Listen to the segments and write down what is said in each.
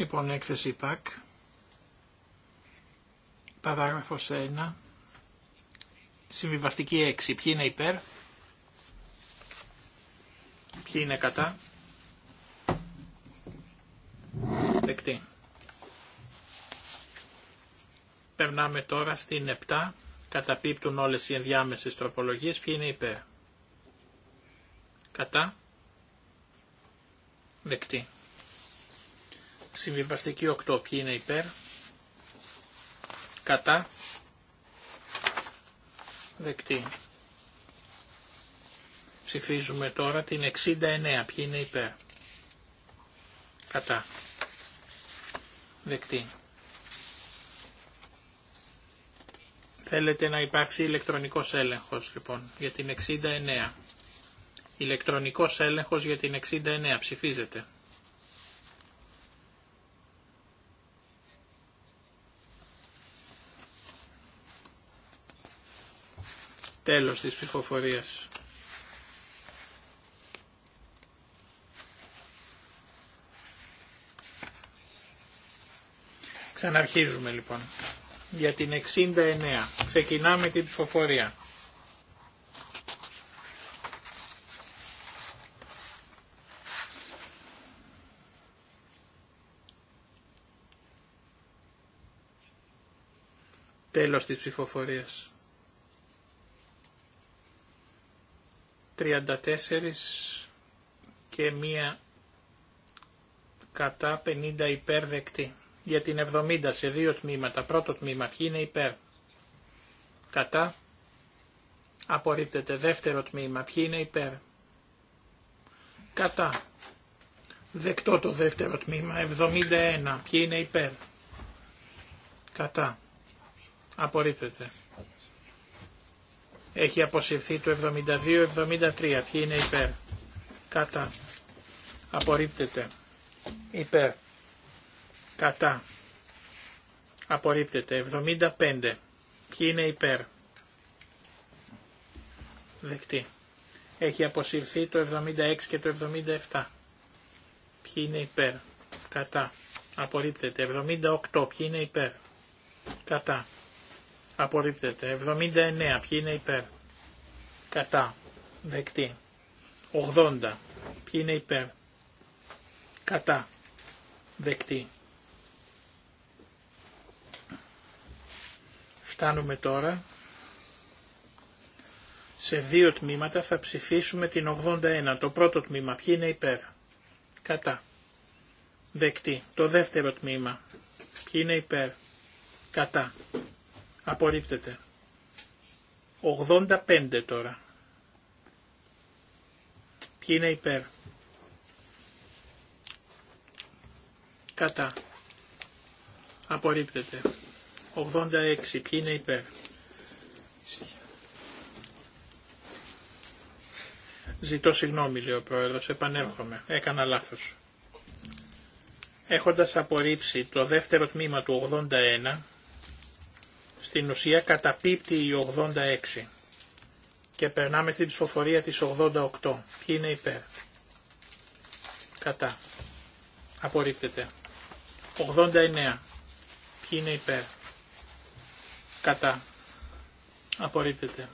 Λοιπόν, έκθεση ΠΑΚ, παράγραφος 1, συμβιβαστική 6, ποιοι είναι υπέρ, ποιοι είναι κατά, δεκτή. Περνάμε τώρα στην 7, καταπίπτουν όλες οι ενδιάμεσες τροπολογίες, ποιοι είναι υπέρ, κατά, δεκτή. Συμβιβαστική 8. Ποιοι είναι υπέρ. Κατά. Δεκτή. Ψηφίζουμε τώρα την 69. Ποιοι είναι υπέρ. Κατά. Δεκτή. Θέλετε να υπάρξει ηλεκτρονικός έλεγχος λοιπόν για την 69. Ηλεκτρονικός έλεγχος για την 69. Ψηφίζεται. Τέλος της ψηφοφορίας. Ξαναρχίζουμε λοιπόν. Για την 69. Ξεκινάμε την ψηφοφορία. Τέλος της ψηφοφορίας. 34 και μία κατά 50 υπέρ δεκτή. Για την 70 σε δύο τμήματα. Πρώτο τμήμα ποιοι είναι υπέρ. Κατά. Απορρίπτεται. Δεύτερο τμήμα ποιοι είναι υπέρ. Κατά. Δεκτό το δεύτερο τμήμα. 71. Ποιοι είναι υπέρ. Κατά. Απορρίπτεται. Έχει αποσυρθεί το 72-73. Ποιοι είναι υπέρ. Κατά. Απορρίπτεται. Υπέρ. Κατά. Απορρίπτεται. 75. Ποιοι είναι υπέρ. Δεκτή. Έχει αποσυρθεί το 76 και το 77. Ποιοι είναι υπέρ. Κατά. Απορρίπτεται. 78. Ποιοι είναι υπέρ. Κατά απορρίπτεται. 79 ποιοι είναι υπέρ. Κατά. Δεκτή. 80 ποιοι είναι υπέρ. Κατά. Δεκτή. Φτάνουμε τώρα. Σε δύο τμήματα θα ψηφίσουμε την 81. Το πρώτο τμήμα ποιοι είναι υπέρ. Κατά. Δεκτή. Το δεύτερο τμήμα. Ποιοι είναι υπέρ. Κατά. Απορρίπτεται. 85 τώρα. Ποιοι είναι υπέρ. Κατά. Απορρίπτεται. 86. Ποιοι είναι υπέρ. Ζητώ συγγνώμη λέει ο Πρόεδρος, επανέρχομαι. Έκανα λάθος. Έχοντας απορρίψει το δεύτερο τμήμα του 81, στην ουσία καταπίπτει η 86 και περνάμε στην ψηφοφορία της 88. Ποιοι είναι υπέρ. Κατά. Απορρίπτεται. 89. Ποιοι είναι υπέρ. Κατά. Απορρίπτεται.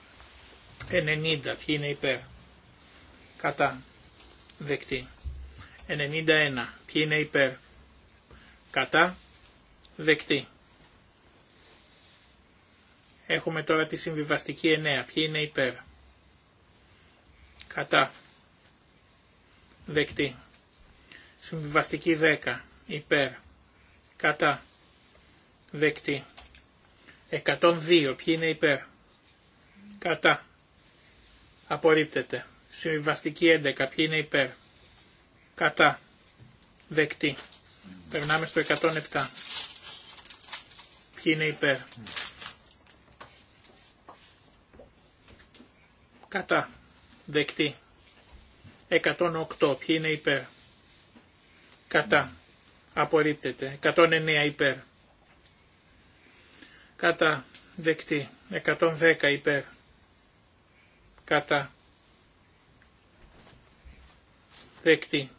90. Ποιοι είναι υπέρ. Κατά. Δεκτή. 91. Ποιοι είναι υπέρ. Κατά. Δεκτή. Έχουμε τώρα τη συμβιβαστική 9. Ποιοι είναι υπέρ. Κατά. Δεκτή. Συμβιβαστική 10. Υπέρ. Κατά. Δεκτή. 102. Ποιοι είναι υπέρ. Κατά. Απορρίπτεται. Συμβιβαστική 11. Ποιοι είναι υπέρ. Κατά. Δεκτή. Περνάμε στο 107. Ποιοι είναι υπέρ. Κατά. Δεκτή. 108. Ποιοι είναι υπέρ. Κατά. Απορρίπτεται. 109 υπέρ. Κατά. Δεκτή. 110 υπέρ. Κατά. Δεκτή.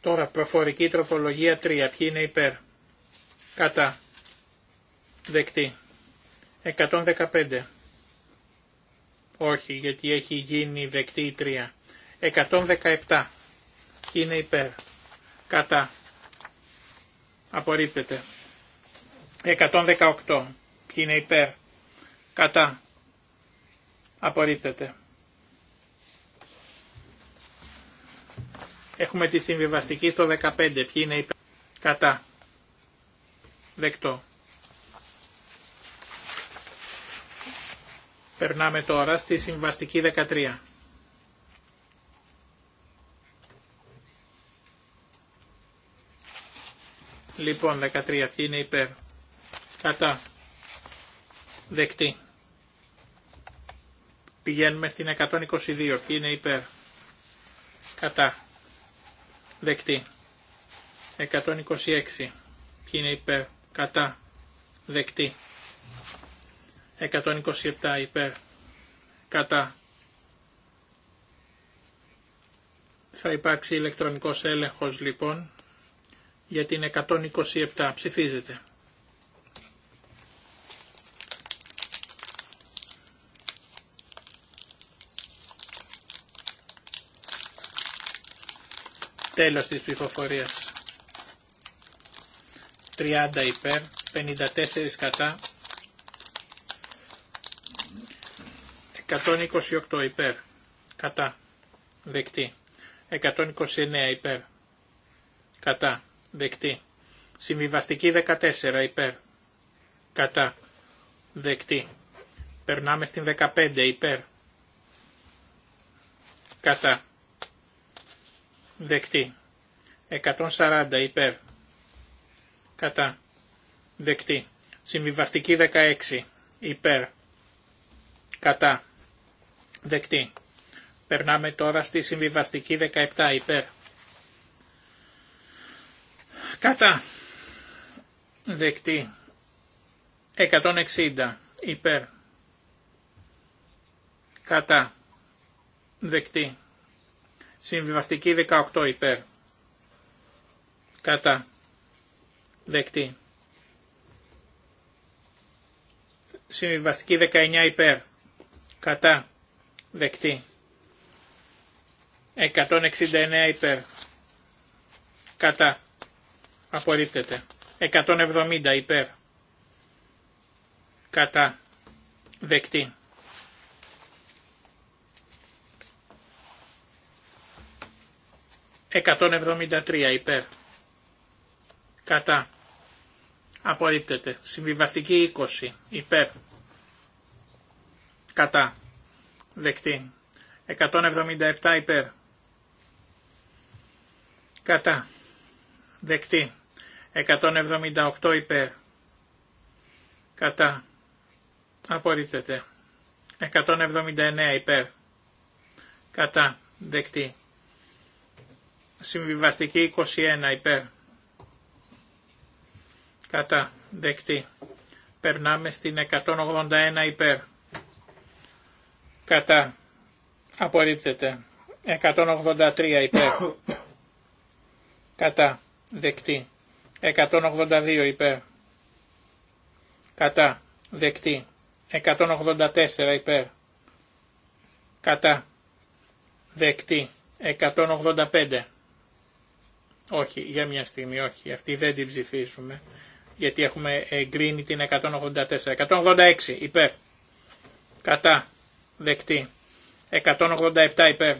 Τώρα προφορική τροπολογία 3. Ποιοι είναι υπέρ. Κατά. Δεκτή. 115. Όχι, γιατί έχει γίνει δεκτή η 3. 117. Είναι υπέρ. Κατά. Απορρίπτεται. 118. Ποιοι είναι υπέρ. Κατά. Απορρίπτεται. Έχουμε τη συμβιβαστική στο 15. Ποιοι είναι υπέρ. Κατά. Δεκτό. Περνάμε τώρα στη συμβαστική 13. Λοιπόν, 13 ποιοι είναι υπέρ. Κατά. Δεκτή. Πηγαίνουμε στην 122. Ποιοι είναι υπέρ. Κατά. Δεκτή. 126. Ποιοι είναι υπέρ. Κατά. Δεκτή. 127 υπέρ κατά θα υπάρξει ηλεκτρονικός έλεγχος λοιπόν για την 127 ψηφίζεται. Τέλος της ψηφοφορίας. 30 υπέρ, 54 κατά, 128 υπέρ. Κατά. Δεκτή. 129 υπέρ. Κατά. Δεκτή. Συμβιβαστική 14 υπέρ. Κατά. Δεκτή. Περνάμε στην 15 υπέρ. Κατά. Δεκτή. 140 υπέρ. Κατά. Δεκτή. Συμβιβαστική 16 υπέρ. Κατά. Δεκτή. Περνάμε τώρα στη συμβιβαστική 17 υπέρ. Κατά. Δεκτή. 160 υπέρ. Κατά. Δεκτή. Συμβιβαστική 18 υπέρ. Κατά. Δεκτή. Συμβιβαστική 19 υπέρ. Κατά. Δεκτή. 169 υπέρ. Κατά. Απορρίπτεται. 170 υπέρ. Κατά. Δεκτή. 173 υπέρ. Κατά. Απορρίπτεται. Συμβιβαστική 20 υπέρ. Κατά. Δεκτή. 177 υπέρ. Κατά. Δεκτή. 178 υπέρ. Κατά. Απορρίπτεται. 179 υπέρ. Κατά. Δεκτή. Συμβιβαστική 21 υπέρ. Κατά. Δεκτή. Περνάμε στην 181 υπέρ κατά απορρίπτεται 183 υπέρ κατά δεκτή 182 υπέρ κατά δεκτή 184 υπέρ κατά δεκτή 185 όχι για μια στιγμή όχι αυτή δεν την ψηφίσουμε γιατί έχουμε εγκρίνει την 184 186 υπέρ κατά δεκτή. 187 υπέρ.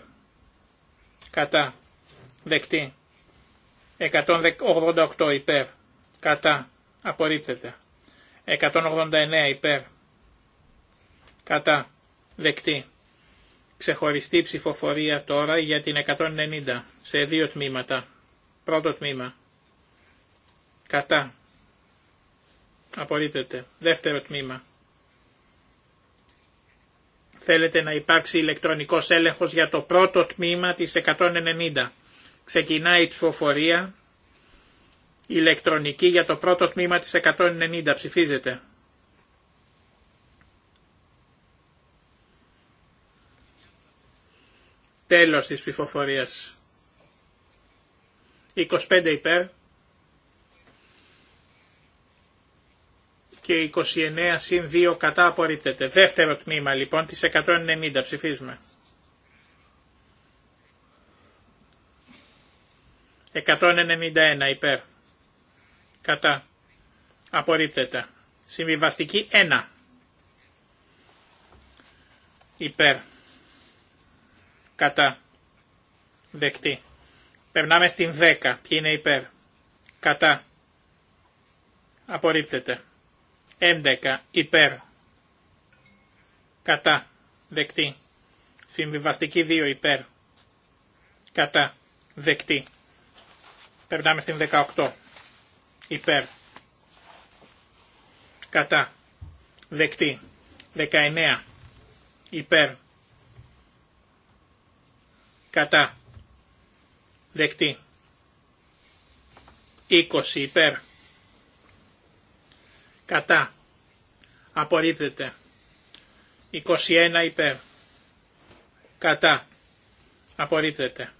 Κατά. Δεκτή. 188 υπέρ. Κατά. Απορρίπτεται. 189 υπέρ. Κατά. Δεκτή. Ξεχωριστή ψηφοφορία τώρα για την 190 σε δύο τμήματα. Πρώτο τμήμα. Κατά. Απορρίπτεται. Δεύτερο τμήμα. Θέλετε να υπάρξει ηλεκτρονικός έλεγχος για το πρώτο τμήμα της 190. Ξεκινάει η ψηφοφορία ηλεκτρονική για το πρώτο τμήμα της 190. Ψηφίζεται. Τέλος της ψηφοφορίας. 25 υπέρ, και 29 συν 2 κατά απορρίπτεται. Δεύτερο τμήμα λοιπόν της 190 ψηφίζουμε. 191 υπέρ. Κατά. Απορρίπτεται. Συμβιβαστική 1. Υπέρ. Κατά. Δεκτή. Περνάμε στην 10. Ποιοι είναι υπέρ. Κατά. Απορρίπτεται. 11 υπέρ κατά δεκτή. Συμβιβαστική 2 υπέρ κατά δεκτή. Περνάμε στην 18 υπέρ κατά δεκτή. 19 υπέρ κατά δεκτή. 20 υπέρ Κατά. Απορρίπτεται. 21 υπέρ. Κατά. Απορρίπτεται.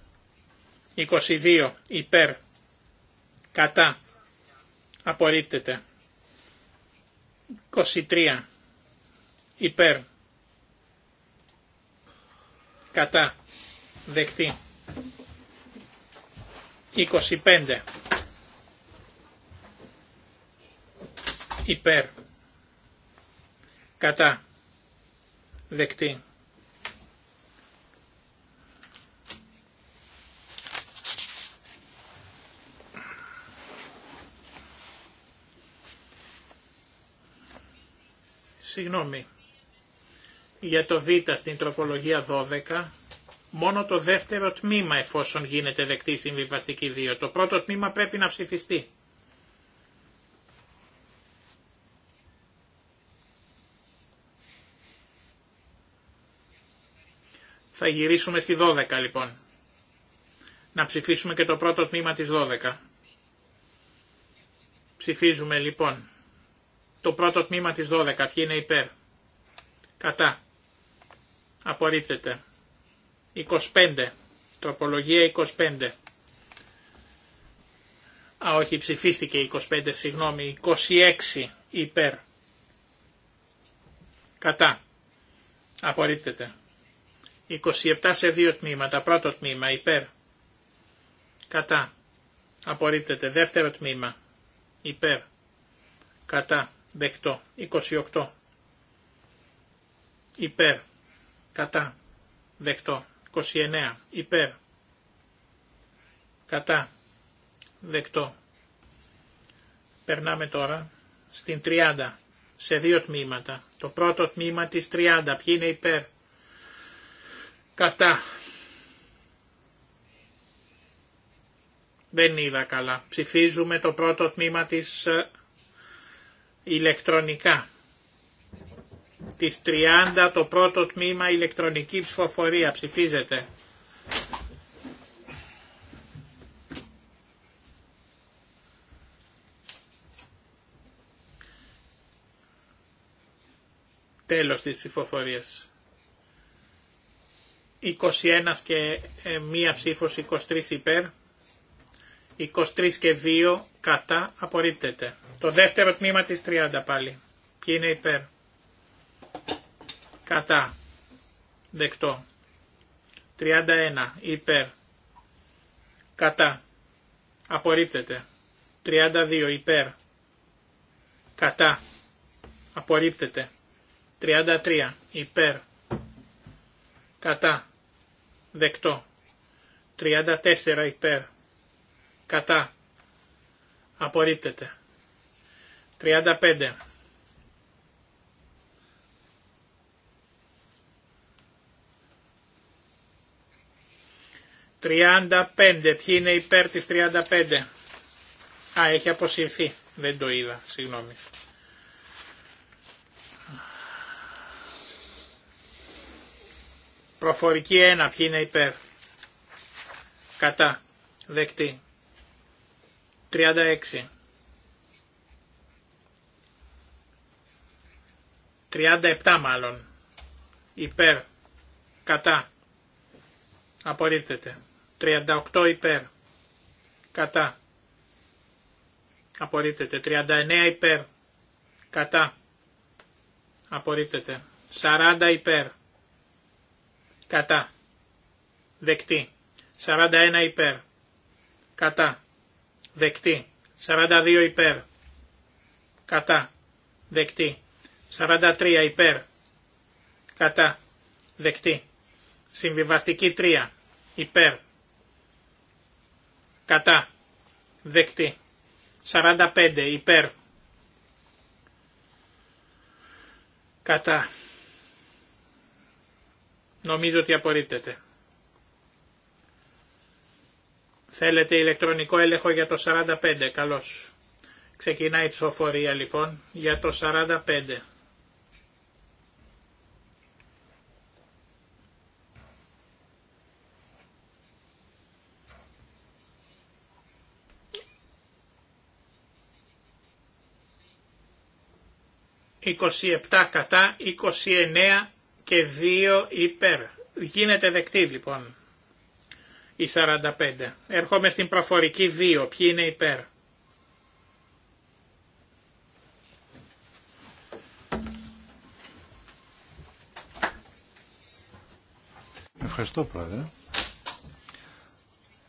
22 υπέρ. Κατά. Απορρίπτεται. 23 υπέρ. Κατά. Δεχτεί. 25 υπέρ, κατά, δεκτή. Συγγνώμη, για το Β στην τροπολογία 12, μόνο το δεύτερο τμήμα εφόσον γίνεται δεκτή συμβιβαστική 2. Το πρώτο τμήμα πρέπει να ψηφιστεί. Θα γυρίσουμε στη 12 λοιπόν. Να ψηφίσουμε και το πρώτο τμήμα της 12. Ψηφίζουμε λοιπόν το πρώτο τμήμα της 12. Ποιοι είναι υπέρ. Κατά. Απορρίπτεται. 25. Τροπολογία 25. Α, όχι, ψηφίστηκε 25, συγγνώμη. 26 υπέρ. Κατά. Απορρίπτεται. 27 σε δύο τμήματα. Πρώτο τμήμα υπέρ. Κατά. Απορρίπτεται. Δεύτερο τμήμα. Υπέρ. Κατά. Δεκτό. 28. Υπέρ. Κατά. Δεκτό. 29. Υπέρ. Κατά. Δεκτό. Περνάμε τώρα στην 30. Σε δύο τμήματα. Το πρώτο τμήμα της 30. Ποιοι είναι υπέρ. Κατά. Δεν είδα καλά. Ψηφίζουμε το πρώτο τμήμα της ε, ηλεκτρονικά. Της 30 το πρώτο τμήμα ηλεκτρονική ψηφοφορία. Ψηφίζετε. Τέλος της ψηφοφορίας. 21 και ε, μία ψήφος 23 υπέρ, 23 και 2 κατά απορρίπτεται. Το δεύτερο τμήμα της 30 πάλι. Ποιοι είναι υπέρ. Κατά. Δεκτό. 31 υπέρ. Κατά. Απορρίπτεται. 32 υπέρ. Κατά. Απορρίπτεται. 33 υπέρ. Κατά Δεκτό. 34 υπέρ. Κατά. Απορρίπτεται. 35. 35. Ποιοι είναι υπέρ της 35. Α, έχει αποσυρθεί. Δεν το είδα. Συγγνώμη. Προφορική 1. Ποιοι είναι υπέρ. Κατά. Δεκτή. 36. 37 μάλλον. Υπέρ. Κατά. Απορρίπτεται. 38 υπέρ. Κατά. Απορρίπτεται. 39 υπέρ. Κατά. Απορρίπτεται. 40 υπέρ. Κατά. Δεκτή. 41 υπέρ. Κατά. Δεκτή. 42 υπέρ. Κατά. Δεκτή. 43 υπέρ. Κατά. Δεκτή. Συμβιβαστική 3. Υπέρ. Κατά. Δεκτή. 45 υπέρ. Κατά. Νομίζω ότι απορρίπτεται. Θέλετε ηλεκτρονικό έλεγχο για το 45. Καλώς. Ξεκινάει η ψηφοφορία λοιπόν για το 45. «27 κατά, 29 και δύο υπέρ. Γίνεται δεκτή λοιπόν η 45. Έρχομαι στην προφορική 2. Ποιοι είναι υπέρ. Ευχαριστώ πρόεδρε.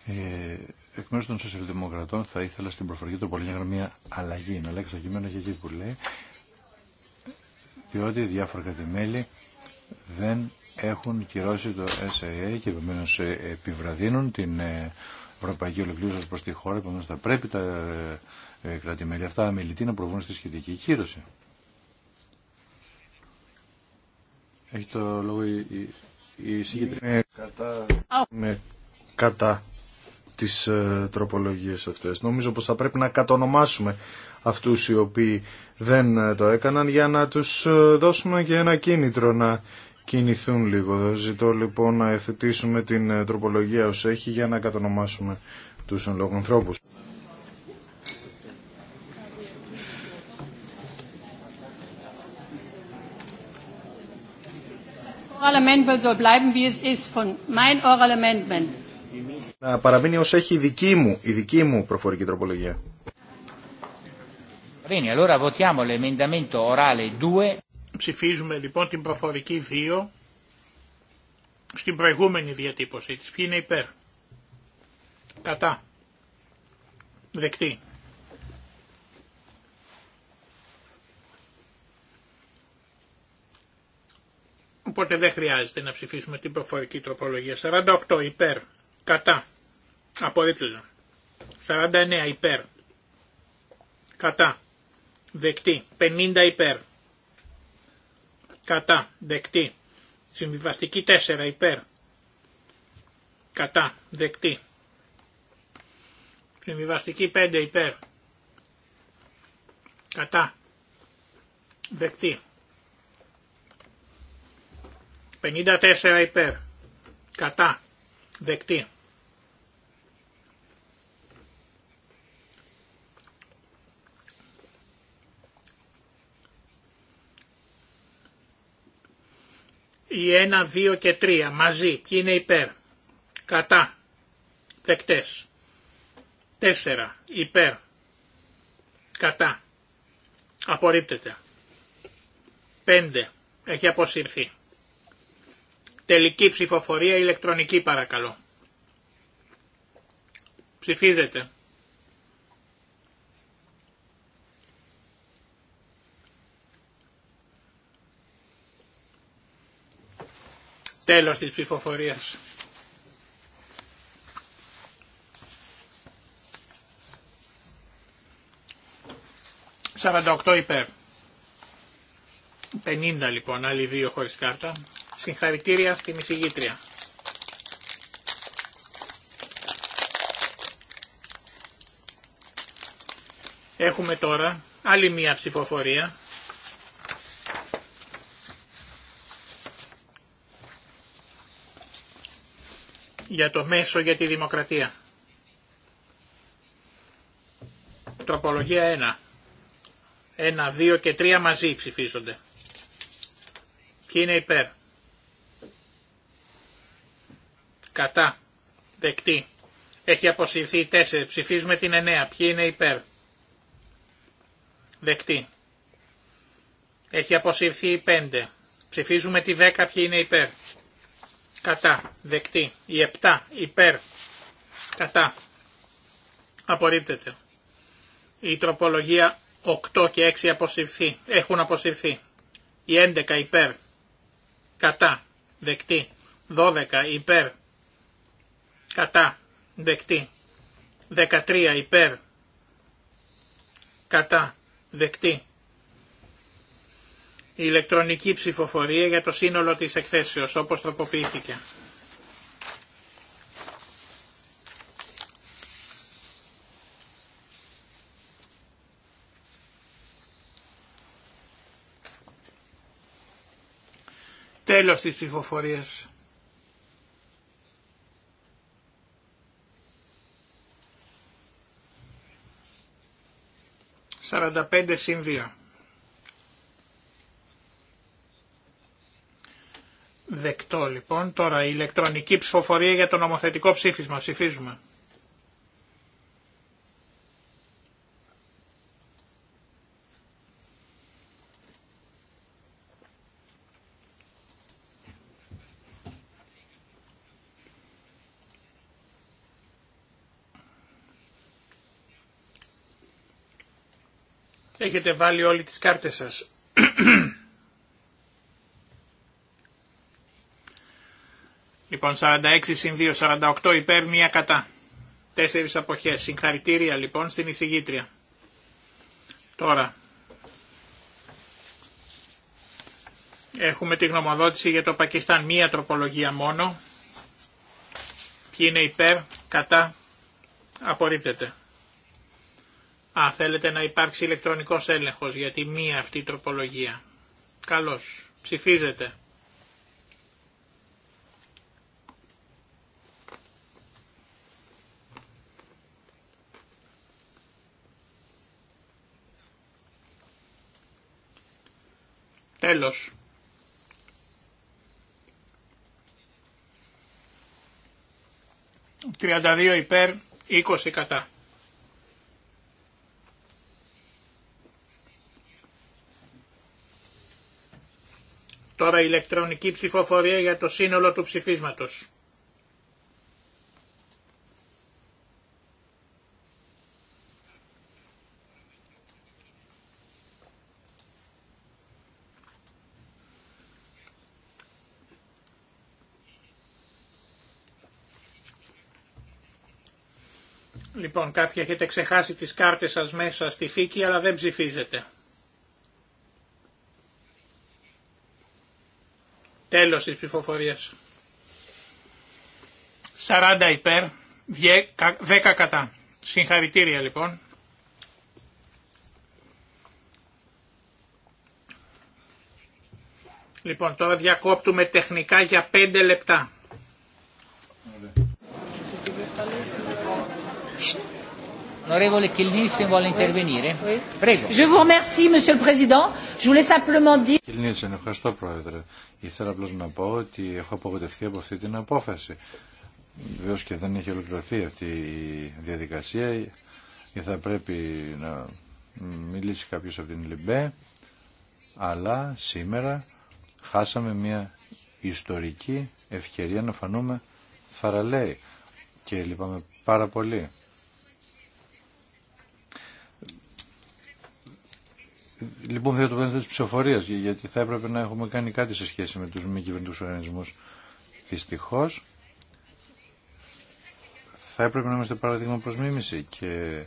Ε, εκ μέρους των Σοσιαλδημοκρατών θα ήθελα στην προφορική του πολύ μια αλλαγή, να αλλάξει το κείμενο και εκεί που λέει διότι διάφορα μέλη δεν έχουν κυρώσει το SAA και επομένω ε, επιβραδύνουν την ε, ευρωπαϊκή ολοκλήρωση προ τη χώρα. Επομένω θα πρέπει τα ε, κρατημέρια αυτά αμιλητή να προβούν στη σχετική κύρωση. Έχει το λόγο η, η, κατά, oh. με, κατά τις τροπολογίες αυτές. Νομίζω πως θα πρέπει να κατονομάσουμε αυτούς οι οποίοι δεν το έκαναν για να τους δώσουμε και ένα κίνητρο να κινηθούν λίγο. Δεν ζητώ λοιπόν να εθετήσουμε την ε, τροπολογία ως έχει για να κατονομάσουμε τους ανθρώπους. Να παραμείνει ως έχει η δική μου, η δική μου προφορική τροπολογία. Bene, allora votiamo l'emendamento orale 2. Ψηφίζουμε λοιπόν την προφορική 2 στην προηγούμενη διατύπωση της. Ποιοι είναι υπέρ. Κατά. Δεκτή. Οπότε δεν χρειάζεται να ψηφίσουμε την προφορική τροπολογία. 48 υπέρ. Κατά. Απορρίπτωσα. 49 υπέρ. Κατά. Δεκτή. 50 υπέρ κατά, δεκτή. Συμβιβαστική 4 υπέρ, κατά, δεκτή. Συμβιβαστική 5 υπέρ, κατά, δεκτή. 54 υπέρ, κατά, δεκτή. Οι 1, 2 και 3 μαζί. Ποιοι είναι υπέρ. Κατά. Δεκτέ. 4. Υπέρ. Κατά. Απορρίπτεται. 5. Έχει αποσυρθεί. Τελική ψηφοφορία ηλεκτρονική παρακαλώ. Ψηφίζεται. Τέλος της ψηφοφορίας. 48 υπέρ. 50 λοιπόν, άλλοι δύο χωρίς κάρτα. Συγχαρητήρια στη εισηγήτρια. Έχουμε τώρα άλλη μία ψηφοφορία για το μέσο για τη δημοκρατία. Τροπολογία 1. 1, 2 και 3 μαζί ψηφίζονται. Ποιοι είναι υπέρ. Κατά. Δεκτή. Έχει αποσυρθεί 4. Ψηφίζουμε την 9. Ποιοι είναι υπέρ. Δεκτή. Έχει αποσυρθεί η 5. Ψηφίζουμε τη 10. Ποιοι είναι υπέρ κατά, δεκτή. Η 7 υπέρ, κατά, απορρίπτεται. Η τροπολογία 8 και 6 αποσυρθεί, έχουν αποσυρθεί. Η 11 υπέρ, κατά, δεκτή. 12 υπέρ, κατά, δεκτή. 13 υπέρ, κατά, δεκτή. Η ηλεκτρονική ψηφοφορία για το σύνολο της εκθέσεως όπως τροποποιήθηκε. Τέλος της ψηφοφορίας. Σαρανταπέντε συν Δεκτό λοιπόν. Τώρα η ηλεκτρονική ψηφοφορία για το νομοθετικό ψήφισμα. Ψηφίζουμε. Έχετε βάλει όλοι τις κάρτες σας. λοιπόν 46 συν 2, 48 υπέρ, μία κατά. Τέσσερις αποχές. Συγχαρητήρια λοιπόν στην εισηγήτρια. Τώρα. Έχουμε τη γνωμοδότηση για το Πακιστάν. Μία τροπολογία μόνο. Ποιοι είναι υπέρ, κατά, απορρίπτεται. Α, θέλετε να υπάρξει ηλεκτρονικός έλεγχος για τη μία αυτή τροπολογία. Καλώς. ψηφίζετε. Τέλος. 32 υπέρ, 20 κατά. Τώρα ηλεκτρονική ψηφοφορία για το σύνολο του ψηφίσματος. Λοιπόν, κάποιοι έχετε ξεχάσει τις κάρτες σας μέσα στη θήκη, αλλά δεν ψηφίζετε. Τέλος της ψηφοφορίας. 40 υπέρ, 10 κατά. Συγχαρητήρια λοιπόν. Λοιπόν, τώρα διακόπτουμε τεχνικά για 5 λεπτά. ευχαριστώ Πρόεδρε. Ήθελα απλώ να πω ότι έχω απογοητευτεί από αυτή την απόφαση. Βεβαίω και δεν έχει ολοκληρωθεί αυτή η διαδικασία και θα πρέπει να μιλήσει κάποιο από την Λιμπέ αλλά σήμερα χάσαμε μια ιστορική ευκαιρία να φανούμε θαραλέοι και λυπάμαι πάρα πολύ λοιπόν θέλω το πέρασμα τη ψηφοφορία, γιατί θα έπρεπε να έχουμε κάνει κάτι σε σχέση με τους μη κυβερνητικούς οργανισμούς. Δυστυχώ. θα έπρεπε να είμαστε παράδειγμα προ μίμηση και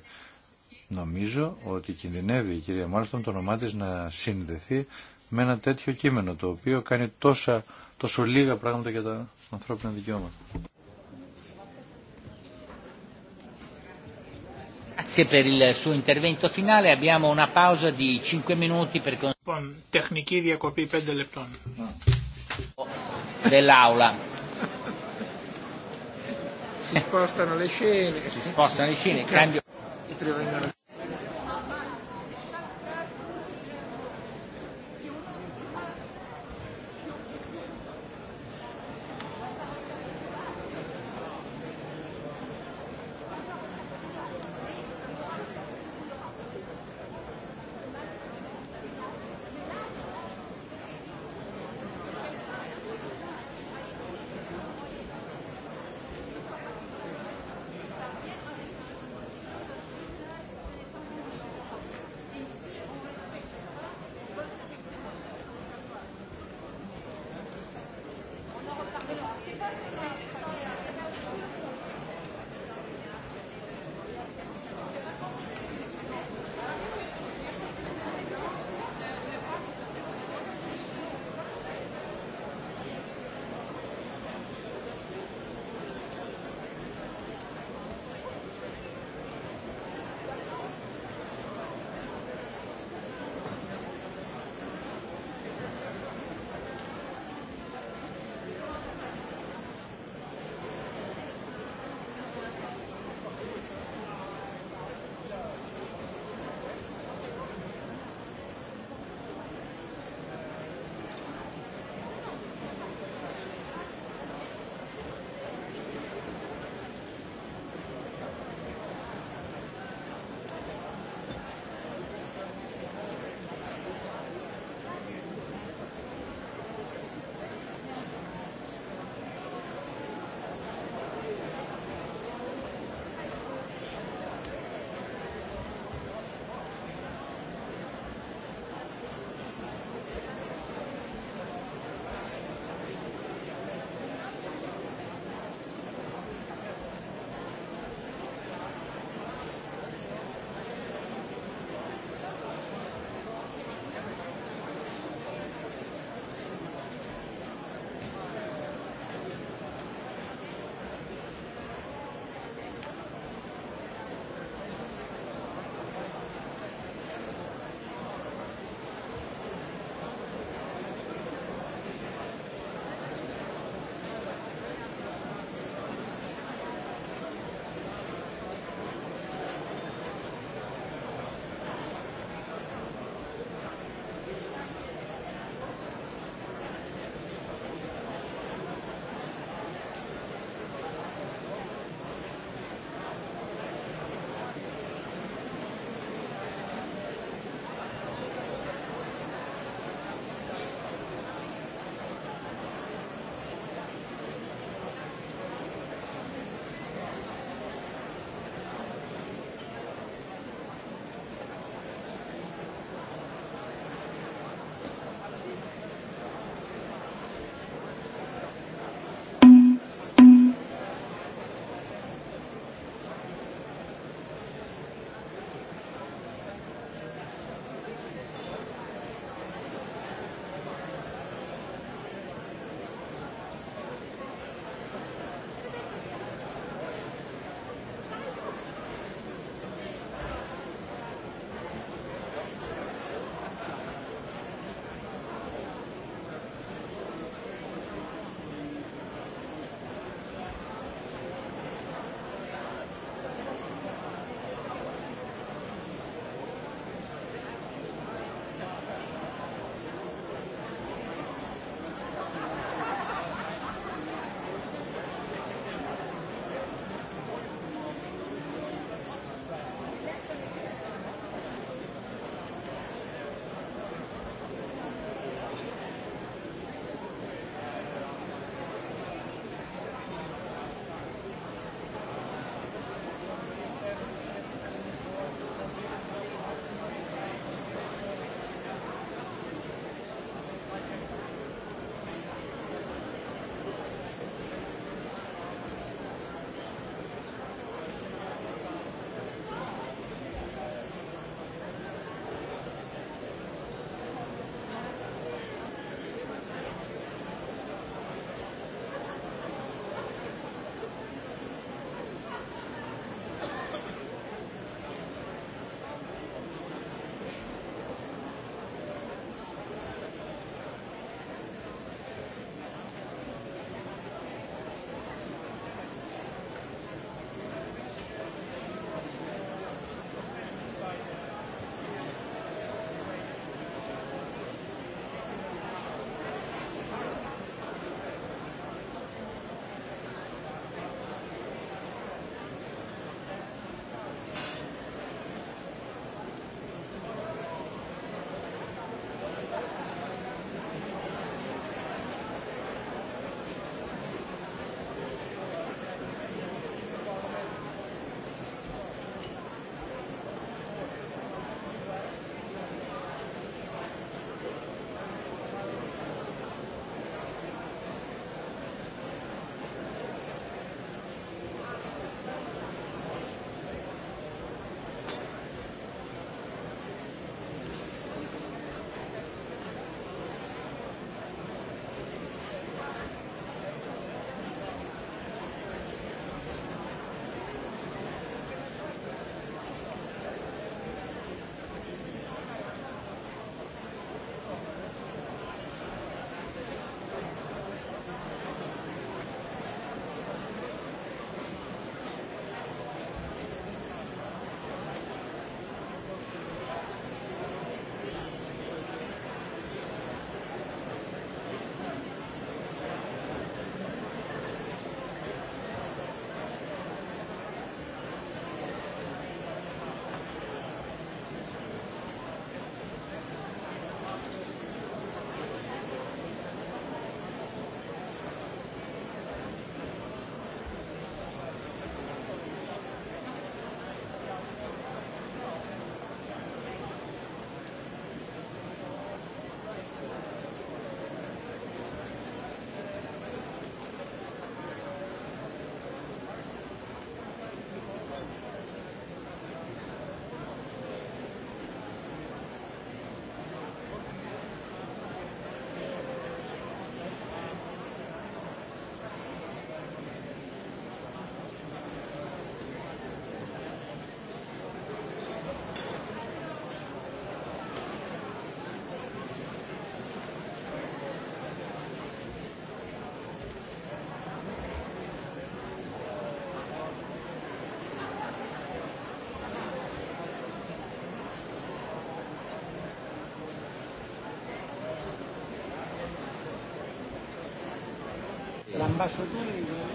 νομίζω ότι κινδυνεύει η κυρία Μάλστον το όνομά τη να συνδεθεί με ένα τέτοιο κείμενο το οποίο κάνει τόσα, τόσο λίγα πράγματα για τα ανθρώπινα δικαιώματα. Grazie per il suo intervento finale. Abbiamo una pausa di 5 minuti per Λοιπόν, di διακοπή 5 Dell'aula. Si spostano le scene. Si spostano le scene, cambio.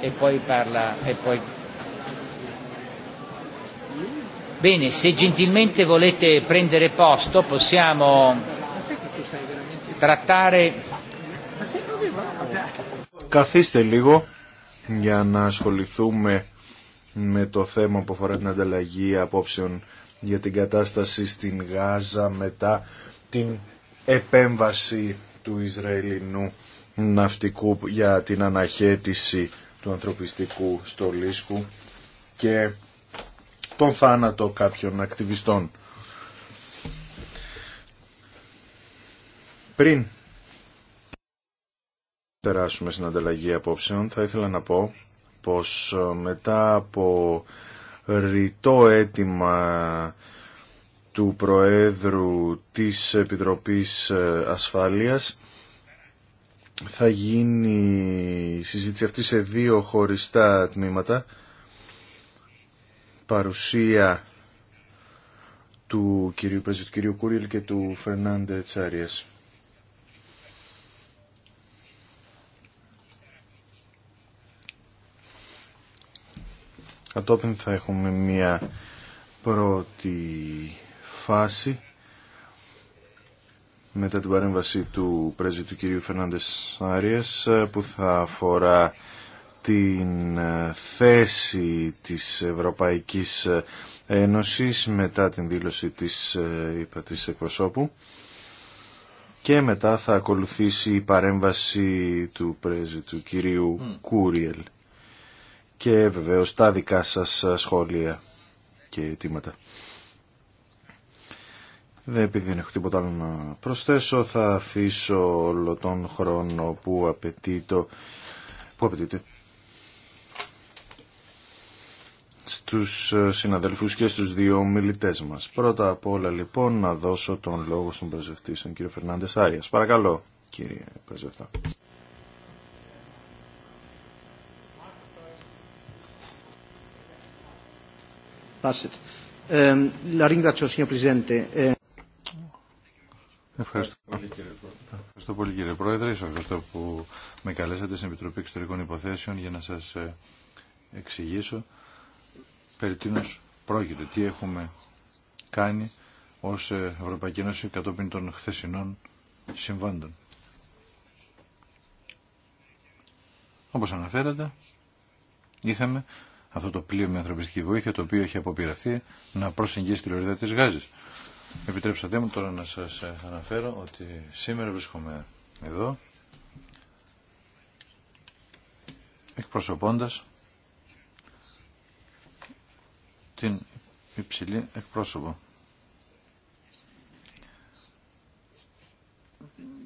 e poi parla e poi Bene, se gentilmente volete prendere posto possiamo trattare Καθίστε λίγο για να ασχοληθούμε με το θέμα που αφορά την ανταλλαγή απόψεων για την κατάσταση στην Γάζα μετά την επέμβαση του Ισραηλινού ναυτικού για την αναχέτηση του ανθρωπιστικού στολίσκου και τον θάνατο κάποιων ακτιβιστών. Πριν περάσουμε στην ανταλλαγή απόψεων, θα ήθελα να πω πως ε, μετά από ρητό αίτημα του Προέδρου της Επιτροπής ε, Ασφάλειας θα γίνει η συζήτηση αυτή σε δύο χωριστά τμήματα. Παρουσία του κυρίου Πρέσβη, του κυρίου Κούριελ και του Φερνάντε Τσάριας. Κατόπιν θα έχουμε μία πρώτη φάση μετά την παρέμβαση του πρέσβη του κυρίου Φερνάντες Άριας ε, που θα αφορά την ε, θέση της Ευρωπαϊκής ε, Ένωσης μετά την δήλωση της υπατής εκπροσώπου και μετά θα ακολουθήσει η παρέμβαση του πρέσβη του κυρίου mm. Κούριελ και βεβαίως τα δικά σας σχόλια και αιτήματα. Δεν επειδή δεν έχω τίποτα άλλο να προσθέσω, θα αφήσω όλο τον χρόνο που απαιτεί Πού απαιτείται. Στους ε, συναδελφούς και στους δύο μιλητές μας. Πρώτα απ' όλα λοιπόν να δώσω τον λόγο στον πρεσβευτή, στον κύριο Φερνάντες Άριας. Παρακαλώ κύριε πρεσβευτά. La ε, ringrazio, Ευχαριστώ πολύ, κύριε Πρόεδρε. Ευχαριστώ πολύ, Πρόεδρε. ευχαριστώ που με καλέσατε στην Επιτροπή Εξωτερικών Υποθέσεων για να σας ε, εξηγήσω περί τίνος πρόκειται, τι έχουμε κάνει ως ε, Ευρωπαϊκή Ένωση κατόπιν των χθεσινών συμβάντων. Όπως αναφέρατε, είχαμε αυτό το πλοίο με ανθρωπιστική βοήθεια, το οποίο έχει αποπειραθεί να προσεγγίσει τη λωρίδα της Γάζης. Επιτρέψατε μου τώρα να σας ε, αναφέρω ότι σήμερα βρίσκομαι εδώ εκπροσωπώντας την υψηλή εκπρόσωπο.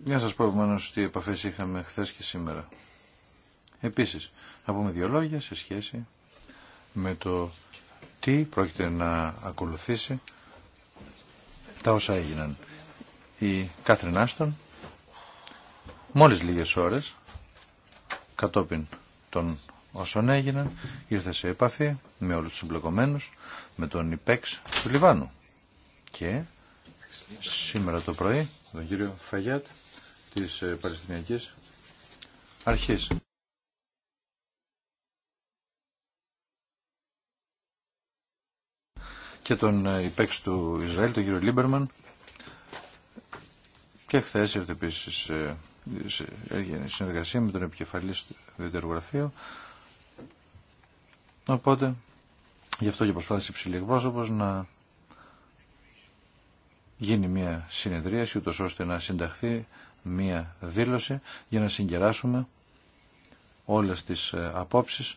Για να σας πω επομένως τι επαφές είχαμε χθες και σήμερα. Επίσης, να πούμε δύο λόγια σε σχέση με το τι πρόκειται να ακολουθήσει τα όσα έγιναν. Η Κάθριν Άστον μόλις λίγες ώρες κατόπιν των όσων έγιναν ήρθε σε επαφή με όλους τους εμπλεκομένους με τον υπέξ του Λιβάνου και σήμερα το πρωί τον κύριο Φαγιάτ της ε, Παλαιστινιακής Αρχής. και τον ε, υπέξ του Ισραήλ, τον κύριο Λίμπερμαν. Και χθε ήρθε επίση ε, έγινε συνεργασία με τον επικεφαλή του Διτεργογραφείου. Οπότε, γι' αυτό και προσπάθησε υψηλή εκπρόσωπο να γίνει μια συνεδρίαση, ούτως ώστε να συνταχθεί μια δήλωση για να συγκεράσουμε όλες τις ε, απόψεις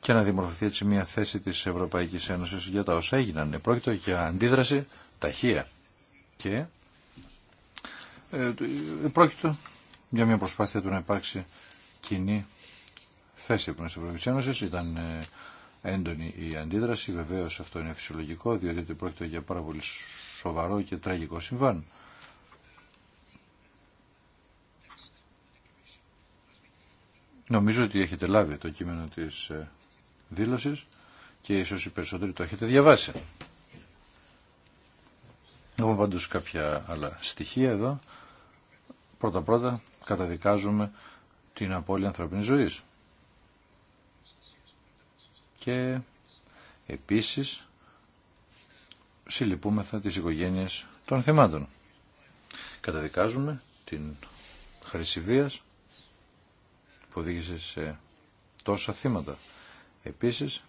και να δημορφωθεί έτσι μια θέση της Ευρωπαϊκής Ένωσης για τα όσα έγιναν. Πρόκειται για αντίδραση ταχεία και ε, πρόκειται για μια προσπάθεια του να υπάρξει κοινή θέση από την Ευρωπαϊκή Ένωση. Ήταν ε, έντονη η αντίδραση, βεβαίως αυτό είναι φυσιολογικό, διότι πρόκειται για πάρα πολύ σοβαρό και τραγικό συμβάν. Νομίζω ότι έχετε λάβει το κείμενο της ε, δήλωση και ίσω οι περισσότεροι το έχετε διαβάσει. πάντω πάντως κάποια άλλα στοιχεία εδώ. Πρώτα-πρώτα καταδικάζουμε την απώλεια ανθρώπινη ζωή. Και επίσης συλληπούμεθα τι οικογένειε των θυμάτων. Καταδικάζουμε την χρήση βίας που οδήγησε σε τόσα θύματα. Επίσης,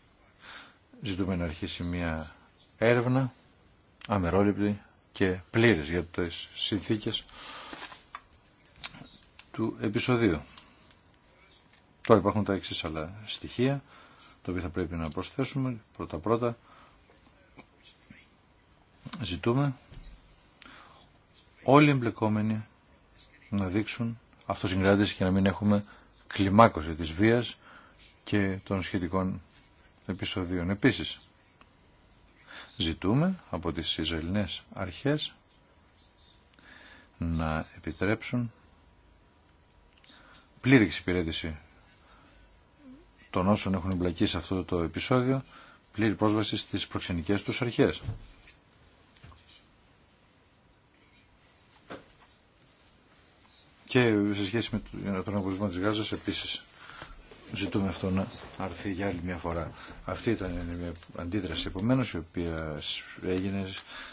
ζητούμε να αρχίσει μια έρευνα αμερόληπτη και πλήρης για τις συνθήκες του επεισοδίου. Τώρα υπάρχουν τα εξής άλλα στοιχεία, τα οποία θα πρέπει να προσθέσουμε. Πρώτα-πρώτα ζητούμε όλοι οι εμπλεκόμενοι να δείξουν αυτοσυγκράτηση και να μην έχουμε κλιμάκωση της βίας και των σχετικών επεισοδίων. Επίσης, ζητούμε από τις Ισραηλινές αρχές να επιτρέψουν πλήρη εξυπηρέτηση των όσων έχουν εμπλακεί σε αυτό το επεισόδιο, πλήρη πρόσβαση στις προξενικές τους αρχές. Και σε σχέση με τον αποσμό της Γάζας επίσης ζητούμε αυτό να αρθεί για άλλη μια φορά. Αυτή ήταν μια αντίδραση επομένω, η οποία έγινε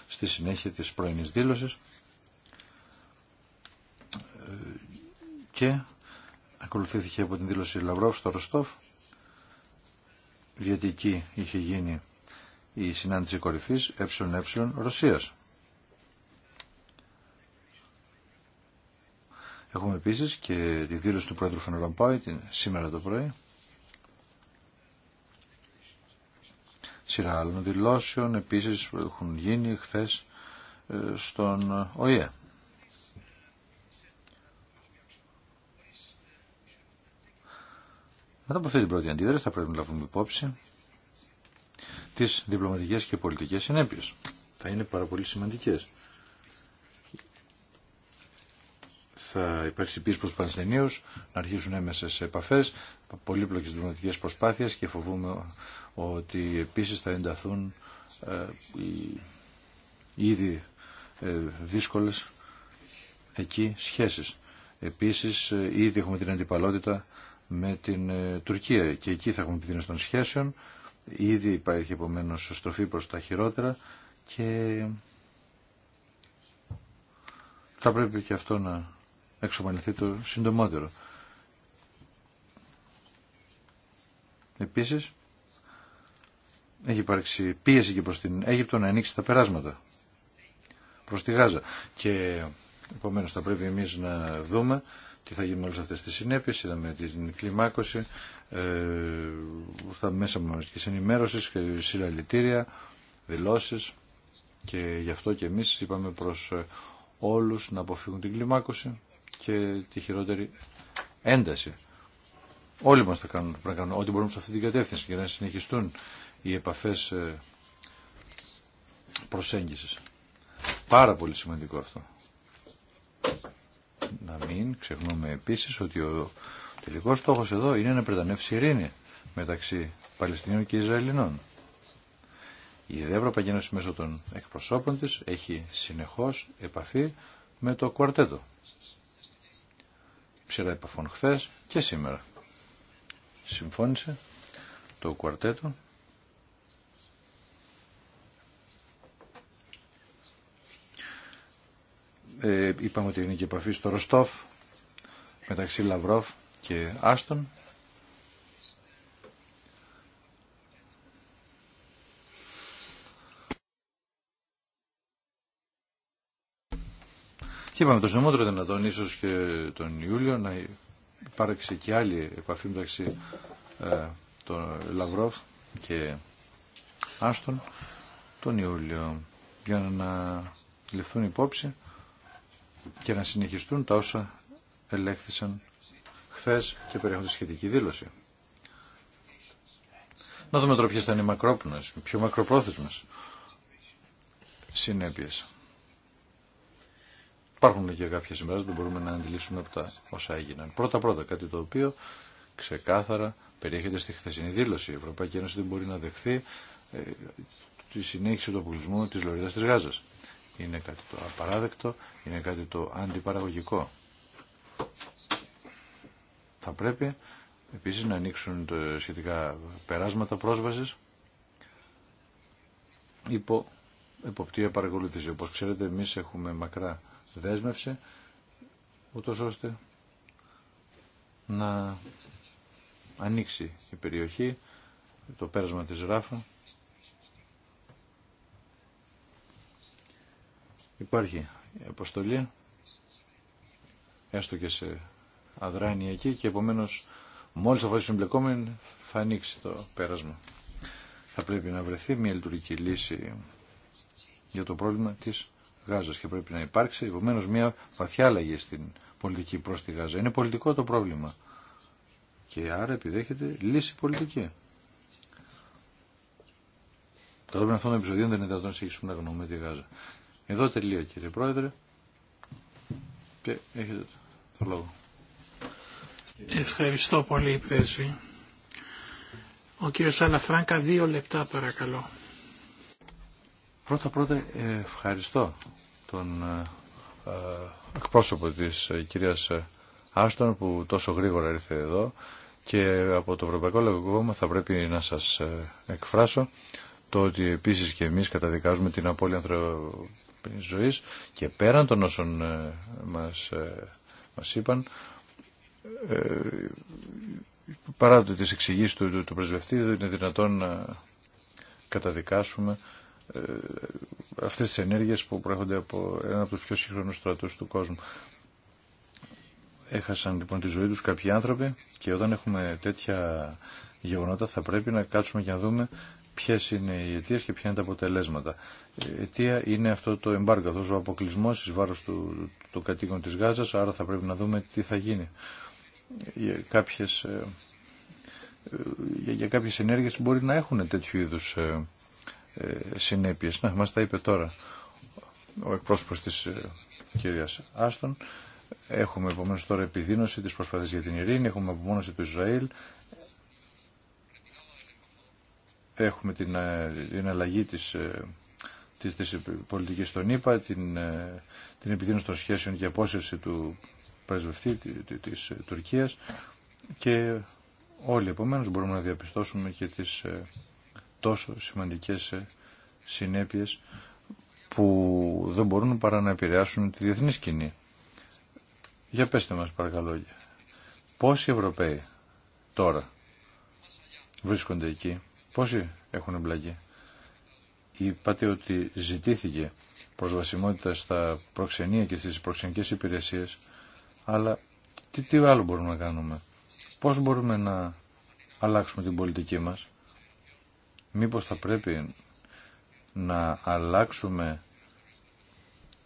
στη συνέχεια της πρώην δήλωσης και ακολουθήθηκε από την δήλωση Λαυρόφ στο Ροστόφ γιατί εκεί είχε γίνει η συνάντηση κορυφής ΕΕ Ρωσίας. Έχουμε επίσης και τη δήλωση του πρόεδρου την σήμερα το πρωί. Σειρά άλλων δηλώσεων επίσης έχουν γίνει χθες ε, στον ΟΗΕ. Μετά από αυτή την πρώτη αντίδραση θα πρέπει να λάβουμε υπόψη τις διπλωματικές και πολιτικές συνέπειες. Θα είναι πάρα πολύ σημαντικές. θα υπάρξει πίσω προς πανσενίους, να αρχίσουν έμεσες επαφές, πολύπλοκες δημοτικές προσπάθειες και φοβούμε ότι επίσης θα ενταθούν ε, ήδη ε, δύσκολες εκεί σχέσεις. Επίσης ε, ήδη έχουμε την αντιπαλότητα με την Τουρκία και εκεί θα έχουμε επιδείνωση των σχέσεων. Ήδη υπάρχει επομένω στροφή προς τα χειρότερα και θα πρέπει και αυτό να εξομαλυνθεί το συντομότερο. Επίσης, έχει υπάρξει πίεση και προς την Αίγυπτο να ανοίξει τα περάσματα προς τη Γάζα. Και επομένως θα πρέπει εμείς να δούμε τι θα γίνει με όλες αυτές τις συνέπειες. Είδαμε την κλιμάκωση, ε, θα μέσα μας και ενημέρωση και ε, συλλαλητήρια, δηλώσεις και γι' αυτό και εμείς είπαμε προς ε, όλους να αποφύγουν την κλιμάκωση και τη χειρότερη ένταση. Όλοι μας θα κάνουν, πρέπει να κάνουν ό,τι μπορούμε σε αυτή την κατεύθυνση για να συνεχιστούν οι επαφές ε, προσέγγισης. Πάρα πολύ σημαντικό αυτό. Να μην ξεχνούμε επίσης ότι ο τελικός στόχος εδώ είναι να πρετανεύσει η ειρήνη μεταξύ Παλαιστινίων και Ισραηλινών. Η Ευρωπαϊκή Ένωση μέσω των εκπροσώπων της έχει συνεχώς επαφή με το κουαρτέτο. Ψήρα επαφών χθε και σήμερα. Συμφώνησε το κουαρτέτο ε, είπαμε ότι είναι και επαφή στο Ροστόφ μεταξύ Λαυρόφ και Άστον Και είπαμε το σωμότερο δυνατόν ίσω και τον Ιούλιο να υπάρξει και άλλη επαφή μεταξύ ε, των τον Λαυρόφ και Άστον τον Ιούλιο για να ληφθούν υπόψη και να συνεχιστούν τα όσα ελέγχθησαν χθες και περιέχονται σχετική δήλωση. Να δούμε τώρα ποιες θα είναι οι μακρόπνες, πιο μακροπρόθεσμες συνέπειες. Υπάρχουν και κάποια συμπεράσματα που μπορούμε να αντιλήσουμε από τα όσα έγιναν. Πρώτα-πρώτα, κάτι το οποίο ξεκάθαρα περιέχεται στη χθεσινή δήλωση. Η Ευρωπαϊκή Ένωση δεν μπορεί να δεχθεί ε, τη συνέχιση του αποκλεισμού τη Λωρίδα τη Γάζα. Είναι κάτι το απαράδεκτο, είναι κάτι το αντιπαραγωγικό. Θα πρέπει επίσης να ανοίξουν το σχετικά περάσματα πρόσβασης υπό εποπτεία παρακολούθηση. Όπως ξέρετε εμείς έχουμε μακρά δέσμευσε, ούτως ώστε να ανοίξει η περιοχή, το πέρασμα της Ράφα. Υπάρχει αποστολή, έστω και σε αδράνεια εκεί και επομένως μόλις θα βάλει μπλεκόμενοι θα ανοίξει το πέρασμα. Θα πρέπει να βρεθεί μια λειτουργική λύση για το πρόβλημα της Γάζας και πρέπει να υπάρξει επομένω μια βαθιά αλλαγή στην πολιτική προ τη Γάζα. Είναι πολιτικό το πρόβλημα και άρα επιδέχεται λύση πολιτική. Κατόπιν αυτών των επεισοδίων δεν είναι δυνατόν να συνεχίσουμε να γνωρούμε τη Γάζα. Εδώ τελείω κύριε Πρόεδρε και έχετε το λόγο. Ευχαριστώ πολύ Πέζη. Ο κύριος Αλαφράγκα δύο λεπτά παρακαλώ. Πρώτα πρώτα ε, ευχαριστώ τον ε, ε, εκπρόσωπο της κυρίας Άστον που τόσο γρήγορα ήρθε εδώ και από το Ευρωπαϊκό Λαϊκό θα πρέπει να σας εκφράσω το ότι επίσης και εμείς καταδικάζουμε την απώλεια ανθρώπινης ζωής και πέραν των όσων μας, μας είπαν παρά το τις εξηγήσεις του, του, του πρεσβευτή δεν είναι δυνατόν να καταδικάσουμε ε, αυτές τις ενέργειες που προέρχονται από ένα από τους πιο σύγχρονους στρατούς του κόσμου. Έχασαν λοιπόν τη ζωή τους κάποιοι άνθρωποι και όταν έχουμε τέτοια γεγονότα θα πρέπει να κάτσουμε και να δούμε ποιες είναι οι αιτίες και ποια είναι τα αποτελέσματα. Η ε, αιτία είναι αυτό το εμπάργκο, αυτός ο αποκλεισμό εις βάρος του, των κατοίκων της Γάζας, άρα θα πρέπει να δούμε τι θα γίνει. Για κάποιες, ε, για, κάποιες ενέργειες μπορεί να έχουν τέτοιου είδους ε, συνέπειες. Να, μας τα είπε τώρα ο εκπρόσωπος της ε, κυρίας Άστον. Έχουμε επομένως τώρα επιδείνωση της προσπάθειας για την ειρήνη, έχουμε απομόνωση του Ισραήλ, έχουμε την, ε, την αλλαγή της, της, της πολιτικής των ΙΠΑ, την, την επιδείνωση των σχέσεων και απόσυρση του πρεσβευτή της Τουρκίας και όλοι επομένως μπορούμε να διαπιστώσουμε και τις τόσο σημαντικές ε, συνέπειες που δεν μπορούν παρά να επηρεάσουν τη διεθνή σκηνή. Για πέστε μας παρακαλώ, πόσοι Ευρωπαίοι τώρα βρίσκονται εκεί, πόσοι έχουν εμπλακεί. Είπατε ότι ζητήθηκε προσβασιμότητα στα προξενία και στις προξενικές υπηρεσίες, αλλά τι, τι άλλο μπορούμε να κάνουμε, πώς μπορούμε να αλλάξουμε την πολιτική μας. Μήπως θα πρέπει να αλλάξουμε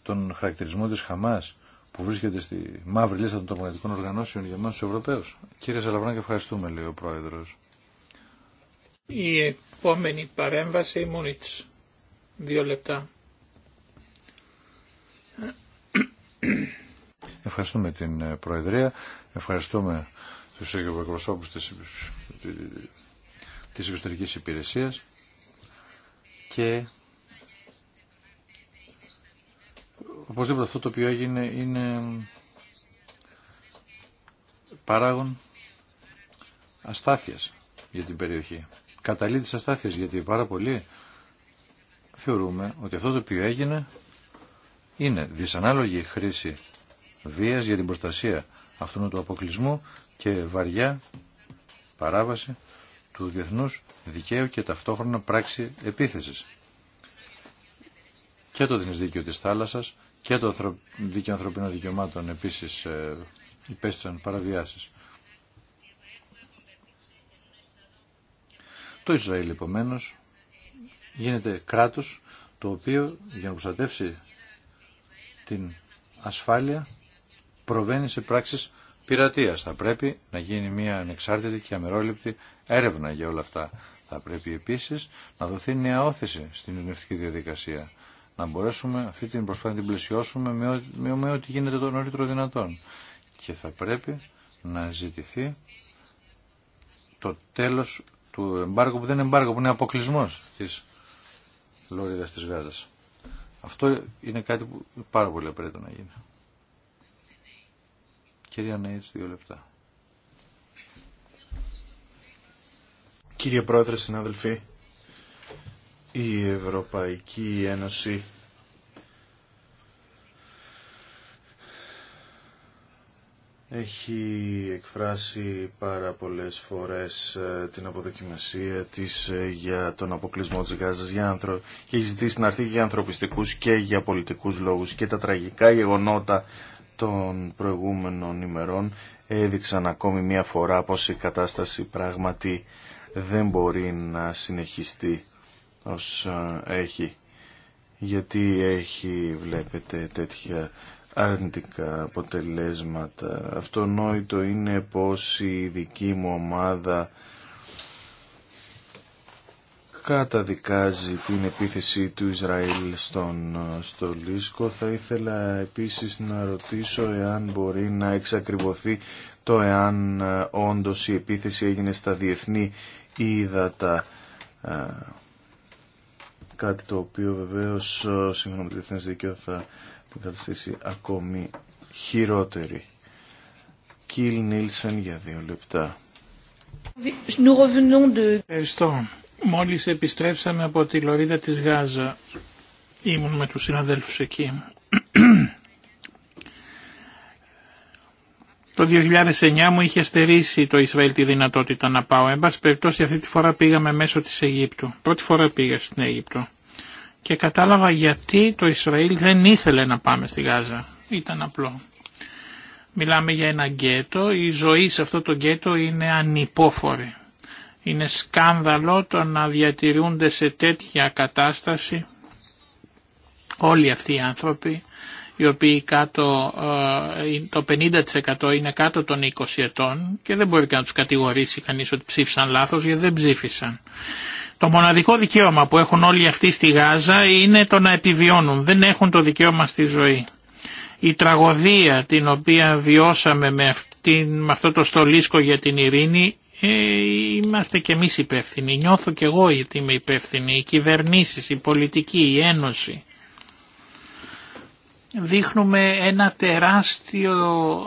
τον χαρακτηρισμό της Χαμάς που βρίσκεται στη μαύρη λίστα των τρομοκρατικών οργανώσεων για εμάς τους Ευρωπαίους. Κύριε Σαλαβράκη, ευχαριστούμε, λέει ο Πρόεδρος. Η επόμενη παρέμβαση Μούνιτς. Δύο λεπτά. Ευχαριστούμε την Προεδρία, ευχαριστούμε τους εκπροσώπους της της εξωτερικής υπηρεσίας και οπωσδήποτε αυτό το οποίο έγινε είναι παράγον αστάθειας για την περιοχή. Καταλήτης αστάθειας γιατί πάρα πολλοί θεωρούμε ότι αυτό το οποίο έγινε είναι δυσανάλογη χρήση βίας για την προστασία αυτού του αποκλεισμού και βαριά παράβαση του διεθνούς δικαίου και ταυτόχρονα πράξη επίθεσης. Και το διεθνές δίκαιο της θάλασσας και το δίκαιο ανθρωπίνων δικαιωμάτων επίσης ε, υπέστησαν παραβιάσεις. Το Ισραήλ επομένω γίνεται κράτος το οποίο για να προστατεύσει την ασφάλεια προβαίνει σε πράξεις πειρατείας. Θα πρέπει να γίνει μια ανεξάρτητη και αμερόληπτη έρευνα για όλα αυτά. Θα πρέπει επίσης να δοθεί νέα όθηση στην ειρηνευτική διαδικασία. Να μπορέσουμε αυτή την προσπάθεια να την πλαισιώσουμε με, με, ό,τι γίνεται το νωρίτερο δυνατόν. Και θα πρέπει να ζητηθεί το τέλος του εμπάργου που δεν είναι εμπάργου, που είναι αποκλεισμό της Λόριδας της Γάζας. Αυτό είναι κάτι που πάρα πολύ απαραίτητο να γίνει. Κυρία δύο λεπτά. Κύριε Πρόεδρε, συνάδελφοι, η Ευρωπαϊκή Ένωση έχει εκφράσει πάρα πολλές φορές ε, την αποδοκιμασία της ε, για τον αποκλεισμό της Γάζας για ανθρω... και έχει ζητήσει να έρθει για ανθρωπιστικούς και για πολιτικούς λόγους και τα τραγικά γεγονότα των προηγούμενων ημερών έδειξαν ακόμη μία φορά πως η κατάσταση πράγματι δεν μπορεί να συνεχιστεί ως ε, έχει. Γιατί έχει, βλέπετε, τέτοια αρνητικά αποτελέσματα. Αυτονόητο είναι πως η δική μου ομάδα καταδικάζει την επίθεση του Ισραήλ στον ε, Λίσκο. Θα ήθελα επίσης να ρωτήσω εάν μπορεί να εξακριβωθεί το εάν ε, όντως η επίθεση έγινε στα διεθνή ύδατα. Ε, κάτι το οποίο βεβαίως σύμφωνα με τη διεθνές θα την καταστήσει ακόμη χειρότερη. Κιλ Νίλσεν για δύο λεπτά. Ευχαριστώ. Μόλις επιστρέψαμε από τη Λωρίδα της Γάζα, ήμουν με τους συναδέλφους εκεί. Το 2009 μου είχε στερήσει το Ισραήλ τη δυνατότητα να πάω. Εν πάση περιπτώσει αυτή τη φορά πήγαμε μέσω της Αιγύπτου. Πρώτη φορά πήγα στην Αίγυπτο. Και κατάλαβα γιατί το Ισραήλ δεν ήθελε να πάμε στη Γάζα. Ήταν απλό. Μιλάμε για ένα γκέτο. Η ζωή σε αυτό το γκέτο είναι ανυπόφορη. Είναι σκάνδαλο το να διατηρούνται σε τέτοια κατάσταση όλοι αυτοί οι άνθρωποι οι οποίοι κάτω, ε, το 50% είναι κάτω των 20 ετών και δεν μπορεί καν να τους κατηγορήσει κανείς ότι ψήφισαν λάθος γιατί δεν ψήφισαν. Το μοναδικό δικαίωμα που έχουν όλοι αυτοί στη Γάζα είναι το να επιβιώνουν, δεν έχουν το δικαίωμα στη ζωή. Η τραγωδία την οποία βιώσαμε με, αυτή, με αυτό το στολίσκο για την ειρήνη ε, είμαστε κι εμείς υπεύθυνοι. Νιώθω κι εγώ γιατί είμαι υπεύθυνοι. Οι κυβερνήσεις, η πολιτική, η ένωση. Δείχνουμε ένα τεράστιο,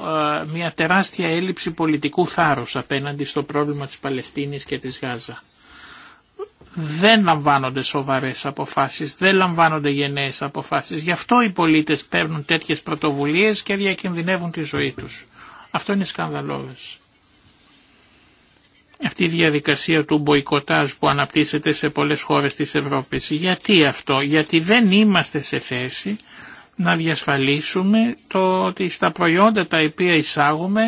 ε, μια τεράστια έλλειψη πολιτικού θάρρους απέναντι στο πρόβλημα της Παλαιστίνης και της Γάζα. Δεν λαμβάνονται σοβαρές αποφάσεις, δεν λαμβάνονται γενναίες αποφάσεις. Γι' αυτό οι πολίτες παίρνουν τέτοιες πρωτοβουλίες και διακινδυνεύουν τη ζωή τους. Αυτό είναι σκανδαλώδες αυτή η διαδικασία του μποϊκοτάζ που αναπτύσσεται σε πολλές χώρες της Ευρώπης. Γιατί αυτό, γιατί δεν είμαστε σε θέση να διασφαλίσουμε το ότι στα προϊόντα τα οποία εισάγουμε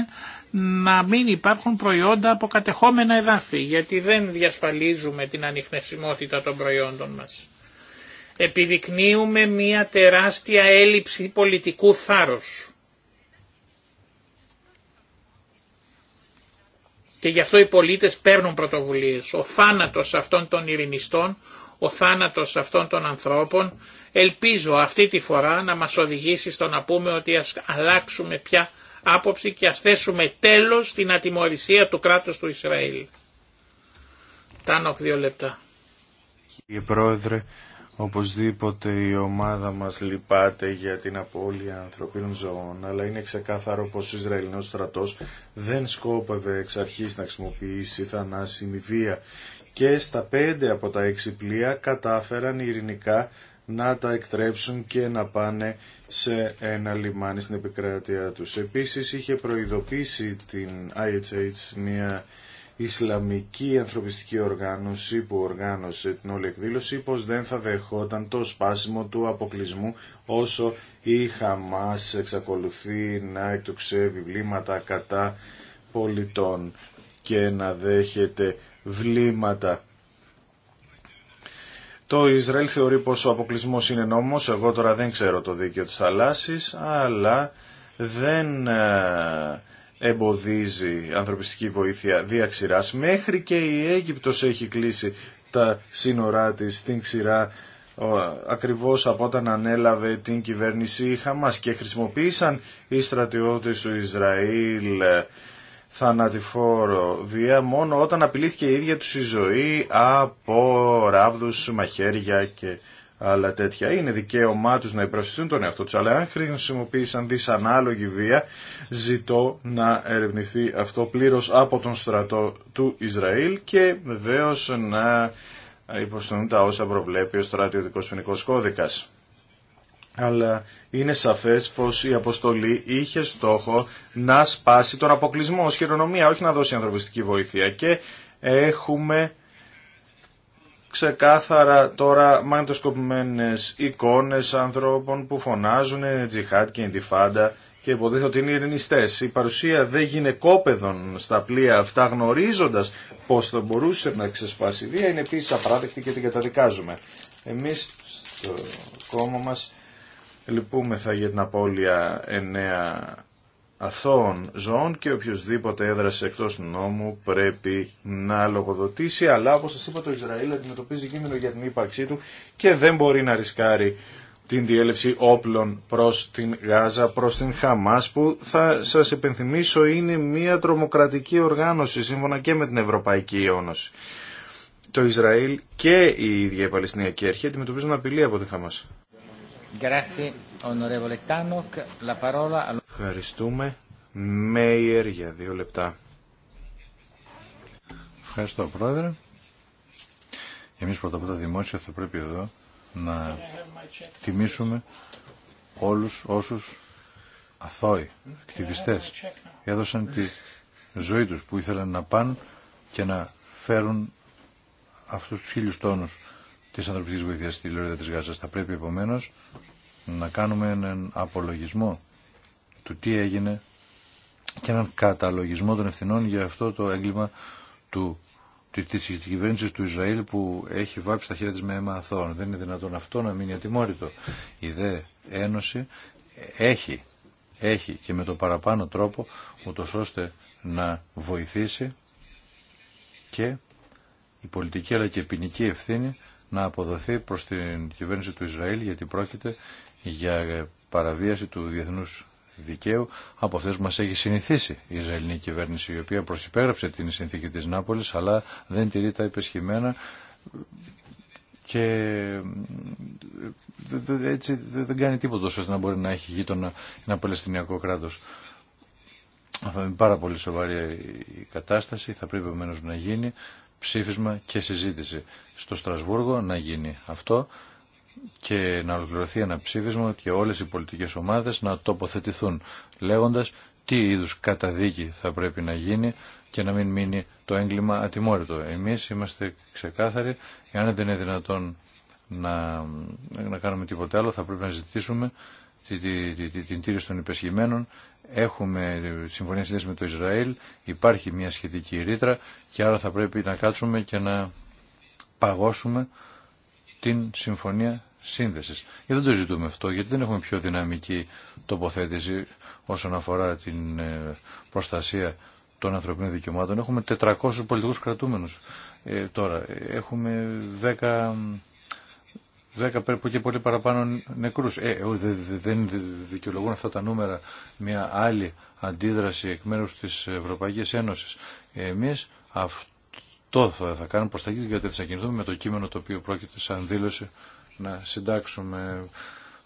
να μην υπάρχουν προϊόντα από κατεχόμενα εδάφη, γιατί δεν διασφαλίζουμε την ανιχνευσιμότητα των προϊόντων μας. Επιδεικνύουμε μια τεράστια έλλειψη πολιτικού θάρρους. Και γι' αυτό οι πολίτες παίρνουν πρωτοβουλίες. Ο θάνατος αυτών των ειρηνιστών, ο θάνατος αυτών των ανθρώπων, ελπίζω αυτή τη φορά να μας οδηγήσει στο να πούμε ότι ας αλλάξουμε πια άποψη και ας θέσουμε τέλος την ατιμορρησία του κράτους του Ισραήλ. Τάνοκ δύο λεπτά. Κύριε Πρόεδρε, Οπωσδήποτε η ομάδα μας λυπάται για την απώλεια ανθρωπίνων ζωών, αλλά είναι ξεκάθαρο πως ο Ισραηλινός στρατός δεν σκόπευε εξ αρχής να χρησιμοποιήσει θανάσιμη βία και στα πέντε από τα έξι πλοία κατάφεραν ειρηνικά να τα εκτρέψουν και να πάνε σε ένα λιμάνι στην επικράτεια τους. Επίσης είχε προειδοποίησει την IHH μια Ισλαμική ανθρωπιστική οργάνωση που οργάνωσε την όλη εκδήλωση πως δεν θα δεχόταν το σπάσιμο του αποκλεισμού όσο η Χαμάς εξακολουθεί να εκτοξεύει βλήματα κατά πολιτών και να δέχεται βλήματα. Το Ισραήλ θεωρεί πως ο αποκλεισμός είναι νόμος, εγώ τώρα δεν ξέρω το δίκαιο της θαλάσσης, αλλά δεν ε, εμποδίζει ανθρωπιστική βοήθεια διαξηράς. Μέχρι και η Αίγυπτος έχει κλείσει τα σύνορά της στην ξηρά ακριβώς από όταν ανέλαβε την κυβέρνηση Χαμάς και χρησιμοποίησαν οι στρατιώτες του Ισραήλ ε, θανατηφόρο βία μόνο όταν απειλήθηκε η ίδια τους η ζωή από ράβδους, μαχαίρια και άλλα τέτοια. Είναι δικαίωμά τους να υπερασπιστούν τον εαυτό τους. Αλλά αν χρησιμοποίησαν δυσανάλογη βία, ζητώ να ερευνηθεί αυτό πλήρως από τον στρατό του Ισραήλ και βεβαίω να υποστούν τα όσα προβλέπει ο στρατιωτικός ποινικός κώδικας. Αλλά είναι σαφές πως η αποστολή είχε στόχο να σπάσει τον αποκλεισμό ως χειρονομία, όχι να δώσει ανθρωπιστική βοήθεια. Και έχουμε ξεκάθαρα τώρα μαγνητοσκοπημένες εικόνες ανθρώπων που φωνάζουν τζιχάτ και εντιφάντα και υποδείχνουν ότι είναι ειρηνιστές. Η παρουσία δε γυναικόπαιδων στα πλοία αυτά γνωρίζοντας πώς θα μπορούσε να ξεσπάσει η βία είναι επίσης απράδεκτη και την καταδικάζουμε. Εμείς στο κόμμα μας λυπούμεθα για την απώλεια εννέα αθώων ζώων και οποιοδήποτε έδρασε εκτός νόμου πρέπει να λογοδοτήσει αλλά όπως σας είπα το Ισραήλ αντιμετωπίζει κίνδυνο για την ύπαρξή του και δεν μπορεί να ρισκάρει την διέλευση όπλων προς την Γάζα, προς την Χαμάς που θα σας επενθυμίσω είναι μια τρομοκρατική οργάνωση σύμφωνα και με την Ευρωπαϊκή Ένωση. Το Ισραήλ και η ίδια η Παλαιστινιακή Αρχή αντιμετωπίζουν απειλή από την Χαμάς. Ευχαριστούμε. Μέιερ για δύο λεπτά. Ευχαριστώ πρόεδρε. Εμείς πρώτα απ' τα δημόσια θα πρέπει εδώ να τιμήσουμε όλους όσους αθώοι, ακτιβιστές έδωσαν τη ζωή τους που ήθελαν να πάνε και να φέρουν αυτούς τους χίλιους τόνους της ανθρωπιστικής βοήθειας στη Λόριδα της Γάζας. Θα πρέπει επομένως να κάνουμε έναν απολογισμό του τι έγινε και έναν καταλογισμό των ευθυνών για αυτό το έγκλημα του της κυβέρνηση του Ισραήλ που έχει βάψει τα χέρια της με αίμα αθώων. Δεν είναι δυνατόν αυτό να μείνει ατιμόρυτο. Η ΔΕ Ένωση έχει, έχει και με το παραπάνω τρόπο ούτως ώστε να βοηθήσει και η πολιτική αλλά και η ποινική ευθύνη να αποδοθεί προς την κυβέρνηση του Ισραήλ γιατί πρόκειται για παραβίαση του διεθνούς δικαίου από αυτές που έχει συνηθίσει η Ισραηλινή κυβέρνηση η οποία προσυπέγραψε την συνθήκη της Νάπολης αλλά δεν τηρεί τα υπεσχημένα και έτσι δεν κάνει τίποτα ώστε να μπορεί να έχει γείτονα ένα Παλαιστινιακό κράτος. είναι πάρα πολύ σοβαρή η κατάσταση, θα πρέπει επομένω να γίνει ψήφισμα και συζήτηση στο Στρασβούργο να γίνει αυτό και να ολοκληρωθεί ένα ψήφισμα και όλες οι πολιτικές ομάδες να τοποθετηθούν λέγοντας τι είδους καταδίκη θα πρέπει να γίνει και να μην μείνει το έγκλημα ατιμόρυτο. Εμείς είμαστε ξεκάθαροι, εάν δεν είναι δυνατόν να, να κάνουμε τίποτε άλλο θα πρέπει να ζητήσουμε την, την, την τήρηση των υπεσχημένων. Έχουμε συμφωνία με το Ισραήλ, υπάρχει μια σχετική ρήτρα και άρα θα πρέπει να κάτσουμε και να παγώσουμε την συμφωνία σύνδεσης. Γιατί δεν το ζητούμε αυτό, γιατί δεν έχουμε πιο δυναμική τοποθέτηση όσον αφορά την ε, προστασία των ανθρωπίνων δικαιωμάτων. Έχουμε 400 πολιτικούς κρατούμενους ε, τώρα. Έχουμε 10... 10 περίπου και πολύ παραπάνω νεκρούς. Ε, δεν δε, δε δικαιολογούν αυτά τα νούμερα μια άλλη αντίδραση εκ μέρους της Ευρωπαϊκής Ένωσης. Εμείς αυτό θα, θα κάνουμε προς τα εκεί, γιατί θα κινηθούμε με το κείμενο το οποίο πρόκειται σαν δήλωση να συντάξουμε.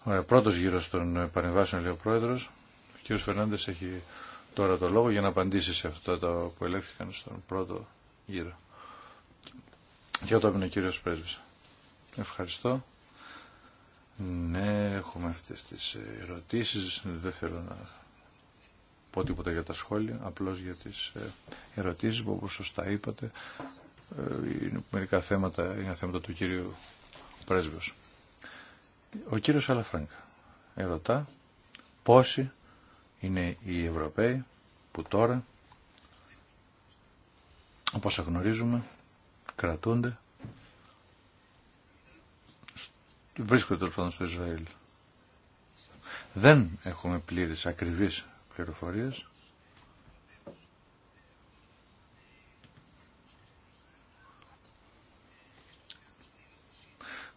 Ωραία, πρώτος γύρος των παρεμβάσεων, λέει ο Πρόεδρος. Ο κ. Φερνάντες έχει τώρα το λόγο για να απαντήσει σε αυτά τα που ελέγχθηκαν στον πρώτο γύρο. Και όταν είναι ο κύριος Πρέσβης. Ευχαριστώ. Ναι, έχουμε αυτές τις ερωτήσεις. Δεν θέλω να πω τίποτα για τα σχόλια, απλώς για τις ε, ερωτήσεις που όπως σωστά είπατε ε, μερικά θέματα είναι θέματα του κύριου Πρέσβος. Ο κύριος Αλαφράγκα ερωτά πόσοι είναι οι Ευρωπαίοι που τώρα όπως γνωρίζουμε κρατούνται βρίσκονται τέλος στο Ισραήλ. Δεν έχουμε πλήρης ακριβής πληροφορίες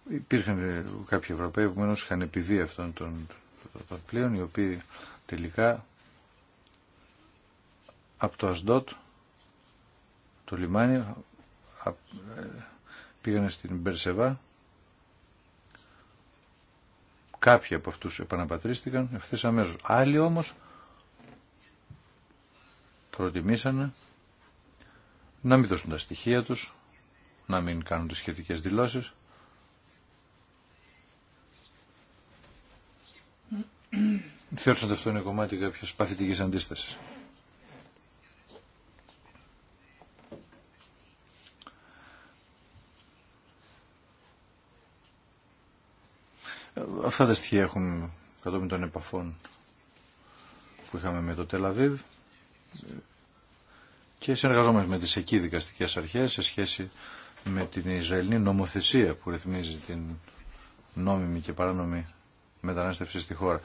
Υπήρχαν ε, κάποιοι Ευρωπαίοι που είχαν επιβεί αυτών των, πλοίων οι οποίοι τελικά από το Ασδότ το λιμάνι ε, πήγαν στην Μπερσεβά κάποιοι από αυτούς επαναπατρίστηκαν ευθύ αμέσω. άλλοι όμως προτιμήσανε να μην δώσουν τα στοιχεία τους να μην κάνουν τις σχετικές δηλώσεις θεώρησαν ότι αυτό είναι κομμάτι κάποιας παθητικής αντίστασης. Αυτά τα στοιχεία έχουμε κατόπιν των επαφών που είχαμε με το Τελαβίβ και συνεργαζόμαστε με τις εκεί δικαστικές αρχές σε σχέση με την Ισραηλινή νομοθεσία που ρυθμίζει την νόμιμη και παράνομη μετανάστευση στη χώρα.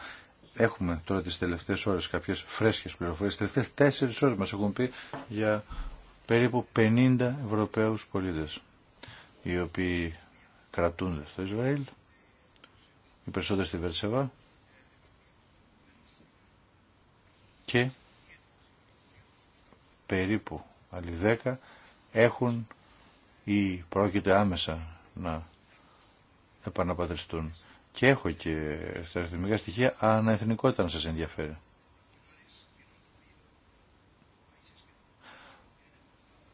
Έχουμε τώρα τις τελευταίες ώρες κάποιες φρέσκες πληροφορίες. Τις τελευταίες τέσσερις ώρες μας έχουν πει για περίπου 50 Ευρωπαίους πολίτες οι οποίοι κρατούνται στο Ισραήλ, οι περισσότεροι στη Βερσεβά και περίπου άλλοι 10 έχουν ή πρόκειται άμεσα να επαναπατριστούν και έχω και στα αριθμικά στοιχεία αναεθνικότητα να σας ενδιαφέρει.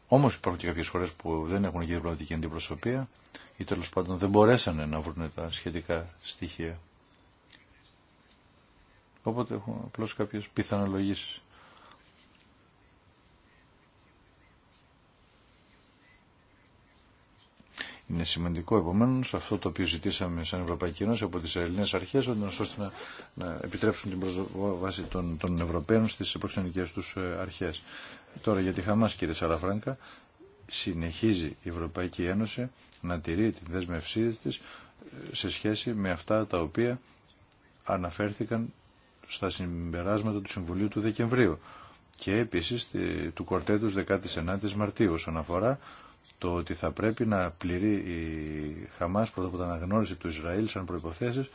Όμως υπάρχουν και κάποιες χώρε που δεν έχουν και διπλωματική αντιπροσωπεία ή τέλο πάντων δεν μπορέσανε να βρουν τα σχετικά στοιχεία. Οπότε έχουν απλώ κάποιε πιθανολογήσει. Είναι σημαντικό επομένω αυτό το οποίο ζητήσαμε σαν Ευρωπαϊκή Ένωση από τι Ελληνέ Αρχέ, ώστε να, επιτρέψουν την πρόσβαση των, των Ευρωπαίων στι προξενικέ του ε, αρχέ. Τώρα για τη Χαμά, κύριε Σαραφράγκα, συνεχίζει η Ευρωπαϊκή Ένωση να τηρεί τη δέσμευσή τη ε, σε σχέση με αυτά τα οποία αναφέρθηκαν στα συμπεράσματα του Συμβουλίου του Δεκεμβρίου και επίσης ε, του κορτέτους 19 Μαρτίου όσον αφορά το ότι θα πρέπει να πληρεί η Χαμάς πρώτα από την αναγνώριση του Ισραήλ σαν προϋποθέσεις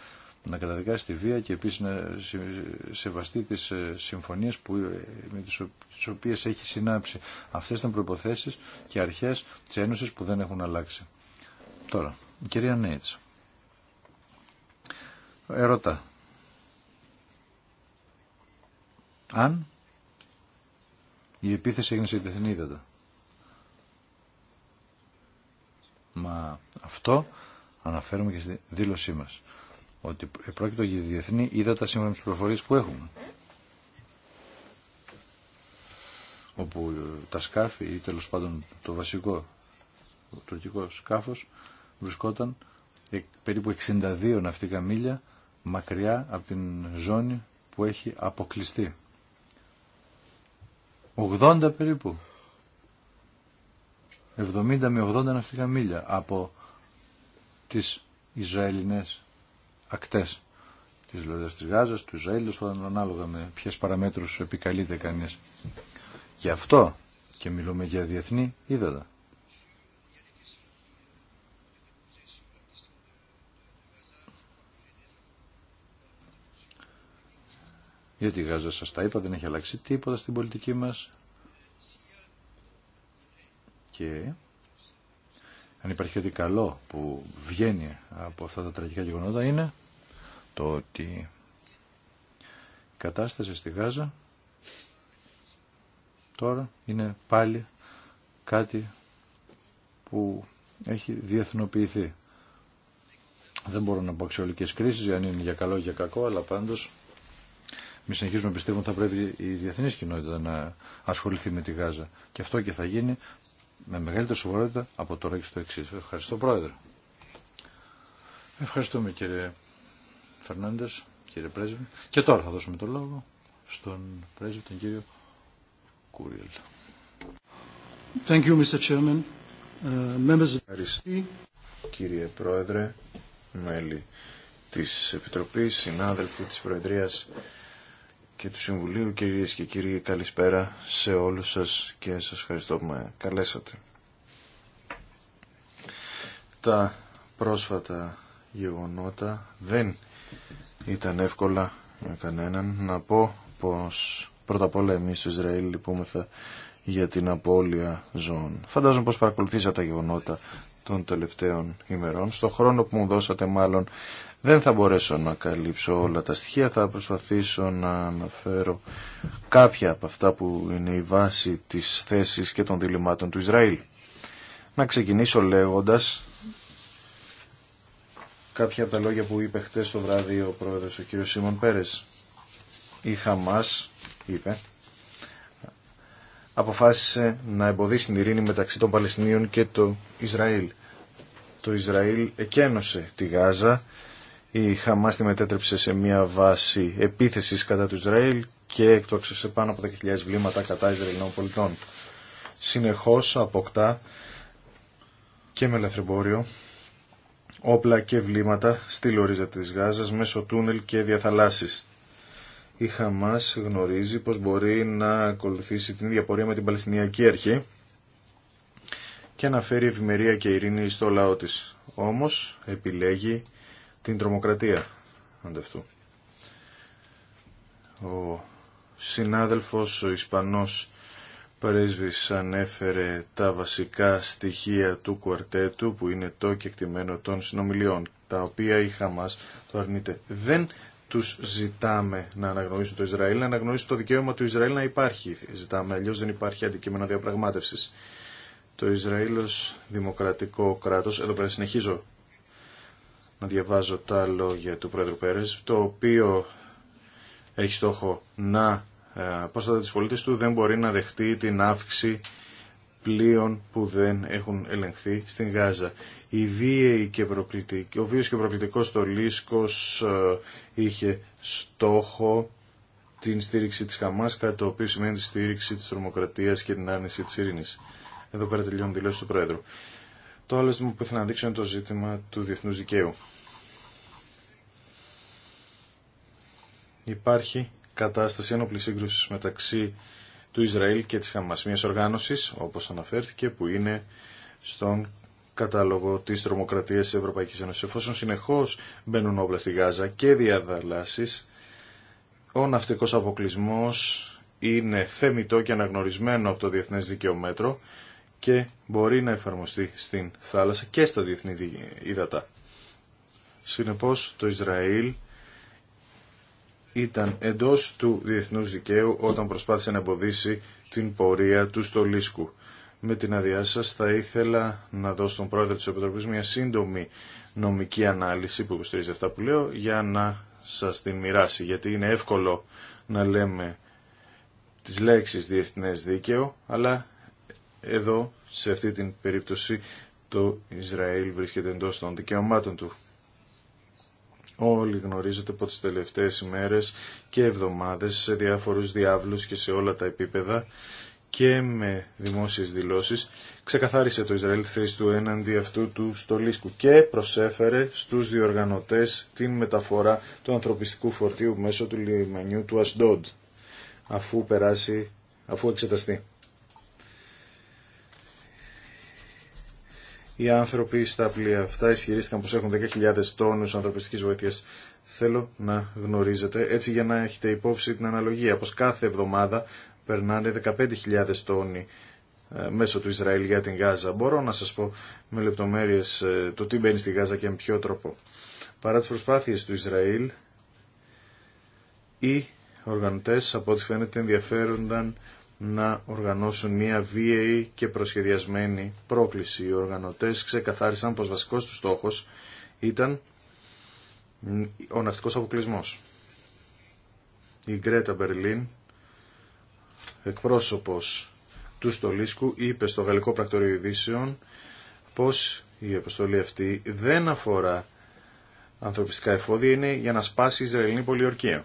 να καταδικάσει τη βία και επίσης να σεβαστεί τις ε, συμφωνίες που, ε, με τις οποίες έχει συνάψει. Αυτές ήταν προϋποθέσεις και αρχές της Ένωσης που δεν έχουν αλλάξει. Τώρα, η κυρία Νέιτς. Ερώτα. Αν η επίθεση έγινε σε Μα αυτό αναφέρουμε και στη δήλωσή μας ότι πρόκειται για διεθνή τα σύμφωνα με τις προφορίες που έχουμε. Όπου ε, τα σκάφη ή τέλος πάντων το βασικό το τουρκικό σκάφος βρισκόταν περίπου 62 ναυτικά μίλια μακριά από την ζώνη που έχει αποκλειστεί. 80 περίπου 70 με 80 ναυτικά μίλια από τις Ισραηλινές ακτές της Λωρίδας της Γάζας, του Ισραήλ, ανάλογα με ποιες παραμέτρους επικαλείται κανείς. Γι' αυτό και μιλούμε για διεθνή είδατα. Γιατί η Γάζα σας τα είπα, δεν έχει αλλάξει τίποτα στην πολιτική μας και αν υπάρχει κάτι καλό που βγαίνει από αυτά τα τραγικά γεγονότα είναι το ότι η κατάσταση στη Γάζα τώρα είναι πάλι κάτι που έχει διεθνοποιηθεί. Δεν μπορώ να πω αξιολικές κρίσεις, αν είναι για καλό ή για κακό, αλλά πάντως μη συνεχίζουμε πιστεύω ότι θα πρέπει η διεθνής κοινότητα να ασχοληθεί με τη Γάζα. Και αυτό και θα γίνει με μεγαλύτερη σοβαρότητα από το και στο εξή. Ευχαριστώ Πρόεδρε. Ευχαριστούμε κύριε Φερνάντες, κύριε Πρέσβη. Και τώρα θα δώσουμε το λόγο στον Πρέσβη, τον κύριο Κούριελ. Thank uh, κύριε Πρόεδρε, μέλη της Επιτροπής, συνάδελφοι της Προεδρίας και του Συμβουλίου. Κυρίες και κύριοι, καλησπέρα σε όλους σας και σας ευχαριστώ που με καλέσατε. Τα πρόσφατα γεγονότα δεν ήταν εύκολα για κανέναν να πω πως πρώτα απ' όλα εμείς στο Ισραήλ λυπούμεθα για την απώλεια ζώων. Φαντάζομαι πως παρακολουθήσατε τα γεγονότα των τελευταίων ημερών. Στο χρόνο που μου δώσατε μάλλον δεν θα μπορέσω να καλύψω όλα τα στοιχεία, θα προσπαθήσω να αναφέρω κάποια από αυτά που είναι η βάση της θέσης και των διλημάτων του Ισραήλ. Να ξεκινήσω λέγοντας κάποια από τα λόγια που είπε χτες το βράδυ ο πρόεδρος ο κ. Σίμων Πέρες. Η Χαμάς, είπε, αποφάσισε να εμποδίσει την ειρήνη μεταξύ των Παλαιστινίων και το Ισραήλ. Το Ισραήλ εκένωσε τη Γάζα η Χαμάς τη μετέτρεψε σε μια βάση επίθεσης κατά του Ισραήλ και εκτόξευσε πάνω από 10.000 βλήματα κατά Ισραηλινών πολιτών. Συνεχώς αποκτά και με λαθρεμπόριο όπλα και βλήματα στη λορίζα της Γάζας μέσω τούνελ και διαθάλασσης Η Χαμάς γνωρίζει πως μπορεί να ακολουθήσει την ίδια πορεία με την Παλαιστινιακή Αρχή και να φέρει ευημερία και ειρήνη στο λαό της. Όμως επιλέγει την τρομοκρατία αντευτού. Ο συνάδελφος ο Ισπανός πρέσβης ανέφερε τα βασικά στοιχεία του κουαρτέτου που είναι το κεκτημένο των συνομιλιών τα οποία η Χαμάς το αρνείται. Δεν τους ζητάμε να αναγνωρίσουν το Ισραήλ, να αναγνωρίσουν το δικαίωμα του Ισραήλ να υπάρχει. Ζητάμε, αλλιώ δεν υπάρχει αντικείμενο διαπραγμάτευσης. Το Ισραήλ δημοκρατικό κράτος, εδώ πέρα συνεχίζω να διαβάζω τα λόγια του Πρόεδρου Πέρες, το οποίο έχει στόχο να ε, προστατεύει τις πολίτες του, δεν μπορεί να δεχτεί την αύξηση πλοίων που δεν έχουν ελεγχθεί στην Γάζα. Η βίαιη και ο βίος και προκλητικός στολίσκος ε, είχε στόχο την στήριξη της Χαμάς, κατά το οποίο σημαίνει τη στήριξη της τρομοκρατίας και την άρνηση της ειρήνης. Εδώ πέρα τελειώνουν δηλώσεις του Πρόεδρου. Το άλλο ζήτημα που ήθελα να δείξω είναι το ζήτημα του διεθνούς δικαίου. Υπάρχει κατάσταση ένοπλης σύγκρουσης μεταξύ του Ισραήλ και της Χαμάς, μιας οργάνωσης, όπως αναφέρθηκε, που είναι στον κατάλογο της τρομοκρατίας της Ευρωπαϊκής Ένωσης. Εφόσον συνεχώς μπαίνουν όπλα στη Γάζα και διαδαλάσεις, ο ναυτικός αποκλεισμός είναι θεμητό και αναγνωρισμένο από το Διεθνές Δικαιομέτρο και μπορεί να εφαρμοστεί στην θάλασσα και στα διεθνή ύδατα. Συνεπώς το Ισραήλ ήταν εντός του διεθνούς δικαίου όταν προσπάθησε να εμποδίσει την πορεία του στο Με την αδειά σα θα ήθελα να δώσω στον πρόεδρο της Επιτροπής μια σύντομη νομική ανάλυση που υποστηρίζει αυτά που λέω για να σας την μοιράσει γιατί είναι εύκολο να λέμε τις λέξεις διεθνές δίκαιο αλλά εδώ, σε αυτή την περίπτωση, το Ισραήλ βρίσκεται εντός των δικαιωμάτων του. Όλοι γνωρίζετε από τις τελευταίες ημέρες και εβδομάδες σε διάφορους διάβλους και σε όλα τα επίπεδα και με δημόσιες δηλώσεις ξεκαθάρισε το Ισραήλ θέση του έναντι αυτού του στολίσκου και προσέφερε στους διοργανωτές την μεταφορά του ανθρωπιστικού φορτίου μέσω του λιμανιού του Ασντόντ αφού περάσει, αφού εξεταστεί. Οι άνθρωποι στα πλοία αυτά ισχυρίστηκαν πως έχουν 10.000 τόνους ανθρωπιστικής βοήθειας. Θέλω να γνωρίζετε, έτσι για να έχετε υπόψη την αναλογία, πως κάθε εβδομάδα περνάνε 15.000 τόνοι ε, μέσω του Ισραήλ για την Γάζα. Μπορώ να σας πω με λεπτομέρειες ε, το τι μπαίνει στη Γάζα και με ποιο τρόπο. Παρά τις προσπάθειες του Ισραήλ, οι οργανωτές από ό,τι φαίνεται ενδιαφέρονταν να οργανώσουν μια βίαιη και προσχεδιασμένη πρόκληση. Οι οργανωτές ξεκαθάρισαν πως βασικός τους στόχος ήταν ο ναυτικός αποκλεισμός. Η Γκρέτα Μπερλίν, εκπρόσωπος του Στολίσκου, είπε στο Γαλλικό Πρακτορείο Ειδήσεων πως η αποστολή αυτή δεν αφορά ανθρωπιστικά εφόδια, είναι για να σπάσει η Ισραηλινή πολιορκία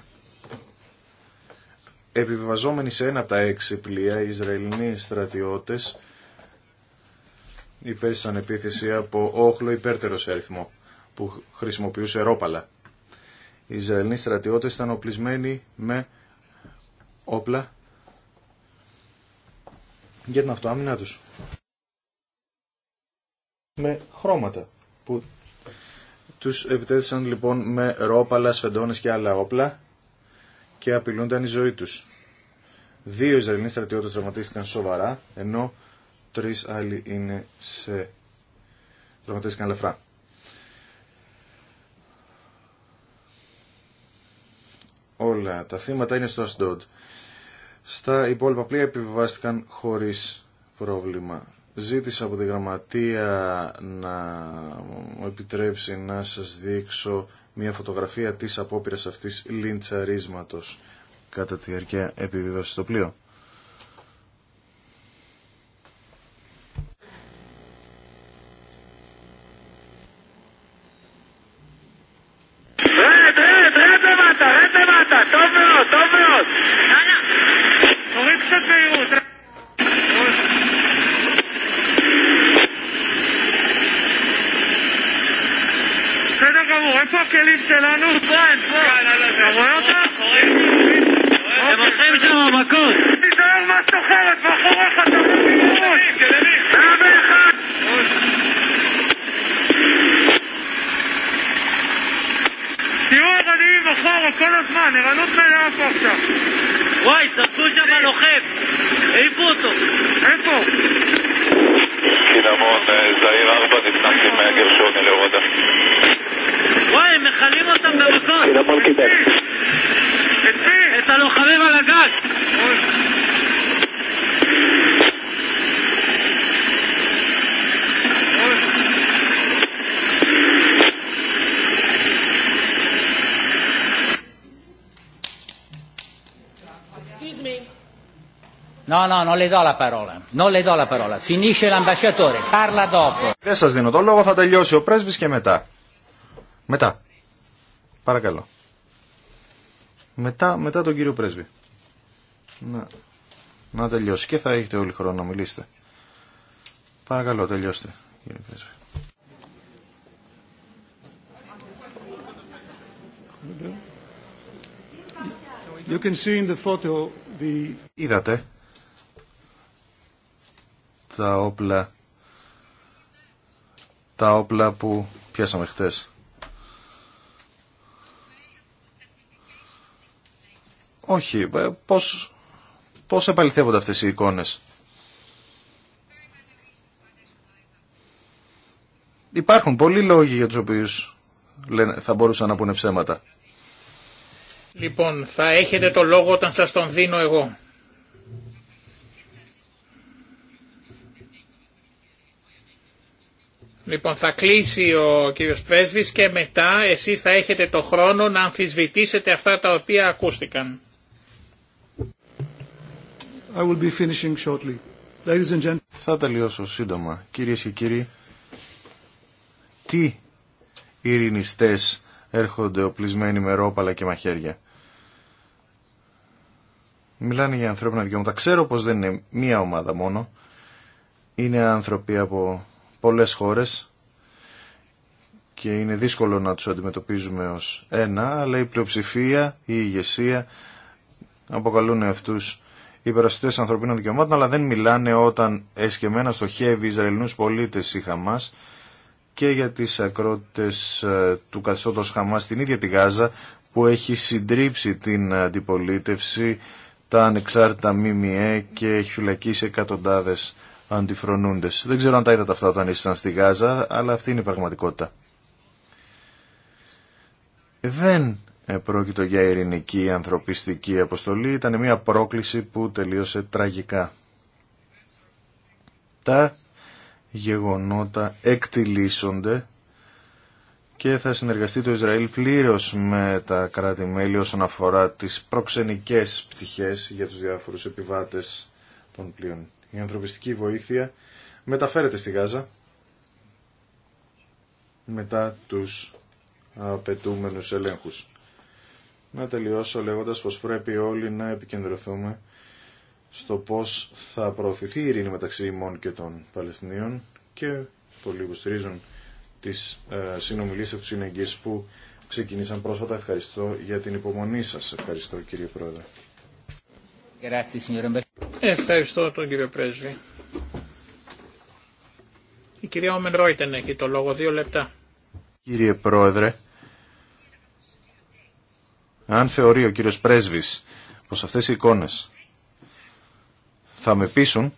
επιβιβαζόμενοι σε ένα από τα έξι πλοία, οι Ισραηλινοί στρατιώτες υπέστησαν επίθεση από όχλο υπέρτερο σε αριθμό που χρησιμοποιούσε ρόπαλα. Οι Ισραηλινοί στρατιώτες ήταν οπλισμένοι με όπλα για την αυτοάμυνά τους. Με χρώματα που τους επιτέθησαν λοιπόν με ρόπαλα, σφεντώνες και άλλα όπλα και απειλούνταν η ζωή του. Δύο Ισραηλοί στρατιώτε τραυματίστηκαν σοβαρά, ενώ τρει άλλοι είναι σε... τραυματίστηκαν λεφρά. Όλα τα θύματα είναι στο Ασντόντ. Στα υπόλοιπα πλοία επιβιβάστηκαν χωρί πρόβλημα. Ζήτησα από τη γραμματεία να μου επιτρέψει να σας δείξω μια φωτογραφία της απόπειρας αυτής λιντσαρίσματος κατά τη διάρκεια επιβίβαση στο πλοίο. כלים שלנו, אתה רואה אותה? הם הולכים שם מכות. תיזהר מה סוחרת, מאחוריך אתה מבין. מאה ואחד. תהיו ערניים אחורה כל הזמן, ערנות מלאה פה עכשיו. וואי, זרקו שם לוחם, העיפו אותו. איפה? קינמון, זעיר 4, נכנס עם גרשוני להורדה. Οχι, με Είναι απόλυτα. Είπε. Είτα λοχαδεύαλα κας. Μετά. Παρακαλώ. Μετά, μετά τον κύριο Πρέσβη. Να, να τελειώσει και θα έχετε όλη χρόνο να μιλήσετε. Παρακαλώ, τελειώστε κύριε Πρέσβη. You can see in the photo the... Είδατε τα όπλα τα όπλα που πιάσαμε χτες. Όχι. Ε, πώς, πώς επαληθεύονται αυτές οι εικόνες. Υπάρχουν πολλοί λόγοι για τους οποίους θα μπορούσαν να πούνε ψέματα. Λοιπόν, θα έχετε το λόγο όταν σας τον δίνω εγώ. Λοιπόν, θα κλείσει ο κύριος Πρέσβης και μετά εσείς θα έχετε το χρόνο να αμφισβητήσετε αυτά τα οποία ακούστηκαν. Θα τελειώσω σύντομα. Κυρίες και κύριοι, τι ειρηνιστές έρχονται οπλισμένοι με ρόπαλα και μαχαίρια. Μιλάνε για ανθρώπινα δικαιώματα. Ξέρω πως δεν είναι μία ομάδα μόνο. Είναι άνθρωποι από πολλές χώρες και είναι δύσκολο να τους αντιμετωπίζουμε ως ένα, αλλά η πλειοψηφία, η ηγεσία αποκαλούν αυτούς υπεραστητέ ανθρωπίνων δικαιωμάτων, αλλά δεν μιλάνε όταν εσκεμμένα στοχεύει Ισραηλινού πολίτε η Χαμά και για τι ακρότητε ε, του καθεστώτο Χαμά στην ίδια τη Γάζα που έχει συντρίψει την αντιπολίτευση, τα ανεξάρτητα ΜΜΕ και έχει φυλακίσει εκατοντάδε αντιφρονούντε. Δεν ξέρω αν τα είδατε αυτά όταν ήσασταν στη Γάζα, αλλά αυτή είναι η πραγματικότητα. Δεν πρόκειτο για ειρηνική ανθρωπιστική αποστολή. Ήταν μια πρόκληση που τελείωσε τραγικά. Τα γεγονότα εκτιλήσονται και θα συνεργαστεί το Ισραήλ πλήρως με τα κράτη-μέλη όσον αφορά τις προξενικές πτυχές για τους διάφορους επιβάτες των πλοίων. Η ανθρωπιστική βοήθεια μεταφέρεται στη Γάζα μετά τους απαιτούμενους ελέγχους να τελειώσω λέγοντας πως πρέπει όλοι να επικεντρωθούμε στο πώς θα προωθηθεί η ειρήνη μεταξύ ημών και των Παλαιστινίων και πολλοί στηρίζουν τις ε, συνομιλίες από τους συνεγγείς που ξεκινήσαν πρόσφατα. Ευχαριστώ για την υπομονή σας. Ευχαριστώ κύριε Πρόεδρε. Ευχαριστώ τον κύριο Πρέσβη. Η κυρία Όμεν Ρόιτεν έχει το λόγο. Δύο λεπτά. Κύριε Πρόεδρε, αν θεωρεί ο κύριος Πρέσβης πως αυτές οι εικόνες θα με πείσουν,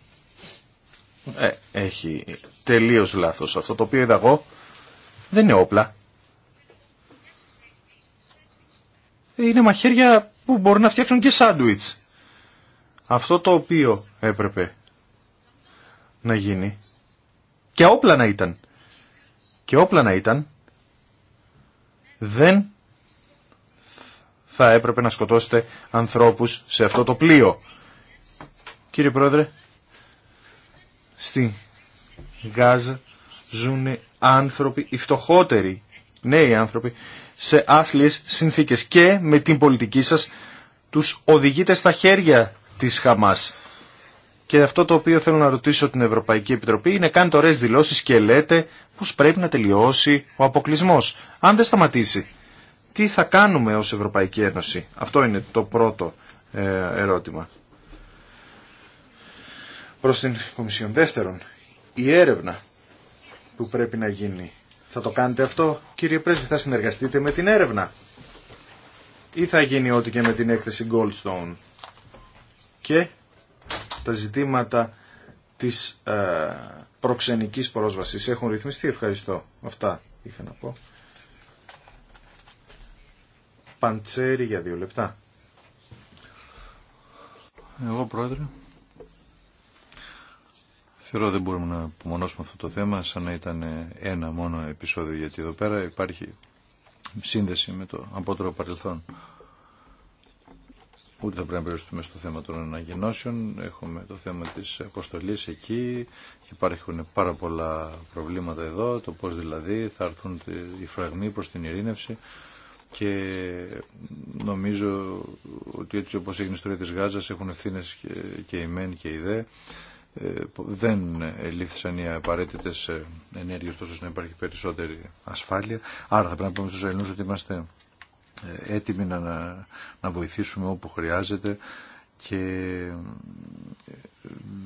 ε, έχει τελείως λάθος. Αυτό το οποίο είδα εγώ δεν είναι όπλα. Είναι μαχαίρια που μπορούν να φτιάξουν και σάντουιτς. Αυτό το οποίο έπρεπε να γίνει. Και όπλα να ήταν. Και όπλα να ήταν. Δεν θα έπρεπε να σκοτώσετε ανθρώπους σε αυτό το πλοίο. Κύριε Πρόεδρε, στη Γάζα ζουν άνθρωποι, οι φτωχότεροι νέοι άνθρωποι, σε άθλιες συνθήκες και με την πολιτική σας τους οδηγείτε στα χέρια της Χαμάς. Και αυτό το οποίο θέλω να ρωτήσω την Ευρωπαϊκή Επιτροπή είναι κάνει ωραίες δηλώσεις και λέτε πως πρέπει να τελειώσει ο αποκλεισμό. Αν δεν σταματήσει τι θα κάνουμε ως Ευρωπαϊκή Ένωση. Αυτό είναι το πρώτο ε, ερώτημα. Προς την Κομισιόν. Δεύτερον, η έρευνα που πρέπει να γίνει. Θα το κάνετε αυτό, κύριε Πρέσβη, θα συνεργαστείτε με την έρευνα. Ή θα γίνει ό,τι και με την έκθεση Goldstone. Και τα ζητήματα της ε, προξενικής πρόσβασης έχουν ρυθμιστεί. Ευχαριστώ. Αυτά είχα να πω. Παντσέρι για δύο λεπτά. Εγώ πρόεδρε. Θεωρώ δεν μπορούμε να απομονώσουμε αυτό το θέμα σαν να ήταν ένα μόνο επεισόδιο γιατί εδώ πέρα υπάρχει σύνδεση με το απότερο παρελθόν. Ούτε θα πρέπει να περιοριστούμε στο θέμα των αναγενώσεων. Έχουμε το θέμα της αποστολή εκεί. Υπάρχουν πάρα πολλά προβλήματα εδώ. Το πώς δηλαδή θα έρθουν οι φραγμοί προς την ειρήνευση και νομίζω ότι έτσι όπως έγινε η ιστορία της Γάζας έχουν ευθύνε και η ΜΕΝ και η ΔΕ ε, δεν λήφθησαν οι απαραίτητε ε, ενέργειε τόσο να υπάρχει περισσότερη ασφάλεια. Άρα θα πρέπει να πούμε στου Ελληνού ότι είμαστε ε, έτοιμοι να, να βοηθήσουμε όπου χρειάζεται και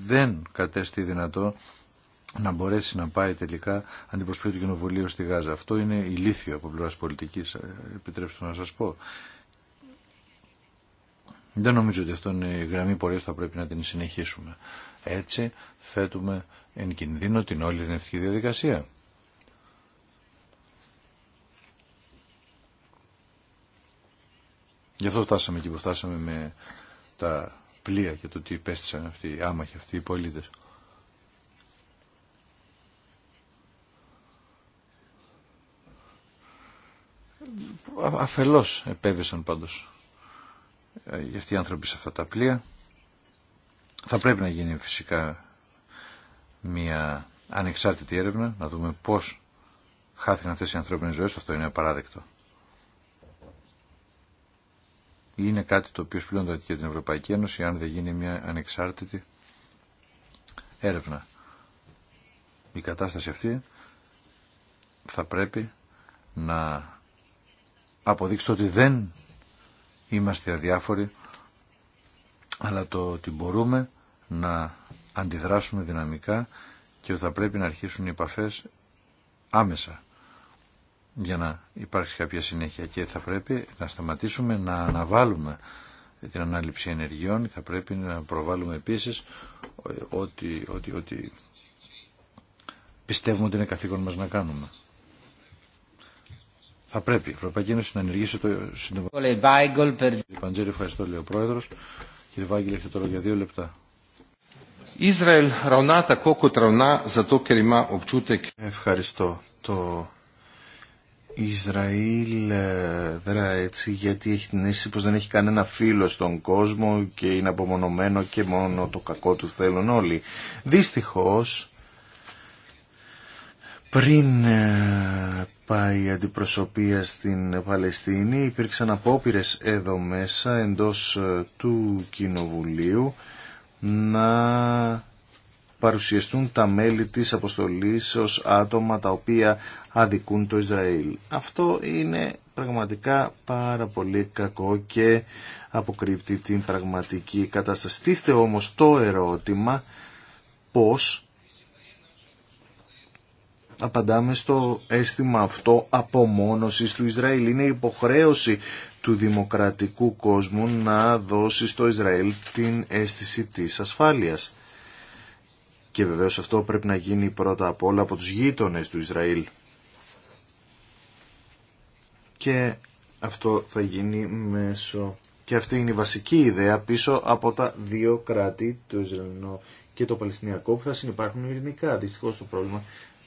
δεν κατέστη δυνατό να μπορέσει να πάει τελικά αντιπροσωπεύει του Κοινοβουλίου στη Γάζα. Αυτό είναι ηλίθιο από πλευρά πολιτική, ε, επιτρέψτε να σα πω. Δεν νομίζω ότι αυτό είναι η γραμμή πορεία θα πρέπει να την συνεχίσουμε. Έτσι θέτουμε εν κινδύνο την όλη ειρηνευτική διαδικασία. Γι' αυτό φτάσαμε εκεί που φτάσαμε με τα πλοία και το τι υπέστησαν αυτοί οι άμαχοι αυτοί οι πολίτες. αφελώς επέβησαν πάντως για ε, αυτοί οι άνθρωποι σε αυτά τα πλοία. Θα πρέπει να γίνει φυσικά μια ανεξάρτητη έρευνα, να δούμε πώς χάθηκαν αυτές οι ανθρώπινες ζωές, αυτό είναι απαράδεκτο. Είναι κάτι το οποίο σπλούνται και την Ευρωπαϊκή Ένωση αν δεν γίνει μια ανεξάρτητη έρευνα. Η κατάσταση αυτή θα πρέπει να αποδείξετε ότι δεν είμαστε αδιάφοροι, αλλά το ότι μπορούμε να αντιδράσουμε δυναμικά και ότι θα πρέπει να αρχίσουν οι επαφές άμεσα για να υπάρξει κάποια συνέχεια και θα πρέπει να σταματήσουμε να αναβάλουμε την ανάληψη ενεργειών θα πρέπει να προβάλλουμε επίσης ότι, ότι, ότι πιστεύουμε ότι είναι καθήκον μας να κάνουμε. Θα πρέπει η Ευρωπαϊκή Ένωση να ενεργήσει το σύντομο. Κύριε Παντζέρη, ευχαριστώ, λέει ο Πρόεδρος. Κύριε Βάγγελ, έχετε τώρα για δύο λεπτά. Ισραήλ ραωνά τα κόκο τραωνά, το κεριμά Ευχαριστώ. Το Ισραήλ ε, δρά έτσι γιατί έχει την αίσθηση πως δεν έχει κανένα φίλο στον κόσμο και είναι απομονωμένο και μόνο το κακό του θέλουν όλοι. Δυστυχώς πριν ε, πάει η αντιπροσωπεία στην Παλαιστίνη. Υπήρξαν απόπειρε εδώ μέσα εντός ε, του Κοινοβουλίου να παρουσιαστούν τα μέλη της αποστολής ως άτομα τα οποία αδικούν το Ισραήλ. Αυτό είναι πραγματικά πάρα πολύ κακό και αποκρύπτει την πραγματική κατάσταση. Τίθε όμως το ερώτημα πώς απαντάμε στο αίσθημα αυτό απομόνωσης του Ισραήλ. Είναι υποχρέωση του δημοκρατικού κόσμου να δώσει στο Ισραήλ την αίσθηση της ασφάλειας. Και βεβαίως αυτό πρέπει να γίνει πρώτα απ' όλα από τους γείτονες του Ισραήλ. Και αυτό θα γίνει μέσω... Και αυτή είναι η βασική ιδέα πίσω από τα δύο κράτη, το Ισραηλινό και το Παλαιστινιακό, που θα συνεπάρχουν ειρηνικά. Δυστυχώς το πρόβλημα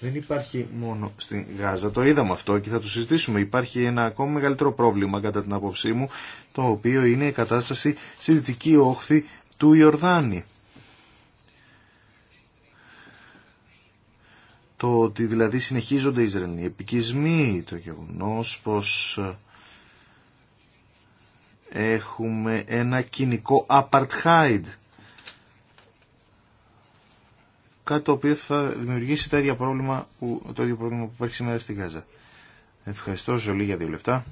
δεν υπάρχει μόνο στην Γάζα. Το είδαμε αυτό και θα το συζητήσουμε. Υπάρχει ένα ακόμα μεγαλύτερο πρόβλημα κατά την άποψή μου, το οποίο είναι η κατάσταση στη δυτική όχθη του Ιορδάνη. Το ότι δηλαδή συνεχίζονται οι Ισραηλοί επικισμοί, το γεγονός πως ε, έχουμε ένα κοινικό apartheid κάτι το οποίο θα δημιουργήσει το ίδιο πρόβλημα που, το ίδιο πρόβλημα που υπάρχει σήμερα στη Γάζα. Ευχαριστώ, Ζωλή για δύο λεπτά.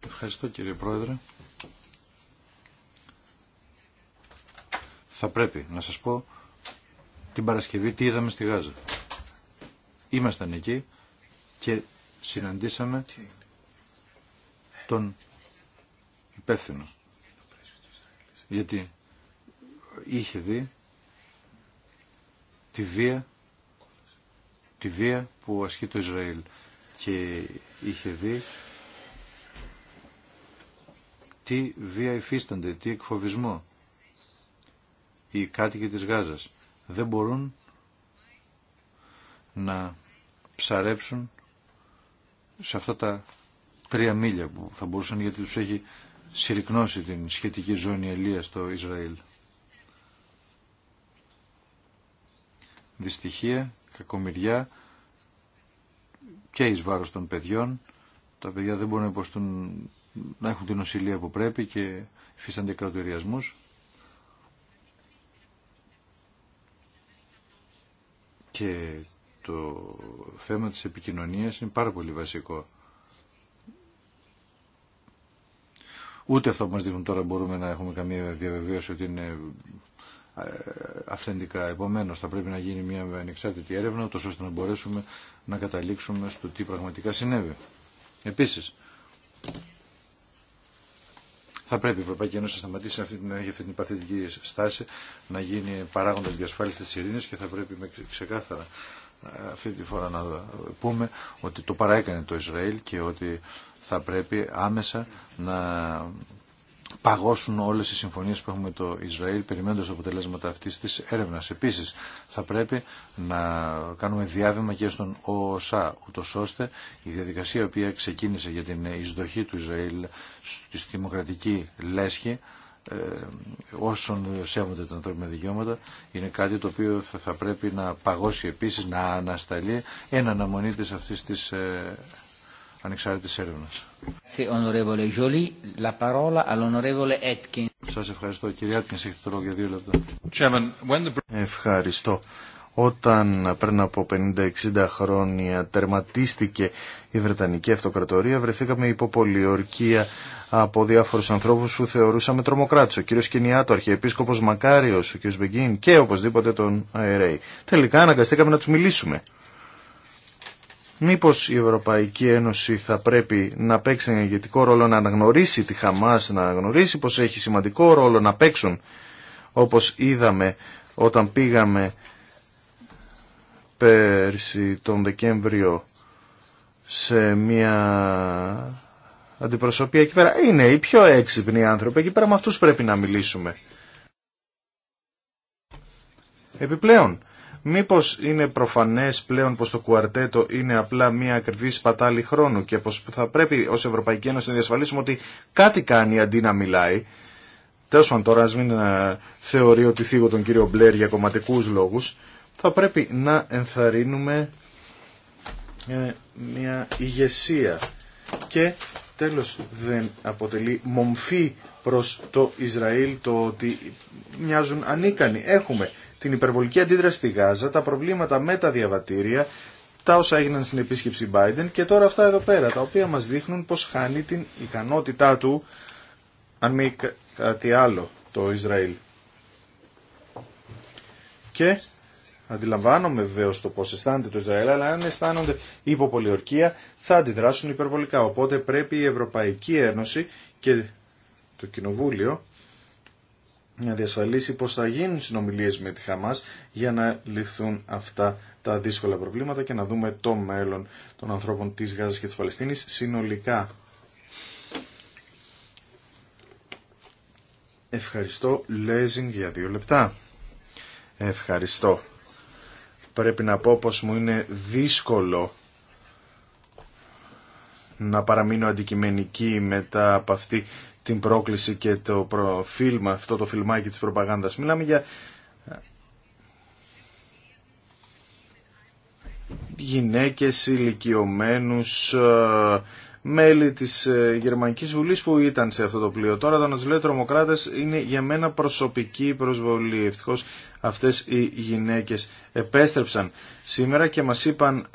Ευχαριστώ, κύριε Πρόεδρε. Θα πρέπει να σας πω την Παρασκευή τι είδαμε στη Γάζα. Ήμασταν εκεί και συναντήσαμε τον υπεύθυνο γιατί είχε δει τη βία, τη βία που ασκεί το Ισραήλ και είχε δει τι βία υφίστανται, τι εκφοβισμό οι κάτοικοι της Γάζας. Δεν μπορούν να ψαρέψουν σε αυτά τα τρία μίλια που θα μπορούσαν γιατί τους έχει συρρυκνώσει την σχετική ζώνη ελεία στο Ισραήλ. Δυστυχία, κακομοιριά και εις βάρος των παιδιών. Τα παιδιά δεν μπορούν να, να έχουν την οσυλία που πρέπει και φύσανται κρατοριασμούς. Και το θέμα της επικοινωνίας είναι πάρα πολύ βασικό. Ούτε αυτό που μας δείχνουν τώρα μπορούμε να έχουμε καμία διαβεβαίωση ότι είναι ε, αυθεντικά. Επομένω, θα πρέπει να γίνει μια ανεξάρτητη έρευνα, ώστε να μπορέσουμε να καταλήξουμε στο τι πραγματικά συνέβη. Επίση, θα πρέπει η Ευρωπαϊκή Ένωση να σταματήσει αυτή, να έχει αυτή την παθητική στάση, να γίνει παράγοντα διασφάλιση τη ειρήνη και θα πρέπει με ξεκάθαρα ε, αυτή τη φορά να πούμε ότι το παραέκανε το Ισραήλ και ότι θα πρέπει άμεσα να παγώσουν όλες οι συμφωνίες που έχουμε με το Ισραήλ περιμένοντας τα αποτελέσματα αυτής της έρευνας. Επίσης θα πρέπει να κάνουμε διάβημα και στον ΟΟΣΑ ούτως ώστε η διαδικασία η οποία ξεκίνησε για την εισδοχή του Ισραήλ στη δημοκρατική λέσχη ε, όσων σέβονται τα ανθρώπινα δικαιώματα είναι κάτι το οποίο θα πρέπει να παγώσει επίσης, να ανασταλεί εν αναμονή της αυτής της ε, ανεξάρτητης έρευνας. Σας ευχαριστώ. Κυρία Άτκινς, έχετε το λόγο για δύο λεπτά. Ευχαριστώ. Όταν πριν από 50-60 χρόνια τερματίστηκε η Βρετανική Αυτοκρατορία, βρεθήκαμε υπό πολιορκία από διάφορους ανθρώπους που θεωρούσαμε τρομοκράτες. Ο κ. Κινιάτο, ο Αρχιεπίσκοπος Μακάριος, ο κύριος Μπεγκίν και οπωσδήποτε τον ΑΕΡΕΗ. Τελικά αναγκαστήκαμε να τους μιλήσουμε. Μήπως η Ευρωπαϊκή Ένωση θα πρέπει να παίξει ένα ηγετικό ρόλο να αναγνωρίσει τη Χαμάς, να αναγνωρίσει πως έχει σημαντικό ρόλο να παίξουν όπως είδαμε όταν πήγαμε πέρσι τον Δεκέμβριο σε μια αντιπροσωπεία εκεί πέρα. Είναι οι πιο έξυπνοι άνθρωποι εκεί πέρα, με αυτούς πρέπει να μιλήσουμε. Επιπλέον, Μήπως είναι προφανές πλέον πως το κουαρτέτο είναι απλά μια ακριβή σπατάλη χρόνου και πως θα πρέπει ως Ευρωπαϊκή Ένωση να διασφαλίσουμε ότι κάτι κάνει αντί να μιλάει. Τέλος πάντων τώρα, ας μην ε, θεωρεί ότι θίγω τον κύριο Μπλερ για κομματικούς λόγους, θα πρέπει να ενθαρρύνουμε ε, μια ηγεσία και τέλος δεν αποτελεί μομφή προς το Ισραήλ το ότι μοιάζουν ανίκανοι. Έχουμε την υπερβολική αντίδραση στη Γάζα, τα προβλήματα με τα διαβατήρια, τα όσα έγιναν στην επίσκεψη Biden και τώρα αυτά εδώ πέρα, τα οποία μας δείχνουν πως χάνει την ικανότητά του, αν μη κάτι άλλο, το Ισραήλ. Και αντιλαμβάνομαι βεβαίω το πώς αισθάνεται το Ισραήλ, αλλά αν αισθάνονται υποπολιορκία θα αντιδράσουν υπερβολικά. Οπότε πρέπει η Ευρωπαϊκή Ένωση και το Κοινοβούλιο να διασφαλίσει πως θα γίνουν συνομιλίες με τη Χαμάς για να λυθούν αυτά τα δύσκολα προβλήματα και να δούμε το μέλλον των ανθρώπων της Γάζας και της Παλαιστίνης συνολικά. Ευχαριστώ Λέζινγκ για δύο λεπτά. Ευχαριστώ. Πρέπει να πω πως μου είναι δύσκολο να παραμείνω αντικειμενική μετά από αυτή την πρόκληση και το φιλμα, αυτό το φιλμάκι της προπαγάνδας. Μιλάμε για γυναίκες, ηλικιωμένους, ε, μέλη της ε, Γερμανικής Βουλής που ήταν σε αυτό το πλοίο. Τώρα το να λέει τρομοκράτες είναι για μένα προσωπική προσβολή. Ευτυχώς αυτές οι γυναίκες επέστρεψαν σήμερα και μας είπαν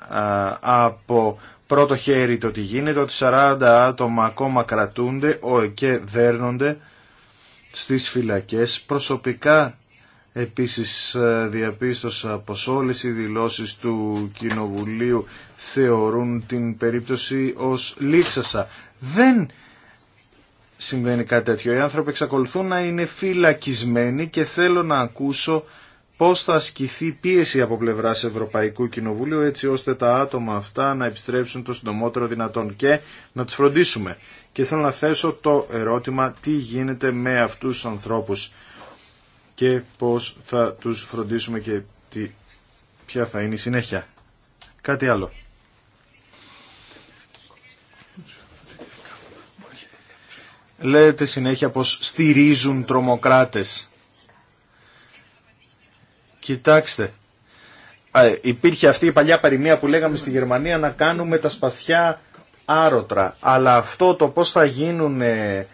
από πρώτο χέρι το τι γίνεται, ότι 40 άτομα ακόμα κρατούνται και δέρνονται στις φυλακές. Προσωπικά επίσης ε, διαπίστωσα πως όλες οι δηλώσεις του Κοινοβουλίου θεωρούν την περίπτωση ως λήξασα. Δεν συμβαίνει κάτι τέτοιο. Οι άνθρωποι εξακολουθούν να είναι φυλακισμένοι και θέλω να ακούσω πώς θα ασκηθεί πίεση από πλευράς Ευρωπαϊκού Κοινοβουλίου έτσι ώστε τα άτομα αυτά να επιστρέψουν το συντομότερο δυνατόν και να τους φροντίσουμε. Και θέλω να θέσω το ερώτημα τι γίνεται με αυτούς τους ανθρώπους και πώς θα τους φροντίσουμε και τι, ποια θα είναι η συνέχεια. Κάτι άλλο. Λέτε συνέχεια πως στηρίζουν τρομοκράτες. Κοιτάξτε, υπήρχε αυτή η παλιά παροιμία που λέγαμε στη Γερμανία να κάνουμε τα σπαθιά άρωτρα. Αλλά αυτό το πώς θα γίνουν ε,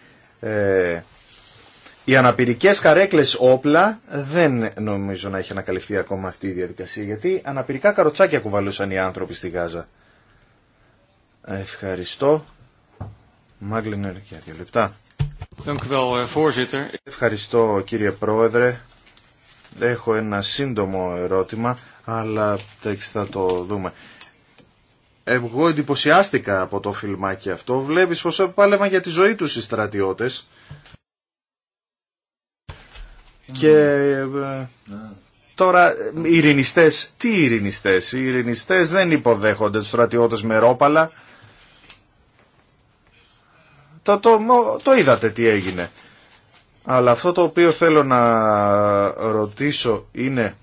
οι αναπηρικές καρέκλες όπλα δεν νομίζω να έχει ανακαλυφθεί ακόμα αυτή η διαδικασία. Γιατί αναπηρικά καροτσάκια κουβαλούσαν οι άνθρωποι στη Γάζα. Ευχαριστώ. Μάγκλινερ eh, Ευχαριστώ κύριε Πρόεδρε έχω ένα σύντομο ερώτημα, αλλά θα το δούμε. Εγώ εντυπωσιάστηκα από το φιλμάκι αυτό. Βλέπεις πως πάλευαν για τη ζωή τους οι στρατιώτες. Και ε, ναι. τώρα οι ειρηνιστές, τι ειρηνιστές, οι ειρηνιστές δεν υποδέχονται τους στρατιώτες με ρόπαλα. Το, το, το είδατε τι έγινε. Αλλά αυτό το οποίο θέλω να ρωτήσω είναι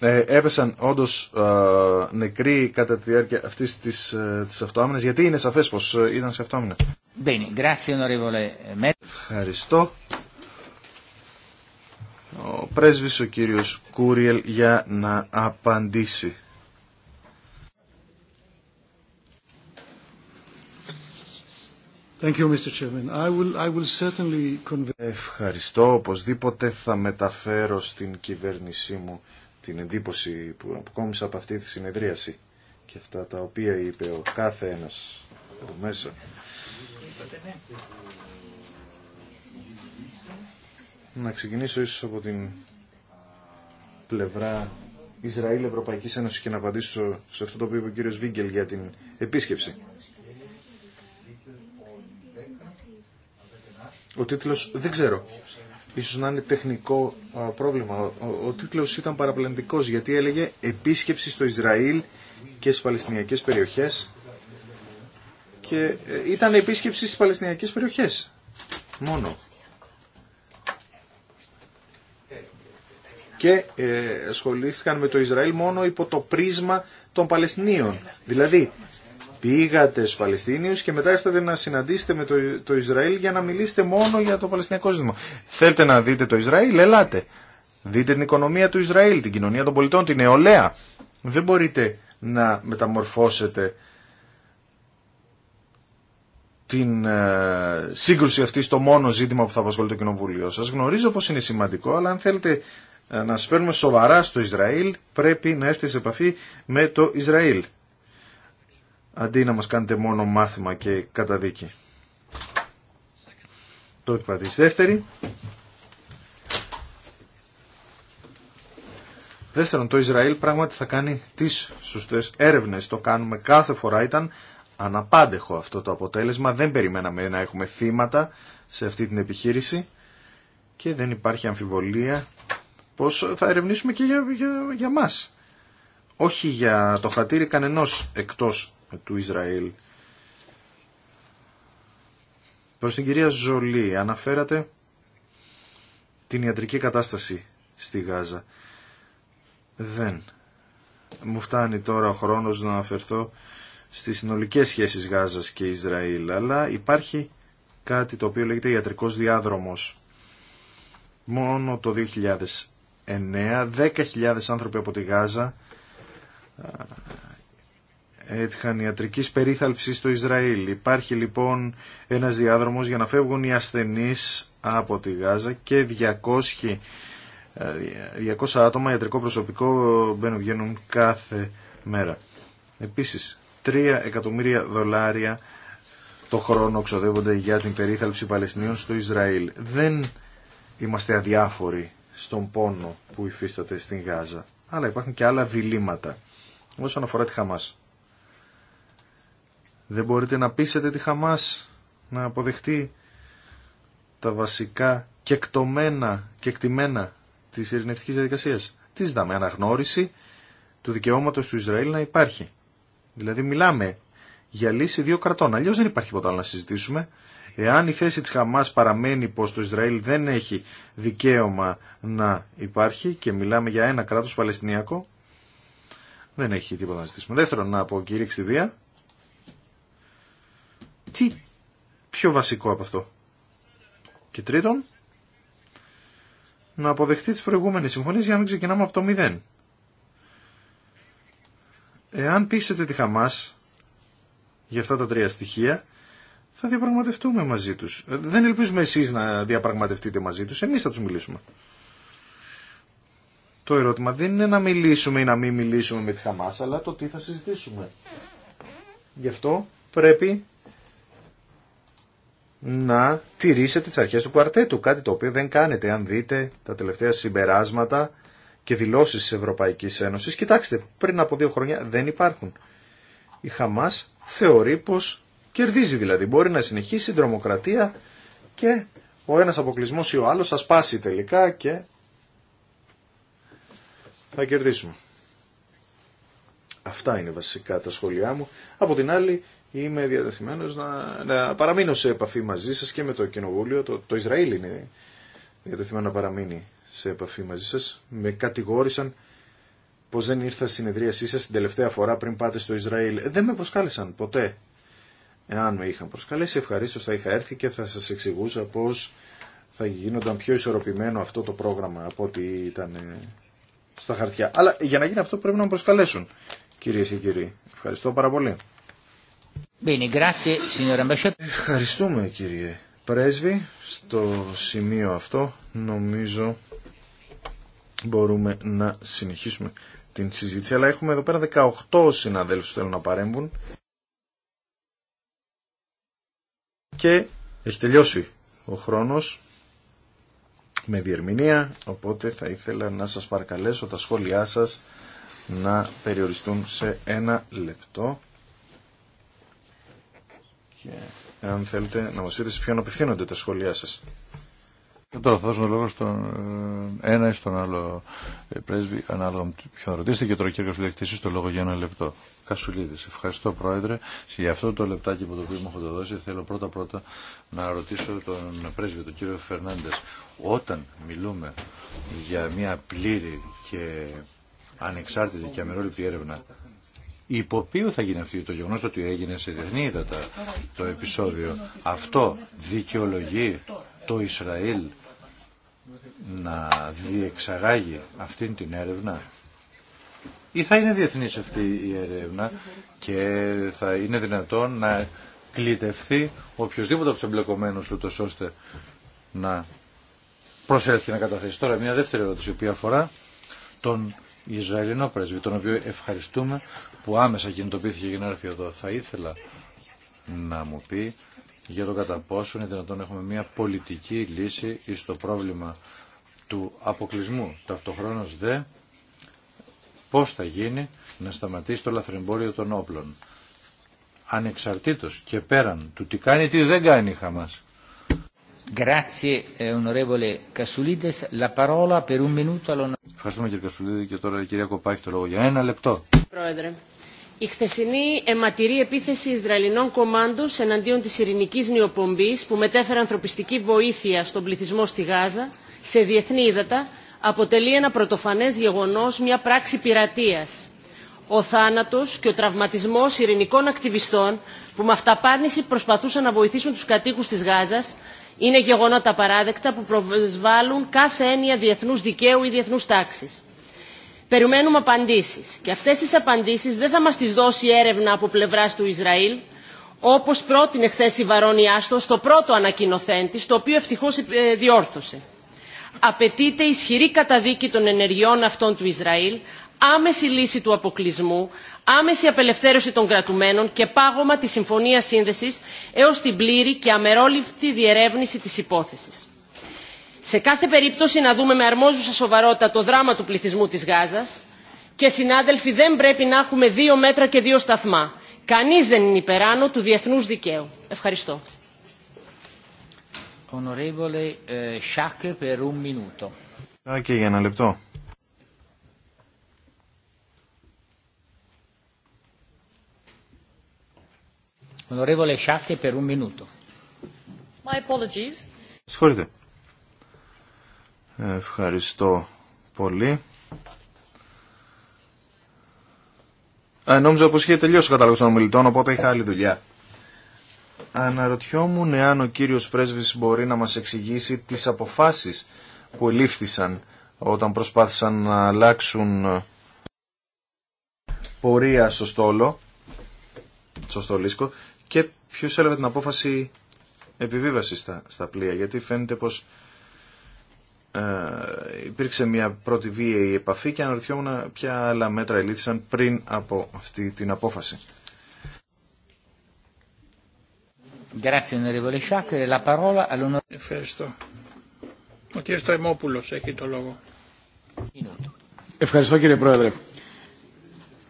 Ε, έπεσαν όντως ε, νεκροί κατά τη διάρκεια αυτής της, ε, της αυτοάμυνα, γιατί είναι σαφές πως ε, ήταν σε αυτοάμυνα. Ευχαριστώ. Ο πρέσβης ο κύριος Κούριελ για να απαντήσει. Ευχαριστώ. Οπωσδήποτε θα μεταφέρω στην κυβέρνησή μου την εντύπωση που αποκόμισα από αυτή τη συνεδρίαση και αυτά τα οποία είπε ο κάθε ένας εδώ μέσα. Να ξεκινήσω ίσως από την πλευρά Ισραήλ-Ευρωπαϊκής Ένωσης και να απαντήσω σε αυτό το οποίο είπε ο κύριος Βίγκελ για την επίσκεψη. Ο τίτλο. δεν ξέρω. Ίσως να είναι τεχνικό πρόβλημα. Ο τίτλο ήταν παραπλανητικό γιατί έλεγε «Επίσκεψη στο Ισραήλ και στι Παλαιστινιακέ περιοχές» και ε, ήταν επίσκεψη στι Παλαιστινιακέ περιοχές. Μόνο. Και ε, ασχολήθηκαν με το Ισραήλ μόνο υπό το πρίσμα των Παλαιστινίων. Δηλαδή, πήγατε στους Παλαιστίνιους και μετά ήρθατε να συναντήσετε με το, το Ισραήλ για να μιλήσετε μόνο για το Παλαιστινιακό ζήτημα. Θέλετε να δείτε το Ισραήλ, ελάτε. Δείτε την οικονομία του Ισραήλ, την κοινωνία των πολιτών, την νεολαία. Δεν μπορείτε να μεταμορφώσετε την ε, σύγκρουση αυτή στο μόνο ζήτημα που θα απασχολεί το Κοινοβούλιο σας. Γνωρίζω πως είναι σημαντικό, αλλά αν θέλετε ε, να σας παίρνουμε σοβαρά στο Ισραήλ, πρέπει να έρθετε σε επαφή με το Ισραήλ αντί να μας κάνετε μόνο μάθημα και καταδίκη. Το παρατήρηση. Δεύτερη. Δεύτερον, το Ισραήλ πράγματι θα κάνει τις σωστές έρευνες. Το κάνουμε κάθε φορά. Ήταν αναπάντεχο αυτό το αποτέλεσμα. Δεν περιμέναμε να έχουμε θύματα σε αυτή την επιχείρηση και δεν υπάρχει αμφιβολία πως θα ερευνήσουμε και για, για, για μας. Όχι για το χατήρι κανενός εκτός του Ισραήλ. Προς την κυρία Ζολή αναφέρατε την ιατρική κατάσταση στη Γάζα. Δεν. Μου φτάνει τώρα ο χρόνος να αναφερθώ στις συνολικές σχέσεις Γάζας και Ισραήλ, αλλά υπάρχει κάτι το οποίο λέγεται ιατρικός διάδρομος. Μόνο το 2009, 10.000 άνθρωποι από τη Γάζα έτυχαν ιατρική περίθαλψης στο Ισραήλ. Υπάρχει λοιπόν ένας διάδρομος για να φεύγουν οι ασθενείς από τη Γάζα και 200, 200 ε, άτομα ιατρικό προσωπικό μπαίνουν βγαίνουν κάθε μέρα. Επίσης, 3 εκατομμύρια δολάρια το χρόνο ξοδεύονται για την περίθαλψη Παλαιστινίων στο Ισραήλ. Δεν είμαστε αδιάφοροι στον πόνο που υφίσταται στην Γάζα. Αλλά υπάρχουν και άλλα διλήμματα. Όσον αφορά τη Χαμάς. Δεν μπορείτε να πείσετε τη Χαμάς να αποδεχτεί τα βασικά κεκτομένα, κεκτημένα της ειρηνευτικής διαδικασίας. Τι ζητάμε, αναγνώριση του δικαιώματος του Ισραήλ να υπάρχει. Δηλαδή μιλάμε για λύση δύο κρατών. Αλλιώς δεν υπάρχει ποτέ άλλο να συζητήσουμε. Εάν η θέση της Χαμάς παραμένει πως το Ισραήλ δεν έχει δικαίωμα να υπάρχει και μιλάμε για ένα κράτος Παλαιστινιακό, δεν έχει τίποτα να ζητήσουμε. Δεύτερον, να αποκηρύξει βία τι πιο βασικό από αυτό. Και τρίτον, να αποδεχτεί τις προηγούμενες συμφωνίες για να μην ξεκινάμε από το μηδέν. Εάν πείσετε τη Χαμάς για αυτά τα τρία στοιχεία, θα διαπραγματευτούμε μαζί τους. Ε, δεν ελπίζουμε εσείς να διαπραγματευτείτε μαζί τους, εμείς θα τους μιλήσουμε. Το ερώτημα δεν είναι να μιλήσουμε ή να μην μιλήσουμε με τη Χαμάς, αλλά το τι θα συζητήσουμε. Γι' αυτό πρέπει να τηρήσετε τις αρχές του κουαρτέτου, κάτι το οποίο δεν κάνετε αν δείτε τα τελευταία συμπεράσματα και δηλώσεις της Ευρωπαϊκής Ένωσης. Κοιτάξτε, πριν από δύο χρόνια δεν υπάρχουν. Η Χαμάς θεωρεί πως κερδίζει δηλαδή. Μπορεί να συνεχίσει η τρομοκρατία και ο ένας αποκλεισμό ή ο άλλος θα σπάσει τελικά και θα κερδίσουμε. Αυτά είναι βασικά τα σχόλιά μου. Από την άλλη είμαι διατεθειμένο να, να παραμείνω σε επαφή μαζί σα και με το Κοινοβούλιο. Το, το Ισραήλ είναι διατεθειμένο να παραμείνει σε επαφή μαζί σα. Με κατηγόρησαν πω δεν ήρθα στη συνεδρίασή σας την τελευταία φορά πριν πάτε στο Ισραήλ. Δεν με προσκάλεσαν ποτέ. Εάν με είχαν προσκαλέσει, ευχαριστώ, θα είχα έρθει και θα σα εξηγούσα πώ θα γίνονταν πιο ισορροπημένο αυτό το πρόγραμμα από ό,τι ήταν ε, στα χαρτιά. Αλλά για να γίνει αυτό πρέπει να με προσκαλέσουν, κυρίε και κύριοι. Ευχαριστώ πάρα πολύ. Ευχαριστούμε κύριε Πρέσβη. Στο σημείο αυτό νομίζω μπορούμε να συνεχίσουμε την συζήτηση. Αλλά έχουμε εδώ πέρα 18 συναδέλφους που θέλουν να παρέμβουν. Και έχει τελειώσει ο χρόνος με διερμηνία, οπότε θα ήθελα να σας παρακαλέσω τα σχόλιά σας να περιοριστούν σε ένα λεπτό και αν θέλετε να μας πείτε σε ποιον απευθύνονται τα σχόλιά σας. Και τώρα θα δώσουμε λόγο στον ε, ένα ή στον άλλο ε, πρέσβη, ανάλογα με ποιον ρωτήσετε, και τώρα κύριο Φιδεκτήση το λόγο για ένα λεπτό. Κασουλίδη, ευχαριστώ Πρόεδρε. Σε για αυτό το λεπτάκι που το οποίο μου έχετε δώσει, θέλω πρώτα-πρώτα να ρωτήσω τον πρέσβη, τον κύριο Φερνάντε. Όταν μιλούμε για μια πλήρη και ανεξάρτητη και αμερόληπτη έρευνα υπό ποιο θα γίνει αυτή το γεγονό ότι έγινε σε διεθνή ύδατα το επεισόδιο. Αυτό δικαιολογεί το Ισραήλ να διεξαγάγει αυτήν την έρευνα ή θα είναι διεθνής αυτή η έρευνα και θα είναι δυνατόν να κλητευθεί οποιοδήποτε από του εμπλεκομένου ούτω ώστε να προσέλθει να καταθέσει. Τώρα μια δεύτερη ερώτηση η οποία αφορά τον Ισραηλινό πρέσβη, τον οποίο ευχαριστούμε που άμεσα κινητοποιήθηκε για να έρθει εδώ. Θα ήθελα να μου πει για το κατά πόσο είναι δυνατόν έχουμε μια πολιτική λύση στο πρόβλημα του αποκλεισμού. ταυτοχρόνω δε πώς θα γίνει να σταματήσει το λαθρεμπόριο των όπλων. Ανεξαρτήτως και πέραν του τι κάνει, τι δεν κάνει η Χαμάς. Ε, Ευχαριστούμε κύριε Κασουλίδη και τώρα η κυρία Κοπάχη το λόγο για ένα λεπτό. Πρόεδρε. Η χθεσινή αιματηρή επίθεση Ισραηλινών κομμάτων εναντίον της Ειρηνική νιοπομπής που μετέφερε ανθρωπιστική βοήθεια στον πληθυσμό στη Γάζα σε διεθνή ύδατα αποτελεί ένα πρωτοφανές γεγονός, μια πράξη πειρατείας. Ο θάνατος και ο τραυματισμός ειρηνικών ακτιβιστών που με αυταπάρνηση προσπαθούσαν να βοηθήσουν τους κατοίκους της Γάζας είναι γεγονότα παράδεκτα που προσβάλλουν κάθε έννοια διεθνούς δικαίου ή διεθνού τάξης. Περιμένουμε απαντήσει, και αυτέ τι απαντήσει δεν θα μα τι δώσει έρευνα από πλευρά του Ισραήλ όπω πρότεινε χθε η Βαρόνι Άστο στο πρώτο ανακοινοθέν τη, το οποίο ευτυχώ ε, διόρθωσε. Απαιτείται ισχυρή καταδίκη των ενεργειών αυτών του Ισραήλ, άμεση λύση του αποκλεισμού, άμεση απελευθέρωση των κρατουμένων και πάγωμα της Συμφωνίας Σύνδεσης έως την πλήρη και αμερόληπτη διερεύνηση της υπόθεσης σε κάθε περίπτωση να δούμε με αρμόζουσα σοβαρότητα το δράμα του πληθυσμού της γάζας και συνάδελφοι δεν πρέπει να έχουμε δύο μέτρα και δύο σταθμά. κανείς δεν είναι υπεράνω του διεθνούς δικαίου. ευχαριστώ. Ε, για ένα λεπτό. My apologies. Συγχωρείτε. Ευχαριστώ πολύ. Ε, νόμιζα πως είχε τελειώσει ο κατάλογος των ομιλητών, οπότε είχα άλλη δουλειά. Αναρωτιόμουν εάν ο κύριος πρέσβης μπορεί να μας εξηγήσει τις αποφάσεις που ελήφθησαν όταν προσπάθησαν να αλλάξουν ε, πορεία στο στόλο, στο στολίσκο, και ποιος έλαβε την απόφαση επιβίβασης στα, στα πλοία, γιατί φαίνεται πως ε, υπήρξε μια πρώτη βίαιη επαφή και αναρωτιόμουν ποια άλλα μέτρα ελήφθησαν πριν από αυτή την απόφαση. Ευχαριστώ. Ο κ. Στοημόπουλος έχει το λόγο. Ευχαριστώ κύριε Πρόεδρε.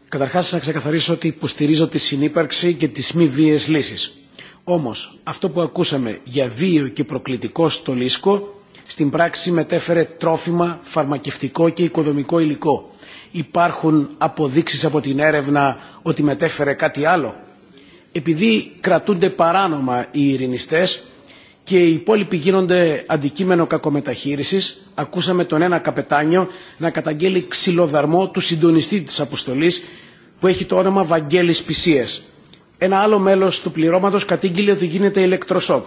Καταρχάς να ξεκαθαρίσω ότι υποστηρίζω τη συνύπαρξη και τις μη βίαιες λύσεις. Όμως αυτό που ακούσαμε για βίαιο και προκλητικό στο Λίσκο στην πράξη μετέφερε τρόφιμα, φαρμακευτικό και οικοδομικό υλικό. Υπάρχουν αποδείξεις από την έρευνα ότι μετέφερε κάτι άλλο. Επειδή κρατούνται παράνομα οι ειρηνιστές και οι υπόλοιποι γίνονται αντικείμενο κακομεταχείρισης, ακούσαμε τον ένα καπετάνιο να καταγγέλει ξυλοδαρμό του συντονιστή της αποστολής που έχει το όνομα Βαγγέλης Πισίες. Ένα άλλο μέλος του πληρώματος κατήγγειλε ότι γίνεται ηλεκτροσόκ.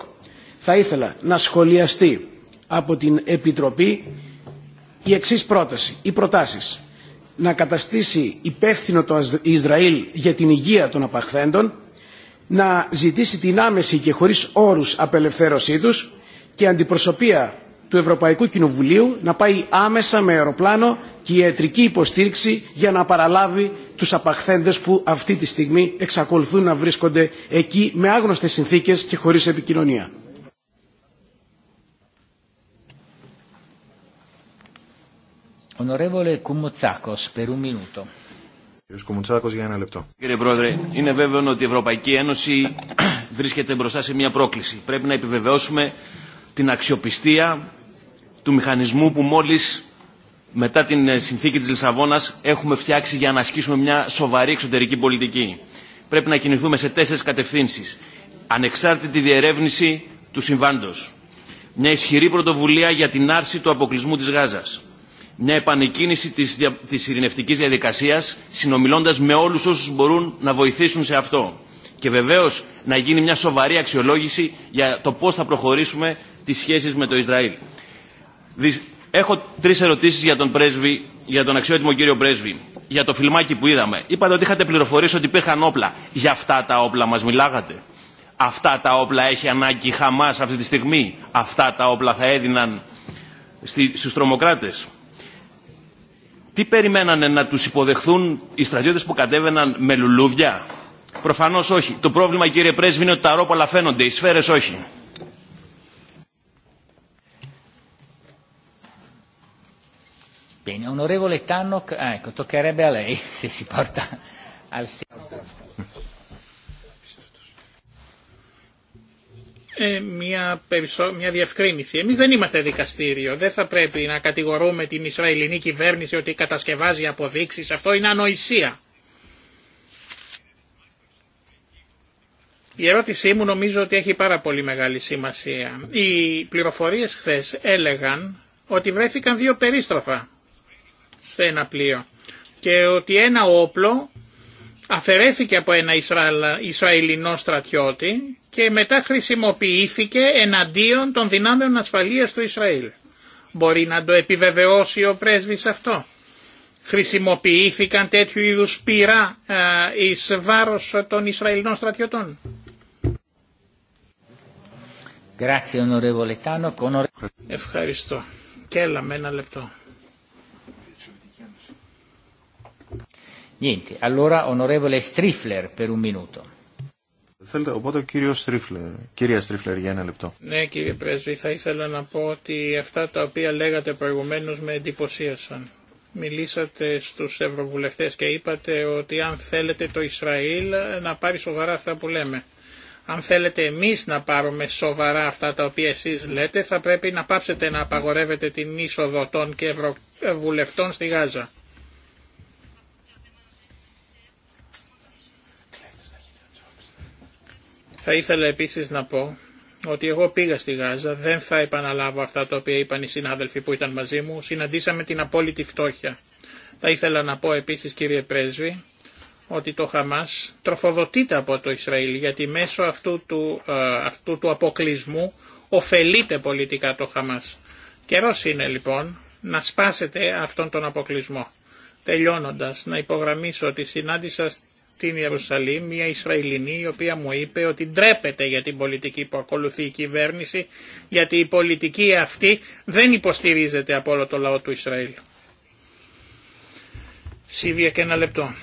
Θα ήθελα να σχολιαστεί από την Επιτροπή η εξή πρόταση, οι προτάσεις. Να καταστήσει υπεύθυνο το Ισραήλ για την υγεία των απαχθέντων, να ζητήσει την άμεση και χωρίς όρους απελευθέρωσή τους και αντιπροσωπεία του Ευρωπαϊκού Κοινοβουλίου να πάει άμεσα με αεροπλάνο και ιατρική υποστήριξη για να παραλάβει τους απαχθέντες που αυτή τη στιγμή εξακολουθούν να βρίσκονται εκεί με άγνωστες συνθήκες και χωρίς επικοινωνία. Κύριε Πρόεδρε, είναι βέβαιο ότι η Ευρωπαϊκή Ένωση βρίσκεται μπροστά σε μια πρόκληση. Πρέπει να επιβεβαιώσουμε την αξιοπιστία του μηχανισμού που μόλις μετά την ε, συνθήκη της Λισαβόνας έχουμε φτιάξει για να ασκήσουμε μια σοβαρή εξωτερική πολιτική. Πρέπει να κινηθούμε σε τέσσερις κατευθύνσεις. Ανεξάρτητη διερεύνηση του συμβάντος. Μια ισχυρή πρωτοβουλία για την άρση του αποκλεισμού της Γάζας μια επανεκκίνηση της, δια... της ειρηνευτικής διαδικασίας, συνομιλώντας με όλους όσους μπορούν να βοηθήσουν σε αυτό. Και βεβαίως να γίνει μια σοβαρή αξιολόγηση για το πώς θα προχωρήσουμε τις σχέσεις με το Ισραήλ. Έχω τρεις ερωτήσεις για τον, πρέσβη, για τον αξιότιμο κύριο Πρέσβη. Για το φιλμάκι που είδαμε. Είπατε ότι είχατε πληροφορήσει ότι υπήρχαν όπλα. Για αυτά τα όπλα μας μιλάγατε. Αυτά τα όπλα έχει ανάγκη η Χαμάς αυτή τη στιγμή. Αυτά τα όπλα θα έδιναν στους τρομοκράτες. Τι περιμένανε να τους υποδεχθούν οι στρατιώτες που κατέβαιναν με λουλούδια. Προφανώς όχι. Το πρόβλημα κύριε Πρέσβη είναι ότι τα ρόπαλα φαίνονται, οι σφαίρες όχι. Bene, onorevole Tannock, ecco, toccherebbe a lei se si porta Ε, μια, περισσο... μια διευκρίνηση. Εμείς δεν είμαστε δικαστήριο, δεν θα πρέπει να κατηγορούμε την Ισραηλινή κυβέρνηση ότι κατασκευάζει αποδείξεις, αυτό είναι ανοησία. Η ερώτησή μου νομίζω ότι έχει πάρα πολύ μεγάλη σημασία. Οι πληροφορίες χθε έλεγαν ότι βρέθηκαν δύο περίστροφα σε ένα πλοίο και ότι ένα όπλο αφαιρέθηκε από ένα Ισραηλινό στρατιώτη και μετά χρησιμοποιήθηκε εναντίον των δυνάμεων ασφαλείας του Ισραήλ. Μπορεί να το επιβεβαιώσει ο πρέσβης αυτό. Χρησιμοποιήθηκαν τέτοιου είδους πειρά ε, εις βάρος των Ισραηλινών στρατιωτών. Ευχαριστώ. Κέλα με ένα λεπτό. οπότε ο κύριος Στρίφλερ, για ένα λεπτό. Ναι κύριε Πρέσβη, θα ήθελα να πω ότι αυτά τα οποία λέγατε προηγουμένως με εντυπωσίασαν. Μιλήσατε στους ευρωβουλευτές και είπατε ότι αν θέλετε το Ισραήλ να πάρει σοβαρά αυτά που λέμε. Αν θέλετε εμείς να πάρουμε σοβαρά αυτά τα οποία εσείς λέτε θα πρέπει να πάψετε να απαγορεύετε την είσοδο των και ευρωβουλευτών στη Γάζα. Θα ήθελα επίσης να πω ότι εγώ πήγα στη Γάζα, δεν θα επαναλάβω αυτά τα οποία είπαν οι συνάδελφοι που ήταν μαζί μου, συναντήσαμε την απόλυτη φτώχεια. Θα ήθελα να πω επίσης κύριε Πρέσβη ότι το Χαμάς τροφοδοτείται από το Ισραήλ γιατί μέσω αυτού του, ε, αυτού του αποκλεισμού ωφελείται πολιτικά το Χαμάς. Καιρός είναι λοιπόν να σπάσετε αυτόν τον αποκλεισμό. Τελειώνοντας, να υπογραμμίσω ότι συνάντησα την Ιερουσαλήμ μια Ισραηλινή η οποία μου είπε ότι ντρέπεται για την πολιτική που ακολουθεί η κυβέρνηση γιατί η πολιτική αυτή δεν υποστηρίζεται από όλο το λαό του Ισραήλ. Σίβια και ένα λεπτό.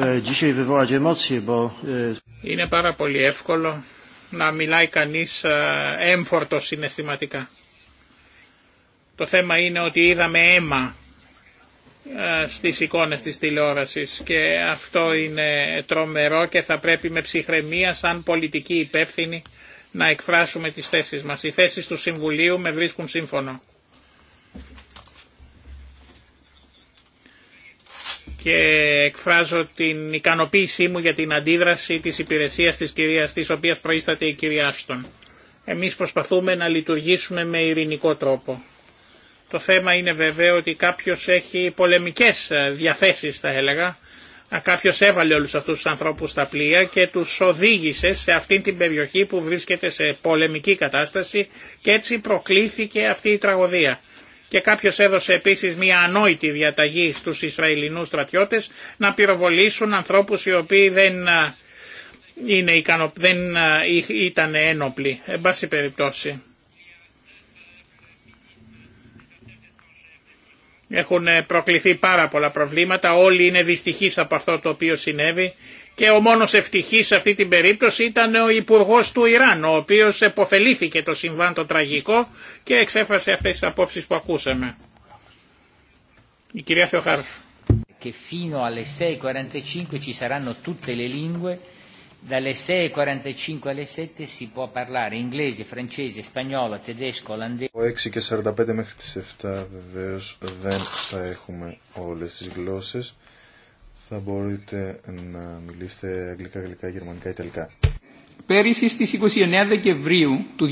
Ε, ε, Είναι πάρα πολύ εύκολο να μιλάει κανείς ε, έμφορτο συναισθηματικά. Το θέμα είναι ότι είδαμε αίμα ε, στις εικόνες της τηλεόρασης και αυτό είναι τρομερό και θα πρέπει με ψυχραιμία σαν πολιτική υπεύθυνη να εκφράσουμε τις θέσεις μας. Οι θέσεις του Συμβουλίου με βρίσκουν σύμφωνο. Και εκφράζω την ικανοποίησή μου για την αντίδραση της υπηρεσίας της κυρίας της οποίας προείσταται η κυρία Άστον. Εμείς προσπαθούμε να λειτουργήσουμε με ειρηνικό τρόπο. Το θέμα είναι βέβαιο ότι κάποιος έχει πολεμικές διαθέσεις θα έλεγα. Κάποιος έβαλε όλους αυτούς τους ανθρώπους στα πλοία και τους οδήγησε σε αυτήν την περιοχή που βρίσκεται σε πολεμική κατάσταση και έτσι προκλήθηκε αυτή η τραγωδία. Και κάποιος έδωσε επίσης μια ανόητη διαταγή στους Ισραηλινούς στρατιώτες να πυροβολήσουν ανθρώπους οι οποίοι δεν, ε, είναι ικανο... δεν ε, ήταν ένοπλοι. Εν πάση περιπτώσει. Έχουν ε, προκληθεί πάρα πολλά προβλήματα, όλοι είναι δυστυχείς από αυτό το οποίο συνέβη και ο μόνος ευτυχής σε αυτή την περίπτωση ήταν ο υπουργό του Ιράν, ο οποίος εποφελήθηκε το συμβάν το τραγικό και εξέφασε αυτές τις απόψεις που ακούσαμε. Η κυρία Θεοχάρου dalle 6.45 Από 6 και 45 μέχρι τις 7 βεβαίως δεν θα έχουμε όλες τις γλώσσες. Θα μπορείτε να μιλήσετε αγγλικά, γαλλικά, γερμανικά, ιταλικά. Πέρυσι στις 29 Δεκεμβρίου του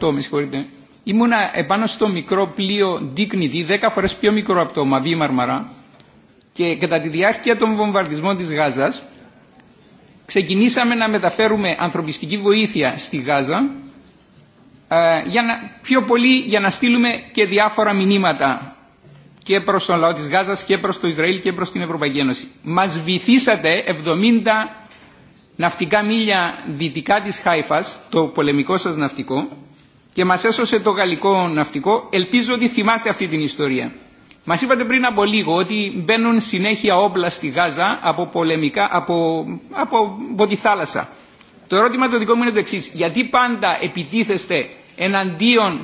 2008, με συγχωρείτε, ήμουνα επάνω στο μικρό πλοίο Dignity, 10 φορές πιο μικρό από το Μαβί Μαρμαρά, και κατά τη διάρκεια των βομβαρδισμών της Γάζας, ξεκινήσαμε να μεταφέρουμε ανθρωπιστική βοήθεια στη Γάζα ε, για να, πιο πολύ για να στείλουμε και διάφορα μηνύματα και προς τον λαό της Γάζας και προς το Ισραήλ και προς την Ευρωπαϊκή Ένωση. Μας βυθίσατε 70 ναυτικά μίλια δυτικά της Χάιφας, το πολεμικό σας ναυτικό, και μας έσωσε το γαλλικό ναυτικό. Ελπίζω ότι θυμάστε αυτή την ιστορία. Μα είπατε πριν από λίγο ότι μπαίνουν συνέχεια όπλα στη Γάζα από, πολεμικά, από, από, από τη θάλασσα. Το ερώτημα το δικό μου είναι το εξή. Γιατί πάντα επιτίθεστε εναντίον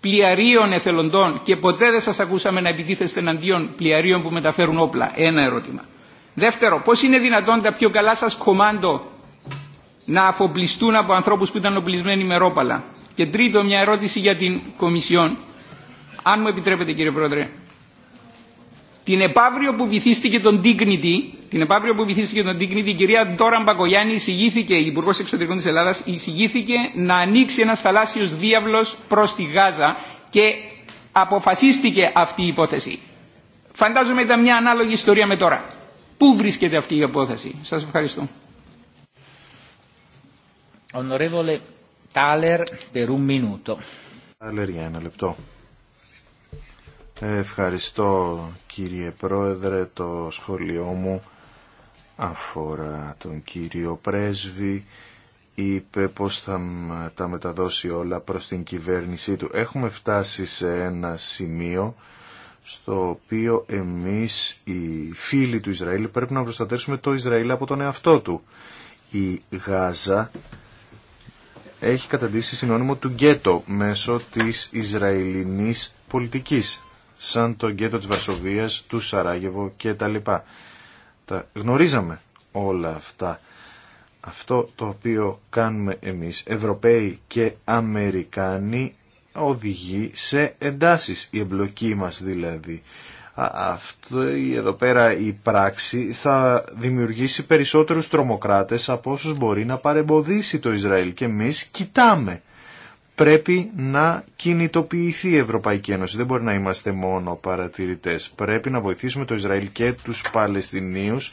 πλιαρίων εθελοντών και ποτέ δεν σας ακούσαμε να επιτίθεστε εναντίον πλιαρίων που μεταφέρουν όπλα. Ένα ερώτημα. Δεύτερο, πώς είναι δυνατόν τα πιο καλά σας κομάντο να αφοπλιστούν από ανθρώπους που ήταν οπλισμένοι με ρόπαλα. Και τρίτο, μια ερώτηση για την Κομισιόν. Αν μου επιτρέπετε κύριε Πρόεδρε, την επαύριο που βυθίστηκε τον Τίγνητη, την επαύριο που βυθίστηκε τον η κυρία Ντόρα Μπακογιάννη εισηγήθηκε, η Υπουργό Εξωτερικών τη Ελλάδα, εισηγήθηκε να ανοίξει ένα θαλάσσιο διάβλο προ τη Γάζα και αποφασίστηκε αυτή η υπόθεση. Φαντάζομαι ήταν μια ανάλογη ιστορία με τώρα. Πού βρίσκεται αυτή η υπόθεση. Σα ευχαριστώ. Ονορεύολε Τάλερ, per Τάλερ για ένα λεπτό. Ευχαριστώ κύριε Πρόεδρε. Το σχολείο μου αφορά τον κύριο Πρέσβη. Είπε πως θα τα μεταδώσει όλα προς την κυβέρνησή του. Έχουμε φτάσει σε ένα σημείο στο οποίο εμείς οι φίλοι του Ισραήλ πρέπει να προστατεύσουμε το Ισραήλ από τον εαυτό του. Η Γάζα έχει καταντήσει συνώνυμο του γκέτο μέσω της Ισραηλινής πολιτικής σαν το γκέτο της Βαρσοβίας, του Σαράγεβο και τα λοιπά. Τα γνωρίζαμε όλα αυτά. Αυτό το οποίο κάνουμε εμείς, Ευρωπαίοι και Αμερικάνοι, οδηγεί σε εντάσεις η εμπλοκή μας δηλαδή. Αυτό εδώ πέρα η πράξη θα δημιουργήσει περισσότερους τρομοκράτες από όσους μπορεί να παρεμποδίσει το Ισραήλ και εμείς κοιτάμε πρέπει να κινητοποιηθεί η Ευρωπαϊκή Ένωση. Δεν μπορεί να είμαστε μόνο παρατηρητές. Πρέπει να βοηθήσουμε το Ισραήλ και τους Παλαιστινίους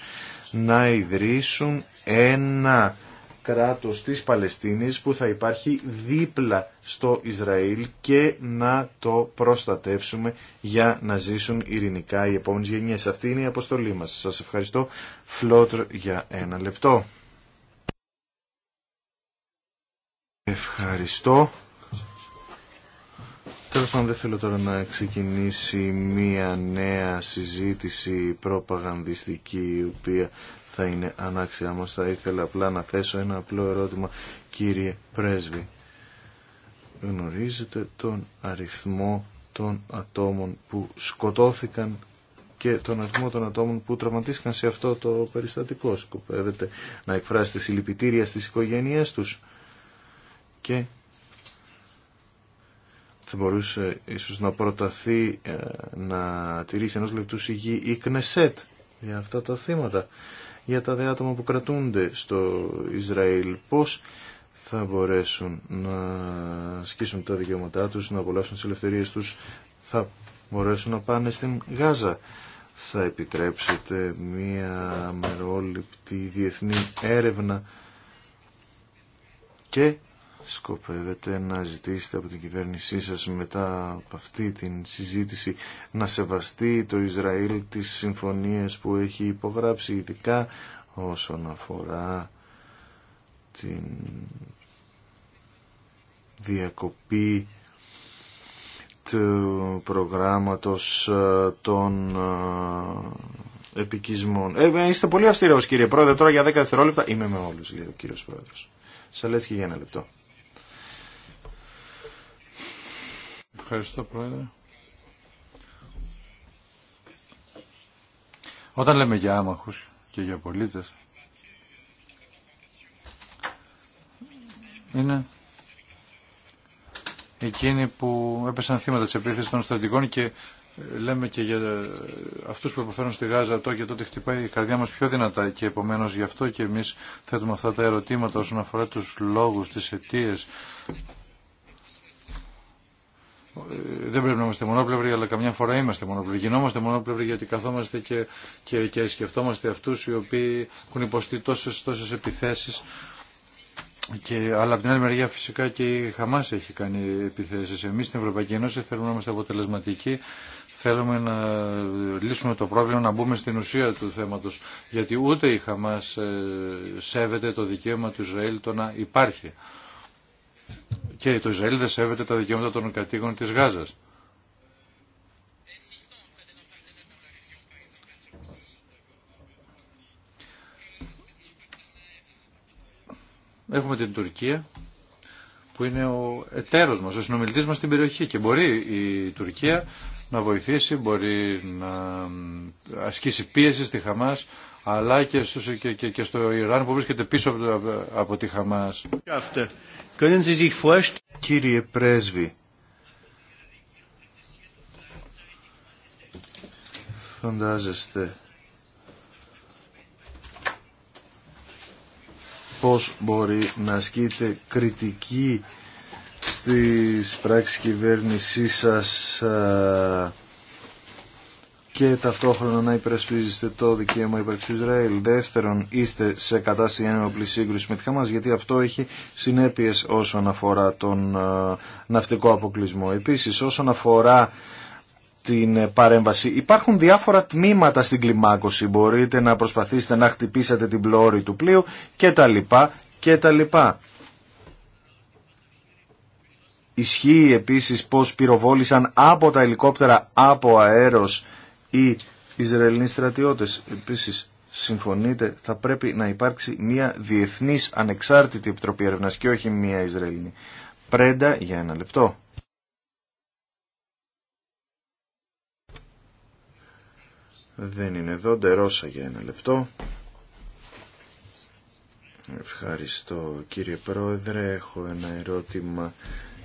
να ιδρύσουν ένα κράτος της Παλαιστίνης που θα υπάρχει δίπλα στο Ισραήλ και να το προστατεύσουμε για να ζήσουν ειρηνικά οι επόμενες γενιές. Αυτή είναι η αποστολή μας. Σας ευχαριστώ. Φλότρ για ένα λεπτό. Ευχαριστώ. Τέλος πάντων δεν θέλω τώρα να ξεκινήσει μία νέα συζήτηση προπαγανδιστική η οποία θα είναι ανάξια μας. Θα ήθελα απλά να θέσω ένα απλό ερώτημα κύριε Πρέσβη. Γνωρίζετε τον αριθμό των ατόμων που σκοτώθηκαν και τον αριθμό των ατόμων που τραυματίστηκαν σε αυτό το περιστατικό. Σκοπεύετε να εκφράσετε συλληπιτήρια στις οικογένειές τους και θα μπορούσε ίσως να προταθεί ε, να τηρήσει ενός λεπτού σιγή η Κνεσέτ για αυτά τα θύματα, για τα δε άτομα που κρατούνται στο Ισραήλ. Πώς θα μπορέσουν να σκίσουν τα δικαιώματά τους, να απολαύσουν τις ελευθερίες τους, θα μπορέσουν να πάνε στην Γάζα. Θα επιτρέψετε μία μερόληπτη διεθνή έρευνα και σκοπεύετε να ζητήσετε από την κυβέρνησή σας μετά από αυτή την συζήτηση να σεβαστεί το Ισραήλ τις συμφωνίες που έχει υπογράψει ειδικά όσον αφορά την διακοπή του προγράμματος ε, των ε, επικισμών. Ε, είστε πολύ αυστηρός κύριε Πρόεδρε, τώρα για 10 δευτερόλεπτα είμαι με όλους λέει ο κύριος Πρόεδρος. και για ένα λεπτό. Ευχαριστώ, Πρόεδρε. Όταν λέμε για άμαχους και για πολίτες, είναι εκείνοι που έπεσαν θύματα της επίθεσης των στρατηγών και ε, λέμε και για ε, αυτούς που υποφέρουν στη Γάζα το και τότε χτυπάει η καρδιά μας πιο δυνατά και επομένως γι' αυτό και εμείς θέτουμε αυτά τα ερωτήματα όσον αφορά τους λόγους, τις αιτίες ε, δεν πρέπει να είμαστε μονοπλευροί, αλλά καμιά φορά είμαστε μονοπλευροί. Γινόμαστε μονοπλευροί γιατί καθόμαστε και, και, και σκεφτόμαστε αυτούς οι οποίοι έχουν υποστεί τόσες, τόσες επιθέσεις. Και, αλλά από την άλλη μεριά φυσικά και η Χαμάς έχει κάνει επιθέσεις. Εμείς στην Ευρωπαϊκή Ένωση θέλουμε να είμαστε αποτελεσματικοί, θέλουμε να λύσουμε το πρόβλημα, να μπούμε στην ουσία του θέματος. Γιατί ούτε η Χαμάς ε, σέβεται το δικαίωμα του Ισραήλ το να υπάρχει και το Ισραήλ δεν σέβεται τα δικαιώματα των κατοίκων της Γάζας. Έχουμε την Τουρκία που είναι ο εταίρος μας, ο συνομιλητής μας στην περιοχή και μπορεί η Τουρκία να βοηθήσει, μπορεί να ασκήσει πίεση στη Χαμάς αλλά και στο, και, Ιράν που βρίσκεται πίσω από, από τη Χαμάς. Κύριε Πρέσβη, φαντάζεστε πώς μπορεί να ασκείτε κριτική στις πράξεις κυβέρνησής σας και ταυτόχρονα να υπερασπίζεστε το δικαίωμα υπέρ του Ισραήλ. Δεύτερον, είστε σε κατάσταση ένοπλη σύγκρουση με τη Χαμά, γιατί αυτό έχει συνέπειε όσον αφορά τον ε, ναυτικό αποκλεισμό. Επίση, όσον αφορά την παρέμβαση. Υπάρχουν διάφορα τμήματα στην κλιμάκωση. Μπορείτε να προσπαθήσετε να χτυπήσετε την πλώρη του πλοίου τα κτλ. Ισχύει επίσης πως πυροβόλησαν από τα ελικόπτερα από αέρος η Ισραηλινοί στρατιώτες. Επίσης, συμφωνείτε, θα πρέπει να υπάρξει μια διεθνής ανεξάρτητη επιτροπή έρευνα και όχι μια Ισραηλινή. Πρέντα για ένα λεπτό. Δεν είναι εδώ, ντερόσα για ένα λεπτό. Ευχαριστώ κύριε Πρόεδρε, έχω ένα ερώτημα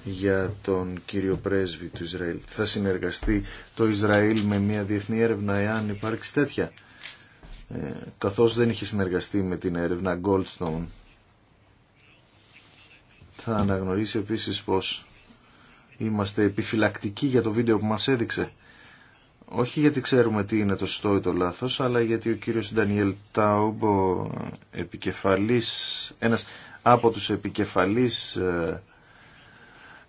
για τον κύριο πρέσβη του Ισραήλ. Θα συνεργαστεί το Ισραήλ με μια διεθνή έρευνα εάν υπάρξει τέτοια. Ε, καθώς δεν είχε συνεργαστεί με την έρευνα Goldstone. Θα αναγνωρίσει επίσης πως είμαστε επιφυλακτικοί για το βίντεο που μας έδειξε. Όχι γιατί ξέρουμε τι είναι το σωστό ή το λάθος, αλλά γιατί ο κύριος Ντανιέλ Τάουμπο επικεφαλής, ένας από τους επικεφαλής. Ε,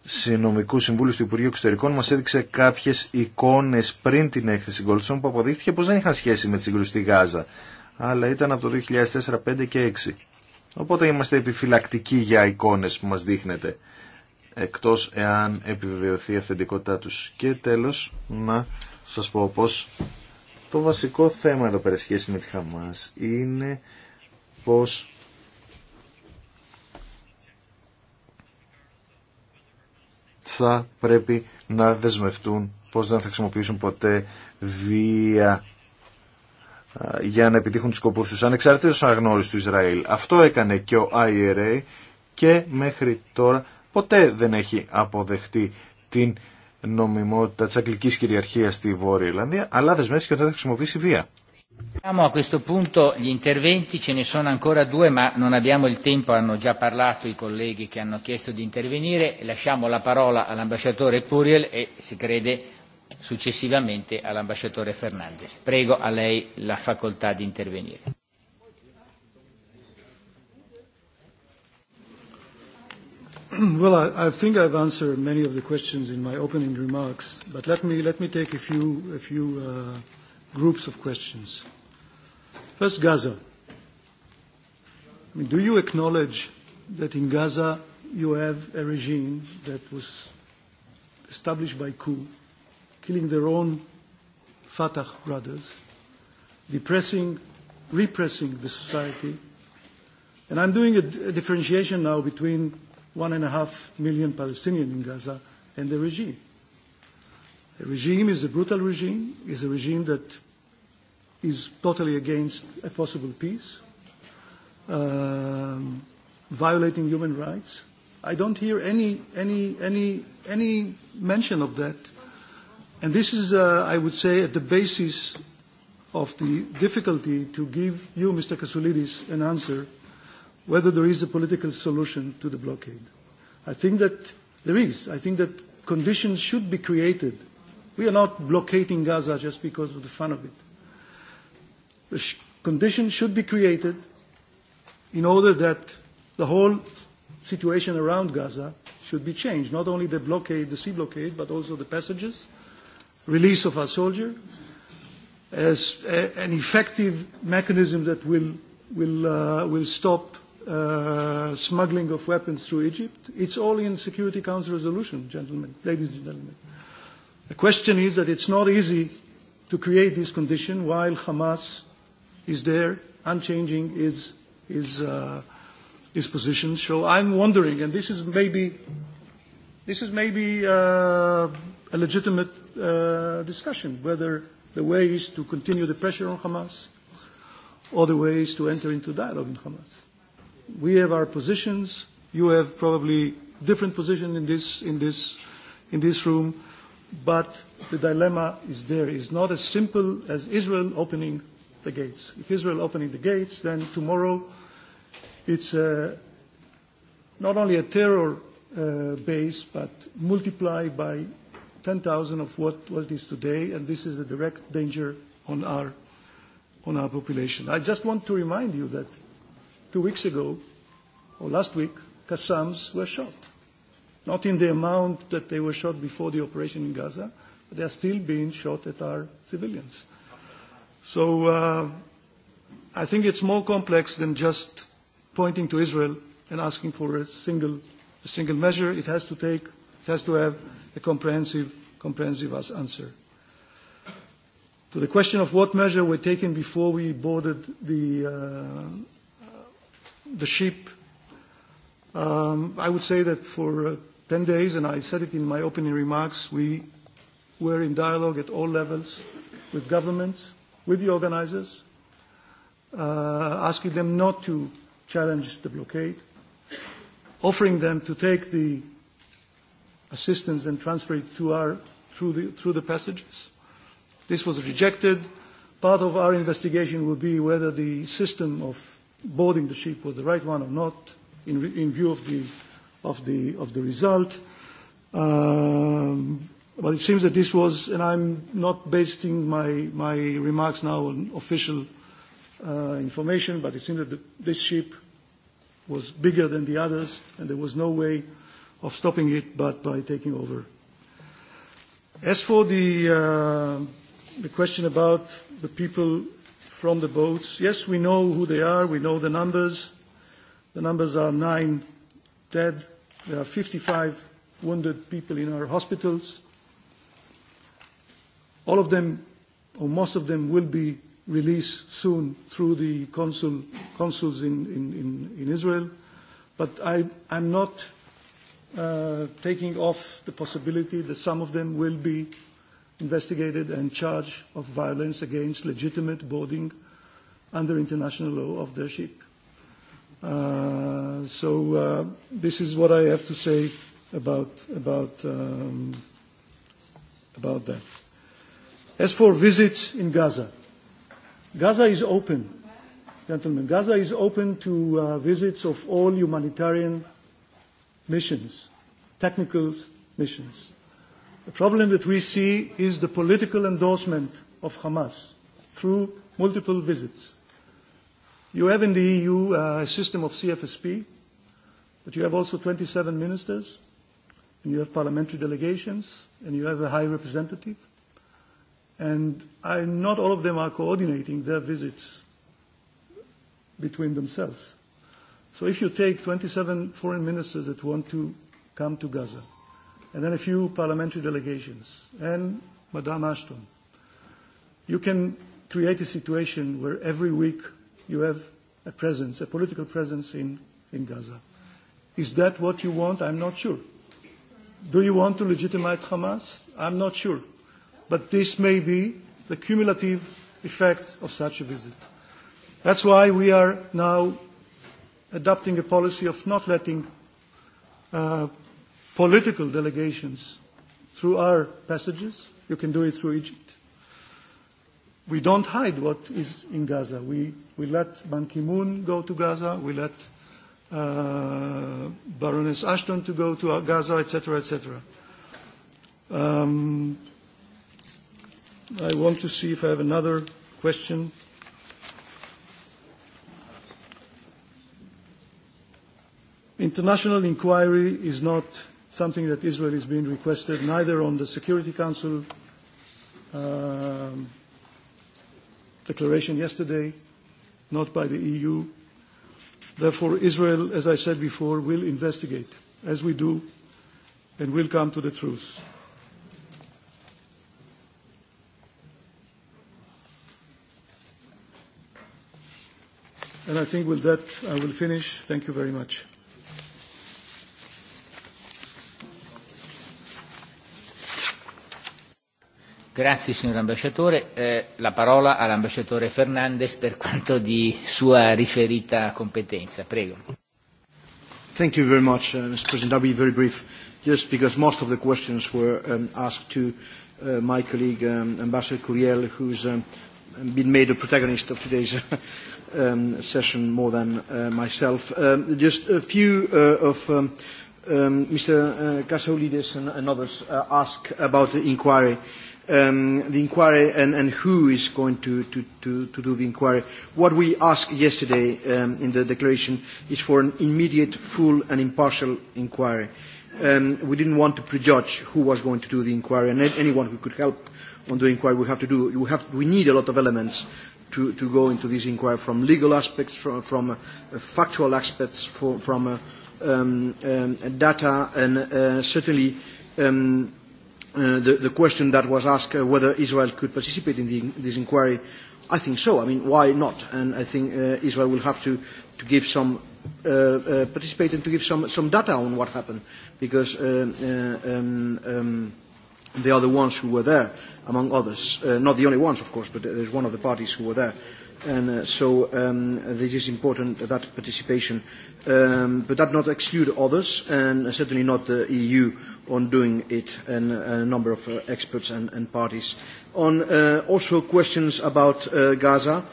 συνομικού συμβούλου του Υπουργείου Εξωτερικών μας έδειξε κάποιες εικόνες πριν την έκθεση Γκολτσόν που αποδείχθηκε πως δεν είχαν σχέση με τη συγκρούστη Γάζα αλλά ήταν από το 2004, 5 και 6. Οπότε είμαστε επιφυλακτικοί για εικόνες που μας δείχνετε εκτός εάν επιβεβαιωθεί η αυθεντικότητά του. Και τέλος να σας πω πώ. το βασικό θέμα εδώ πέρα σχέση με τη Χαμά είναι πως θα πρέπει να δεσμευτούν πως δεν θα χρησιμοποιήσουν ποτέ βία για να επιτύχουν τους σκοπούς τους ανεξαρτήτως αγνώριση του Ισραήλ. Αυτό έκανε και ο IRA και μέχρι τώρα ποτέ δεν έχει αποδεχτεί την νομιμότητα της αγγλικής κυριαρχίας στη Βόρεια Ιρλανδία αλλά δεσμεύσει και ότι δεν θα χρησιμοποιήσει βία. Siamo a questo punto gli interventi, ce ne sono ancora due ma non abbiamo il tempo, hanno già parlato i colleghi che hanno chiesto di intervenire, lasciamo la parola all'ambasciatore Puriel e si crede successivamente all'ambasciatore Fernandez. Prego a lei la facoltà di intervenire. Well, I think I've answered many of the questions in my opening remarks, but let me, let me take a few, a few groups of questions. First, Gaza. Do you acknowledge that in Gaza you have a regime that was established by coup, killing their own Fatah brothers, depressing, repressing the society? And I'm doing a differentiation now between one and a half million Palestinians in Gaza and the regime. The regime is a brutal regime, is a regime that is totally against a possible peace, violating human rights. I don't hear any any any any mention of that, and this is, I would say, at the basis of the difficulty to give you, Mr. Kasoulidis, an answer whether there is a political solution to the blockade. I think that there is. I think that conditions should be created We are not blockading Gaza just because of the fun of it. The conditions should be created in order that the whole situation around Gaza should be changed, not only the blockade, the sea blockade, but also the passages, release of our soldiers, as an effective mechanism that will will will stop smuggling of weapons through Egypt. It's all in Security Council resolution, gentlemen, ladies and gentlemen. The question is that it's not easy to create this condition while Hamas is there, unchanging uh his position. So I'm wondering, and this is maybe this is maybe a legitimate discussion, whether the way is to continue the pressure on Hamas or the way is to enter into dialogue with Hamas. We have our positions. You have probably different position in this in this in this room. But the dilemma is there. It's not as simple as Israel opening the gates. If Israel opening the gates, then tomorrow it's not only a terror base, but multiplied by 10,000 of what what is today, and this is a direct danger on our on our population. I just want to remind you that two weeks ago, or last week, Qassams were shot not in the amount that they were shot before the operation in Gaza, but they are still being shot at our civilians. So I think it's more complex than just pointing to Israel and asking for a single a single measure. It has to take, it has to have a comprehensive, comprehensive answer. To the question of what measure were taken before we boarded the, the ship, I would say that for 10 days, and I said it in my opening remarks, we were in dialogue at all levels with governments, with the organizers, asking them not to challenge the blockade, offering them to take the assistance and transfer it to our, through, the, through the passages. This was rejected. Part of our investigation will be whether the system of boarding the ship was the right one or not in view of the of the of the result. But it seems that this was, and I'm not basing my my remarks now on official information, but it seems that this ship was bigger than the others, and there was no way of stopping it but by taking over. As for the the question about the people from the boats, yes, we know who they are, we know the numbers. The numbers are nine dead. There are 55 wounded people in our hospitals. All of them, or most of them, will be released soon through the consuls in Israel. But I I'm not taking off the possibility that some of them will be investigated and charged of violence against legitimate boarding under international law of their ship. So this is what I have to say about about about that. As for visits in Gaza, Gaza is open, gentlemen. Gaza is open to visits of all humanitarian missions, technical missions. The problem that we see is the political endorsement of Hamas through multiple visits. You have in the EU a system of CFSP, but you have also 27 ministers, and you have parliamentary delegations, and you have a high representative. And not all of them are coordinating their visits between themselves. So if you take 27 foreign ministers that want to come to Gaza, and then a few parliamentary delegations, and Madame Ashton, you can create a situation where every week you have a presence, a political presence in in Gaza. Is that what you want? I'm not sure. Do you want to legitimize Hamas? I'm not sure. But this may be the cumulative effect of such a visit. That's why we are now adopting a policy of not letting political delegations through our passages. You can do it through Egypt. We don't hide what is in Gaza. We we let Ban Ki-moon go to Gaza. We let Baroness Ashton to go to Gaza, etc., etc. I want to see if I have another question. International inquiry is not something that Israel is being requested, neither on the Security Council declaration yesterday, not by the EU. Therefore, Israel, as I said before, will investigate, as we do, and will come to the truth. And I think with that, I will finish. Thank you very much. Grazie signor ambasciatore. La parola all'ambasciatore Fernandez per quanto di sua riferita competenza. Prego. Thank you very much, Mr. President. I'll be very brief, just because most of the questions were asked to my colleague, Ambassador Curiel, who's been made a protagonist of today's session more than myself. Just a few of Mr. Kasoulides and others asked about the inquiry the inquiry and who is going to do the inquiry. What we asked yesterday in the declaration is for an immediate, full and impartial inquiry. We didn't want to prejudge who was going to do the inquiry and anyone who could help on the inquiry we have to do. We need a lot of elements to go into this inquiry from legal aspects, from factual aspects, from data and certainly the question that was asked whether Israel could participate in this inquiry, I think so. I mean, why not? And I think Israel will have to give some participate and to give some some data on what happened, because they are the ones who were there, among others. Not the only ones, of course, but there's one of the parties who were there. And so this is important, that participation. But that not exclude others, and certainly not the EU on doing it and a number of experts and parties. On also questions about Gaza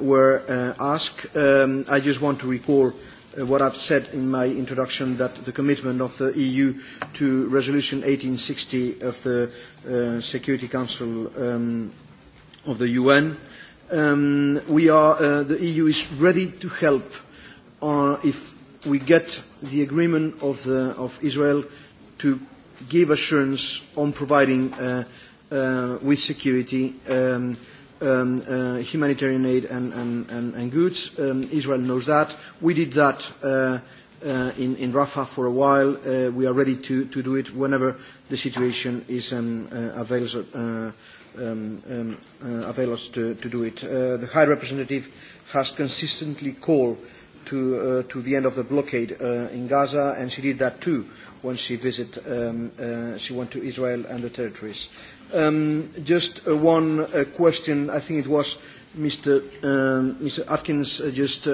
were asked. I just want to recall what I've said in my introduction that the commitment of the EU to Resolution 1860 of the Security Council of the UN. We are, the EU is ready to help if we get the agreement of Israel to give assurance on providing with security humanitarian aid and goods. Israel knows that. We did that in Rafah for a while. We are ready to do it whenever the situation is available to do it. The High Representative has consistently called to the end of the blockade in Gaza, and she did that too when she visited, she went to Israel and the territories. Just one question. I think it was Mr. Mr. Atkins just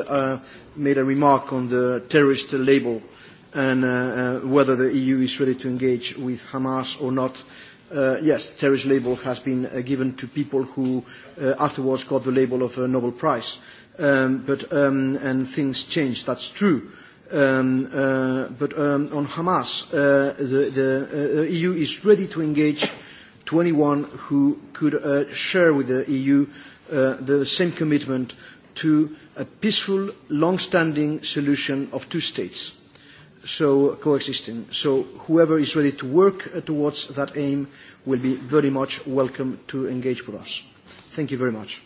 made a remark on the terrorist label and whether the EU is ready to engage with Hamas or not. Yes, the terrorist label has been given to people who afterwards got the label of a Nobel Prize. But and things changed. That's true. But on Hamas, the EU is ready to engage to anyone who could share with the EU the same commitment to a peaceful, long-standing solution of two states, so coexisting. So whoever is ready to work towards that aim will be very much welcome to engage with us. Thank you very much.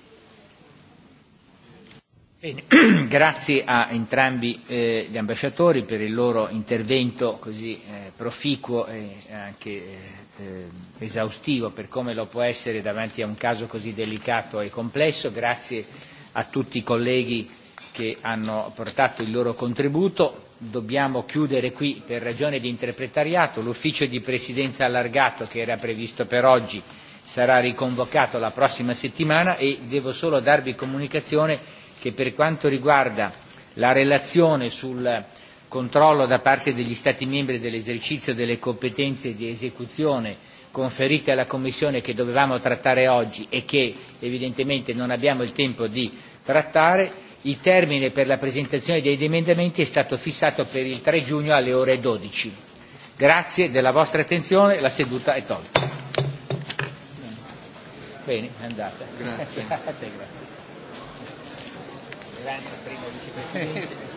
Grazie a entrambi gli ambasciatori per il loro intervento così proficuo e anche esaustivo per come lo può essere davanti a un caso così delicato e complesso. Grazie a tutti i colleghi che hanno portato il loro contributo. Dobbiamo chiudere qui per ragione di interpretariato. L'ufficio di presidenza allargato che era previsto per oggi sarà riconvocato la prossima settimana e devo solo darvi comunicazione che per quanto riguarda la relazione sul controllo da parte degli Stati membri dell'esercizio delle competenze di esecuzione conferite alla Commissione che dovevamo trattare oggi e che evidentemente non abbiamo il tempo di trattare, il termine per la presentazione degli emendamenti è stato fissato per il 3 giugno alle ore 12. Grazie della vostra attenzione, la seduta è tolta. Bene, è Grazie. Lana, primo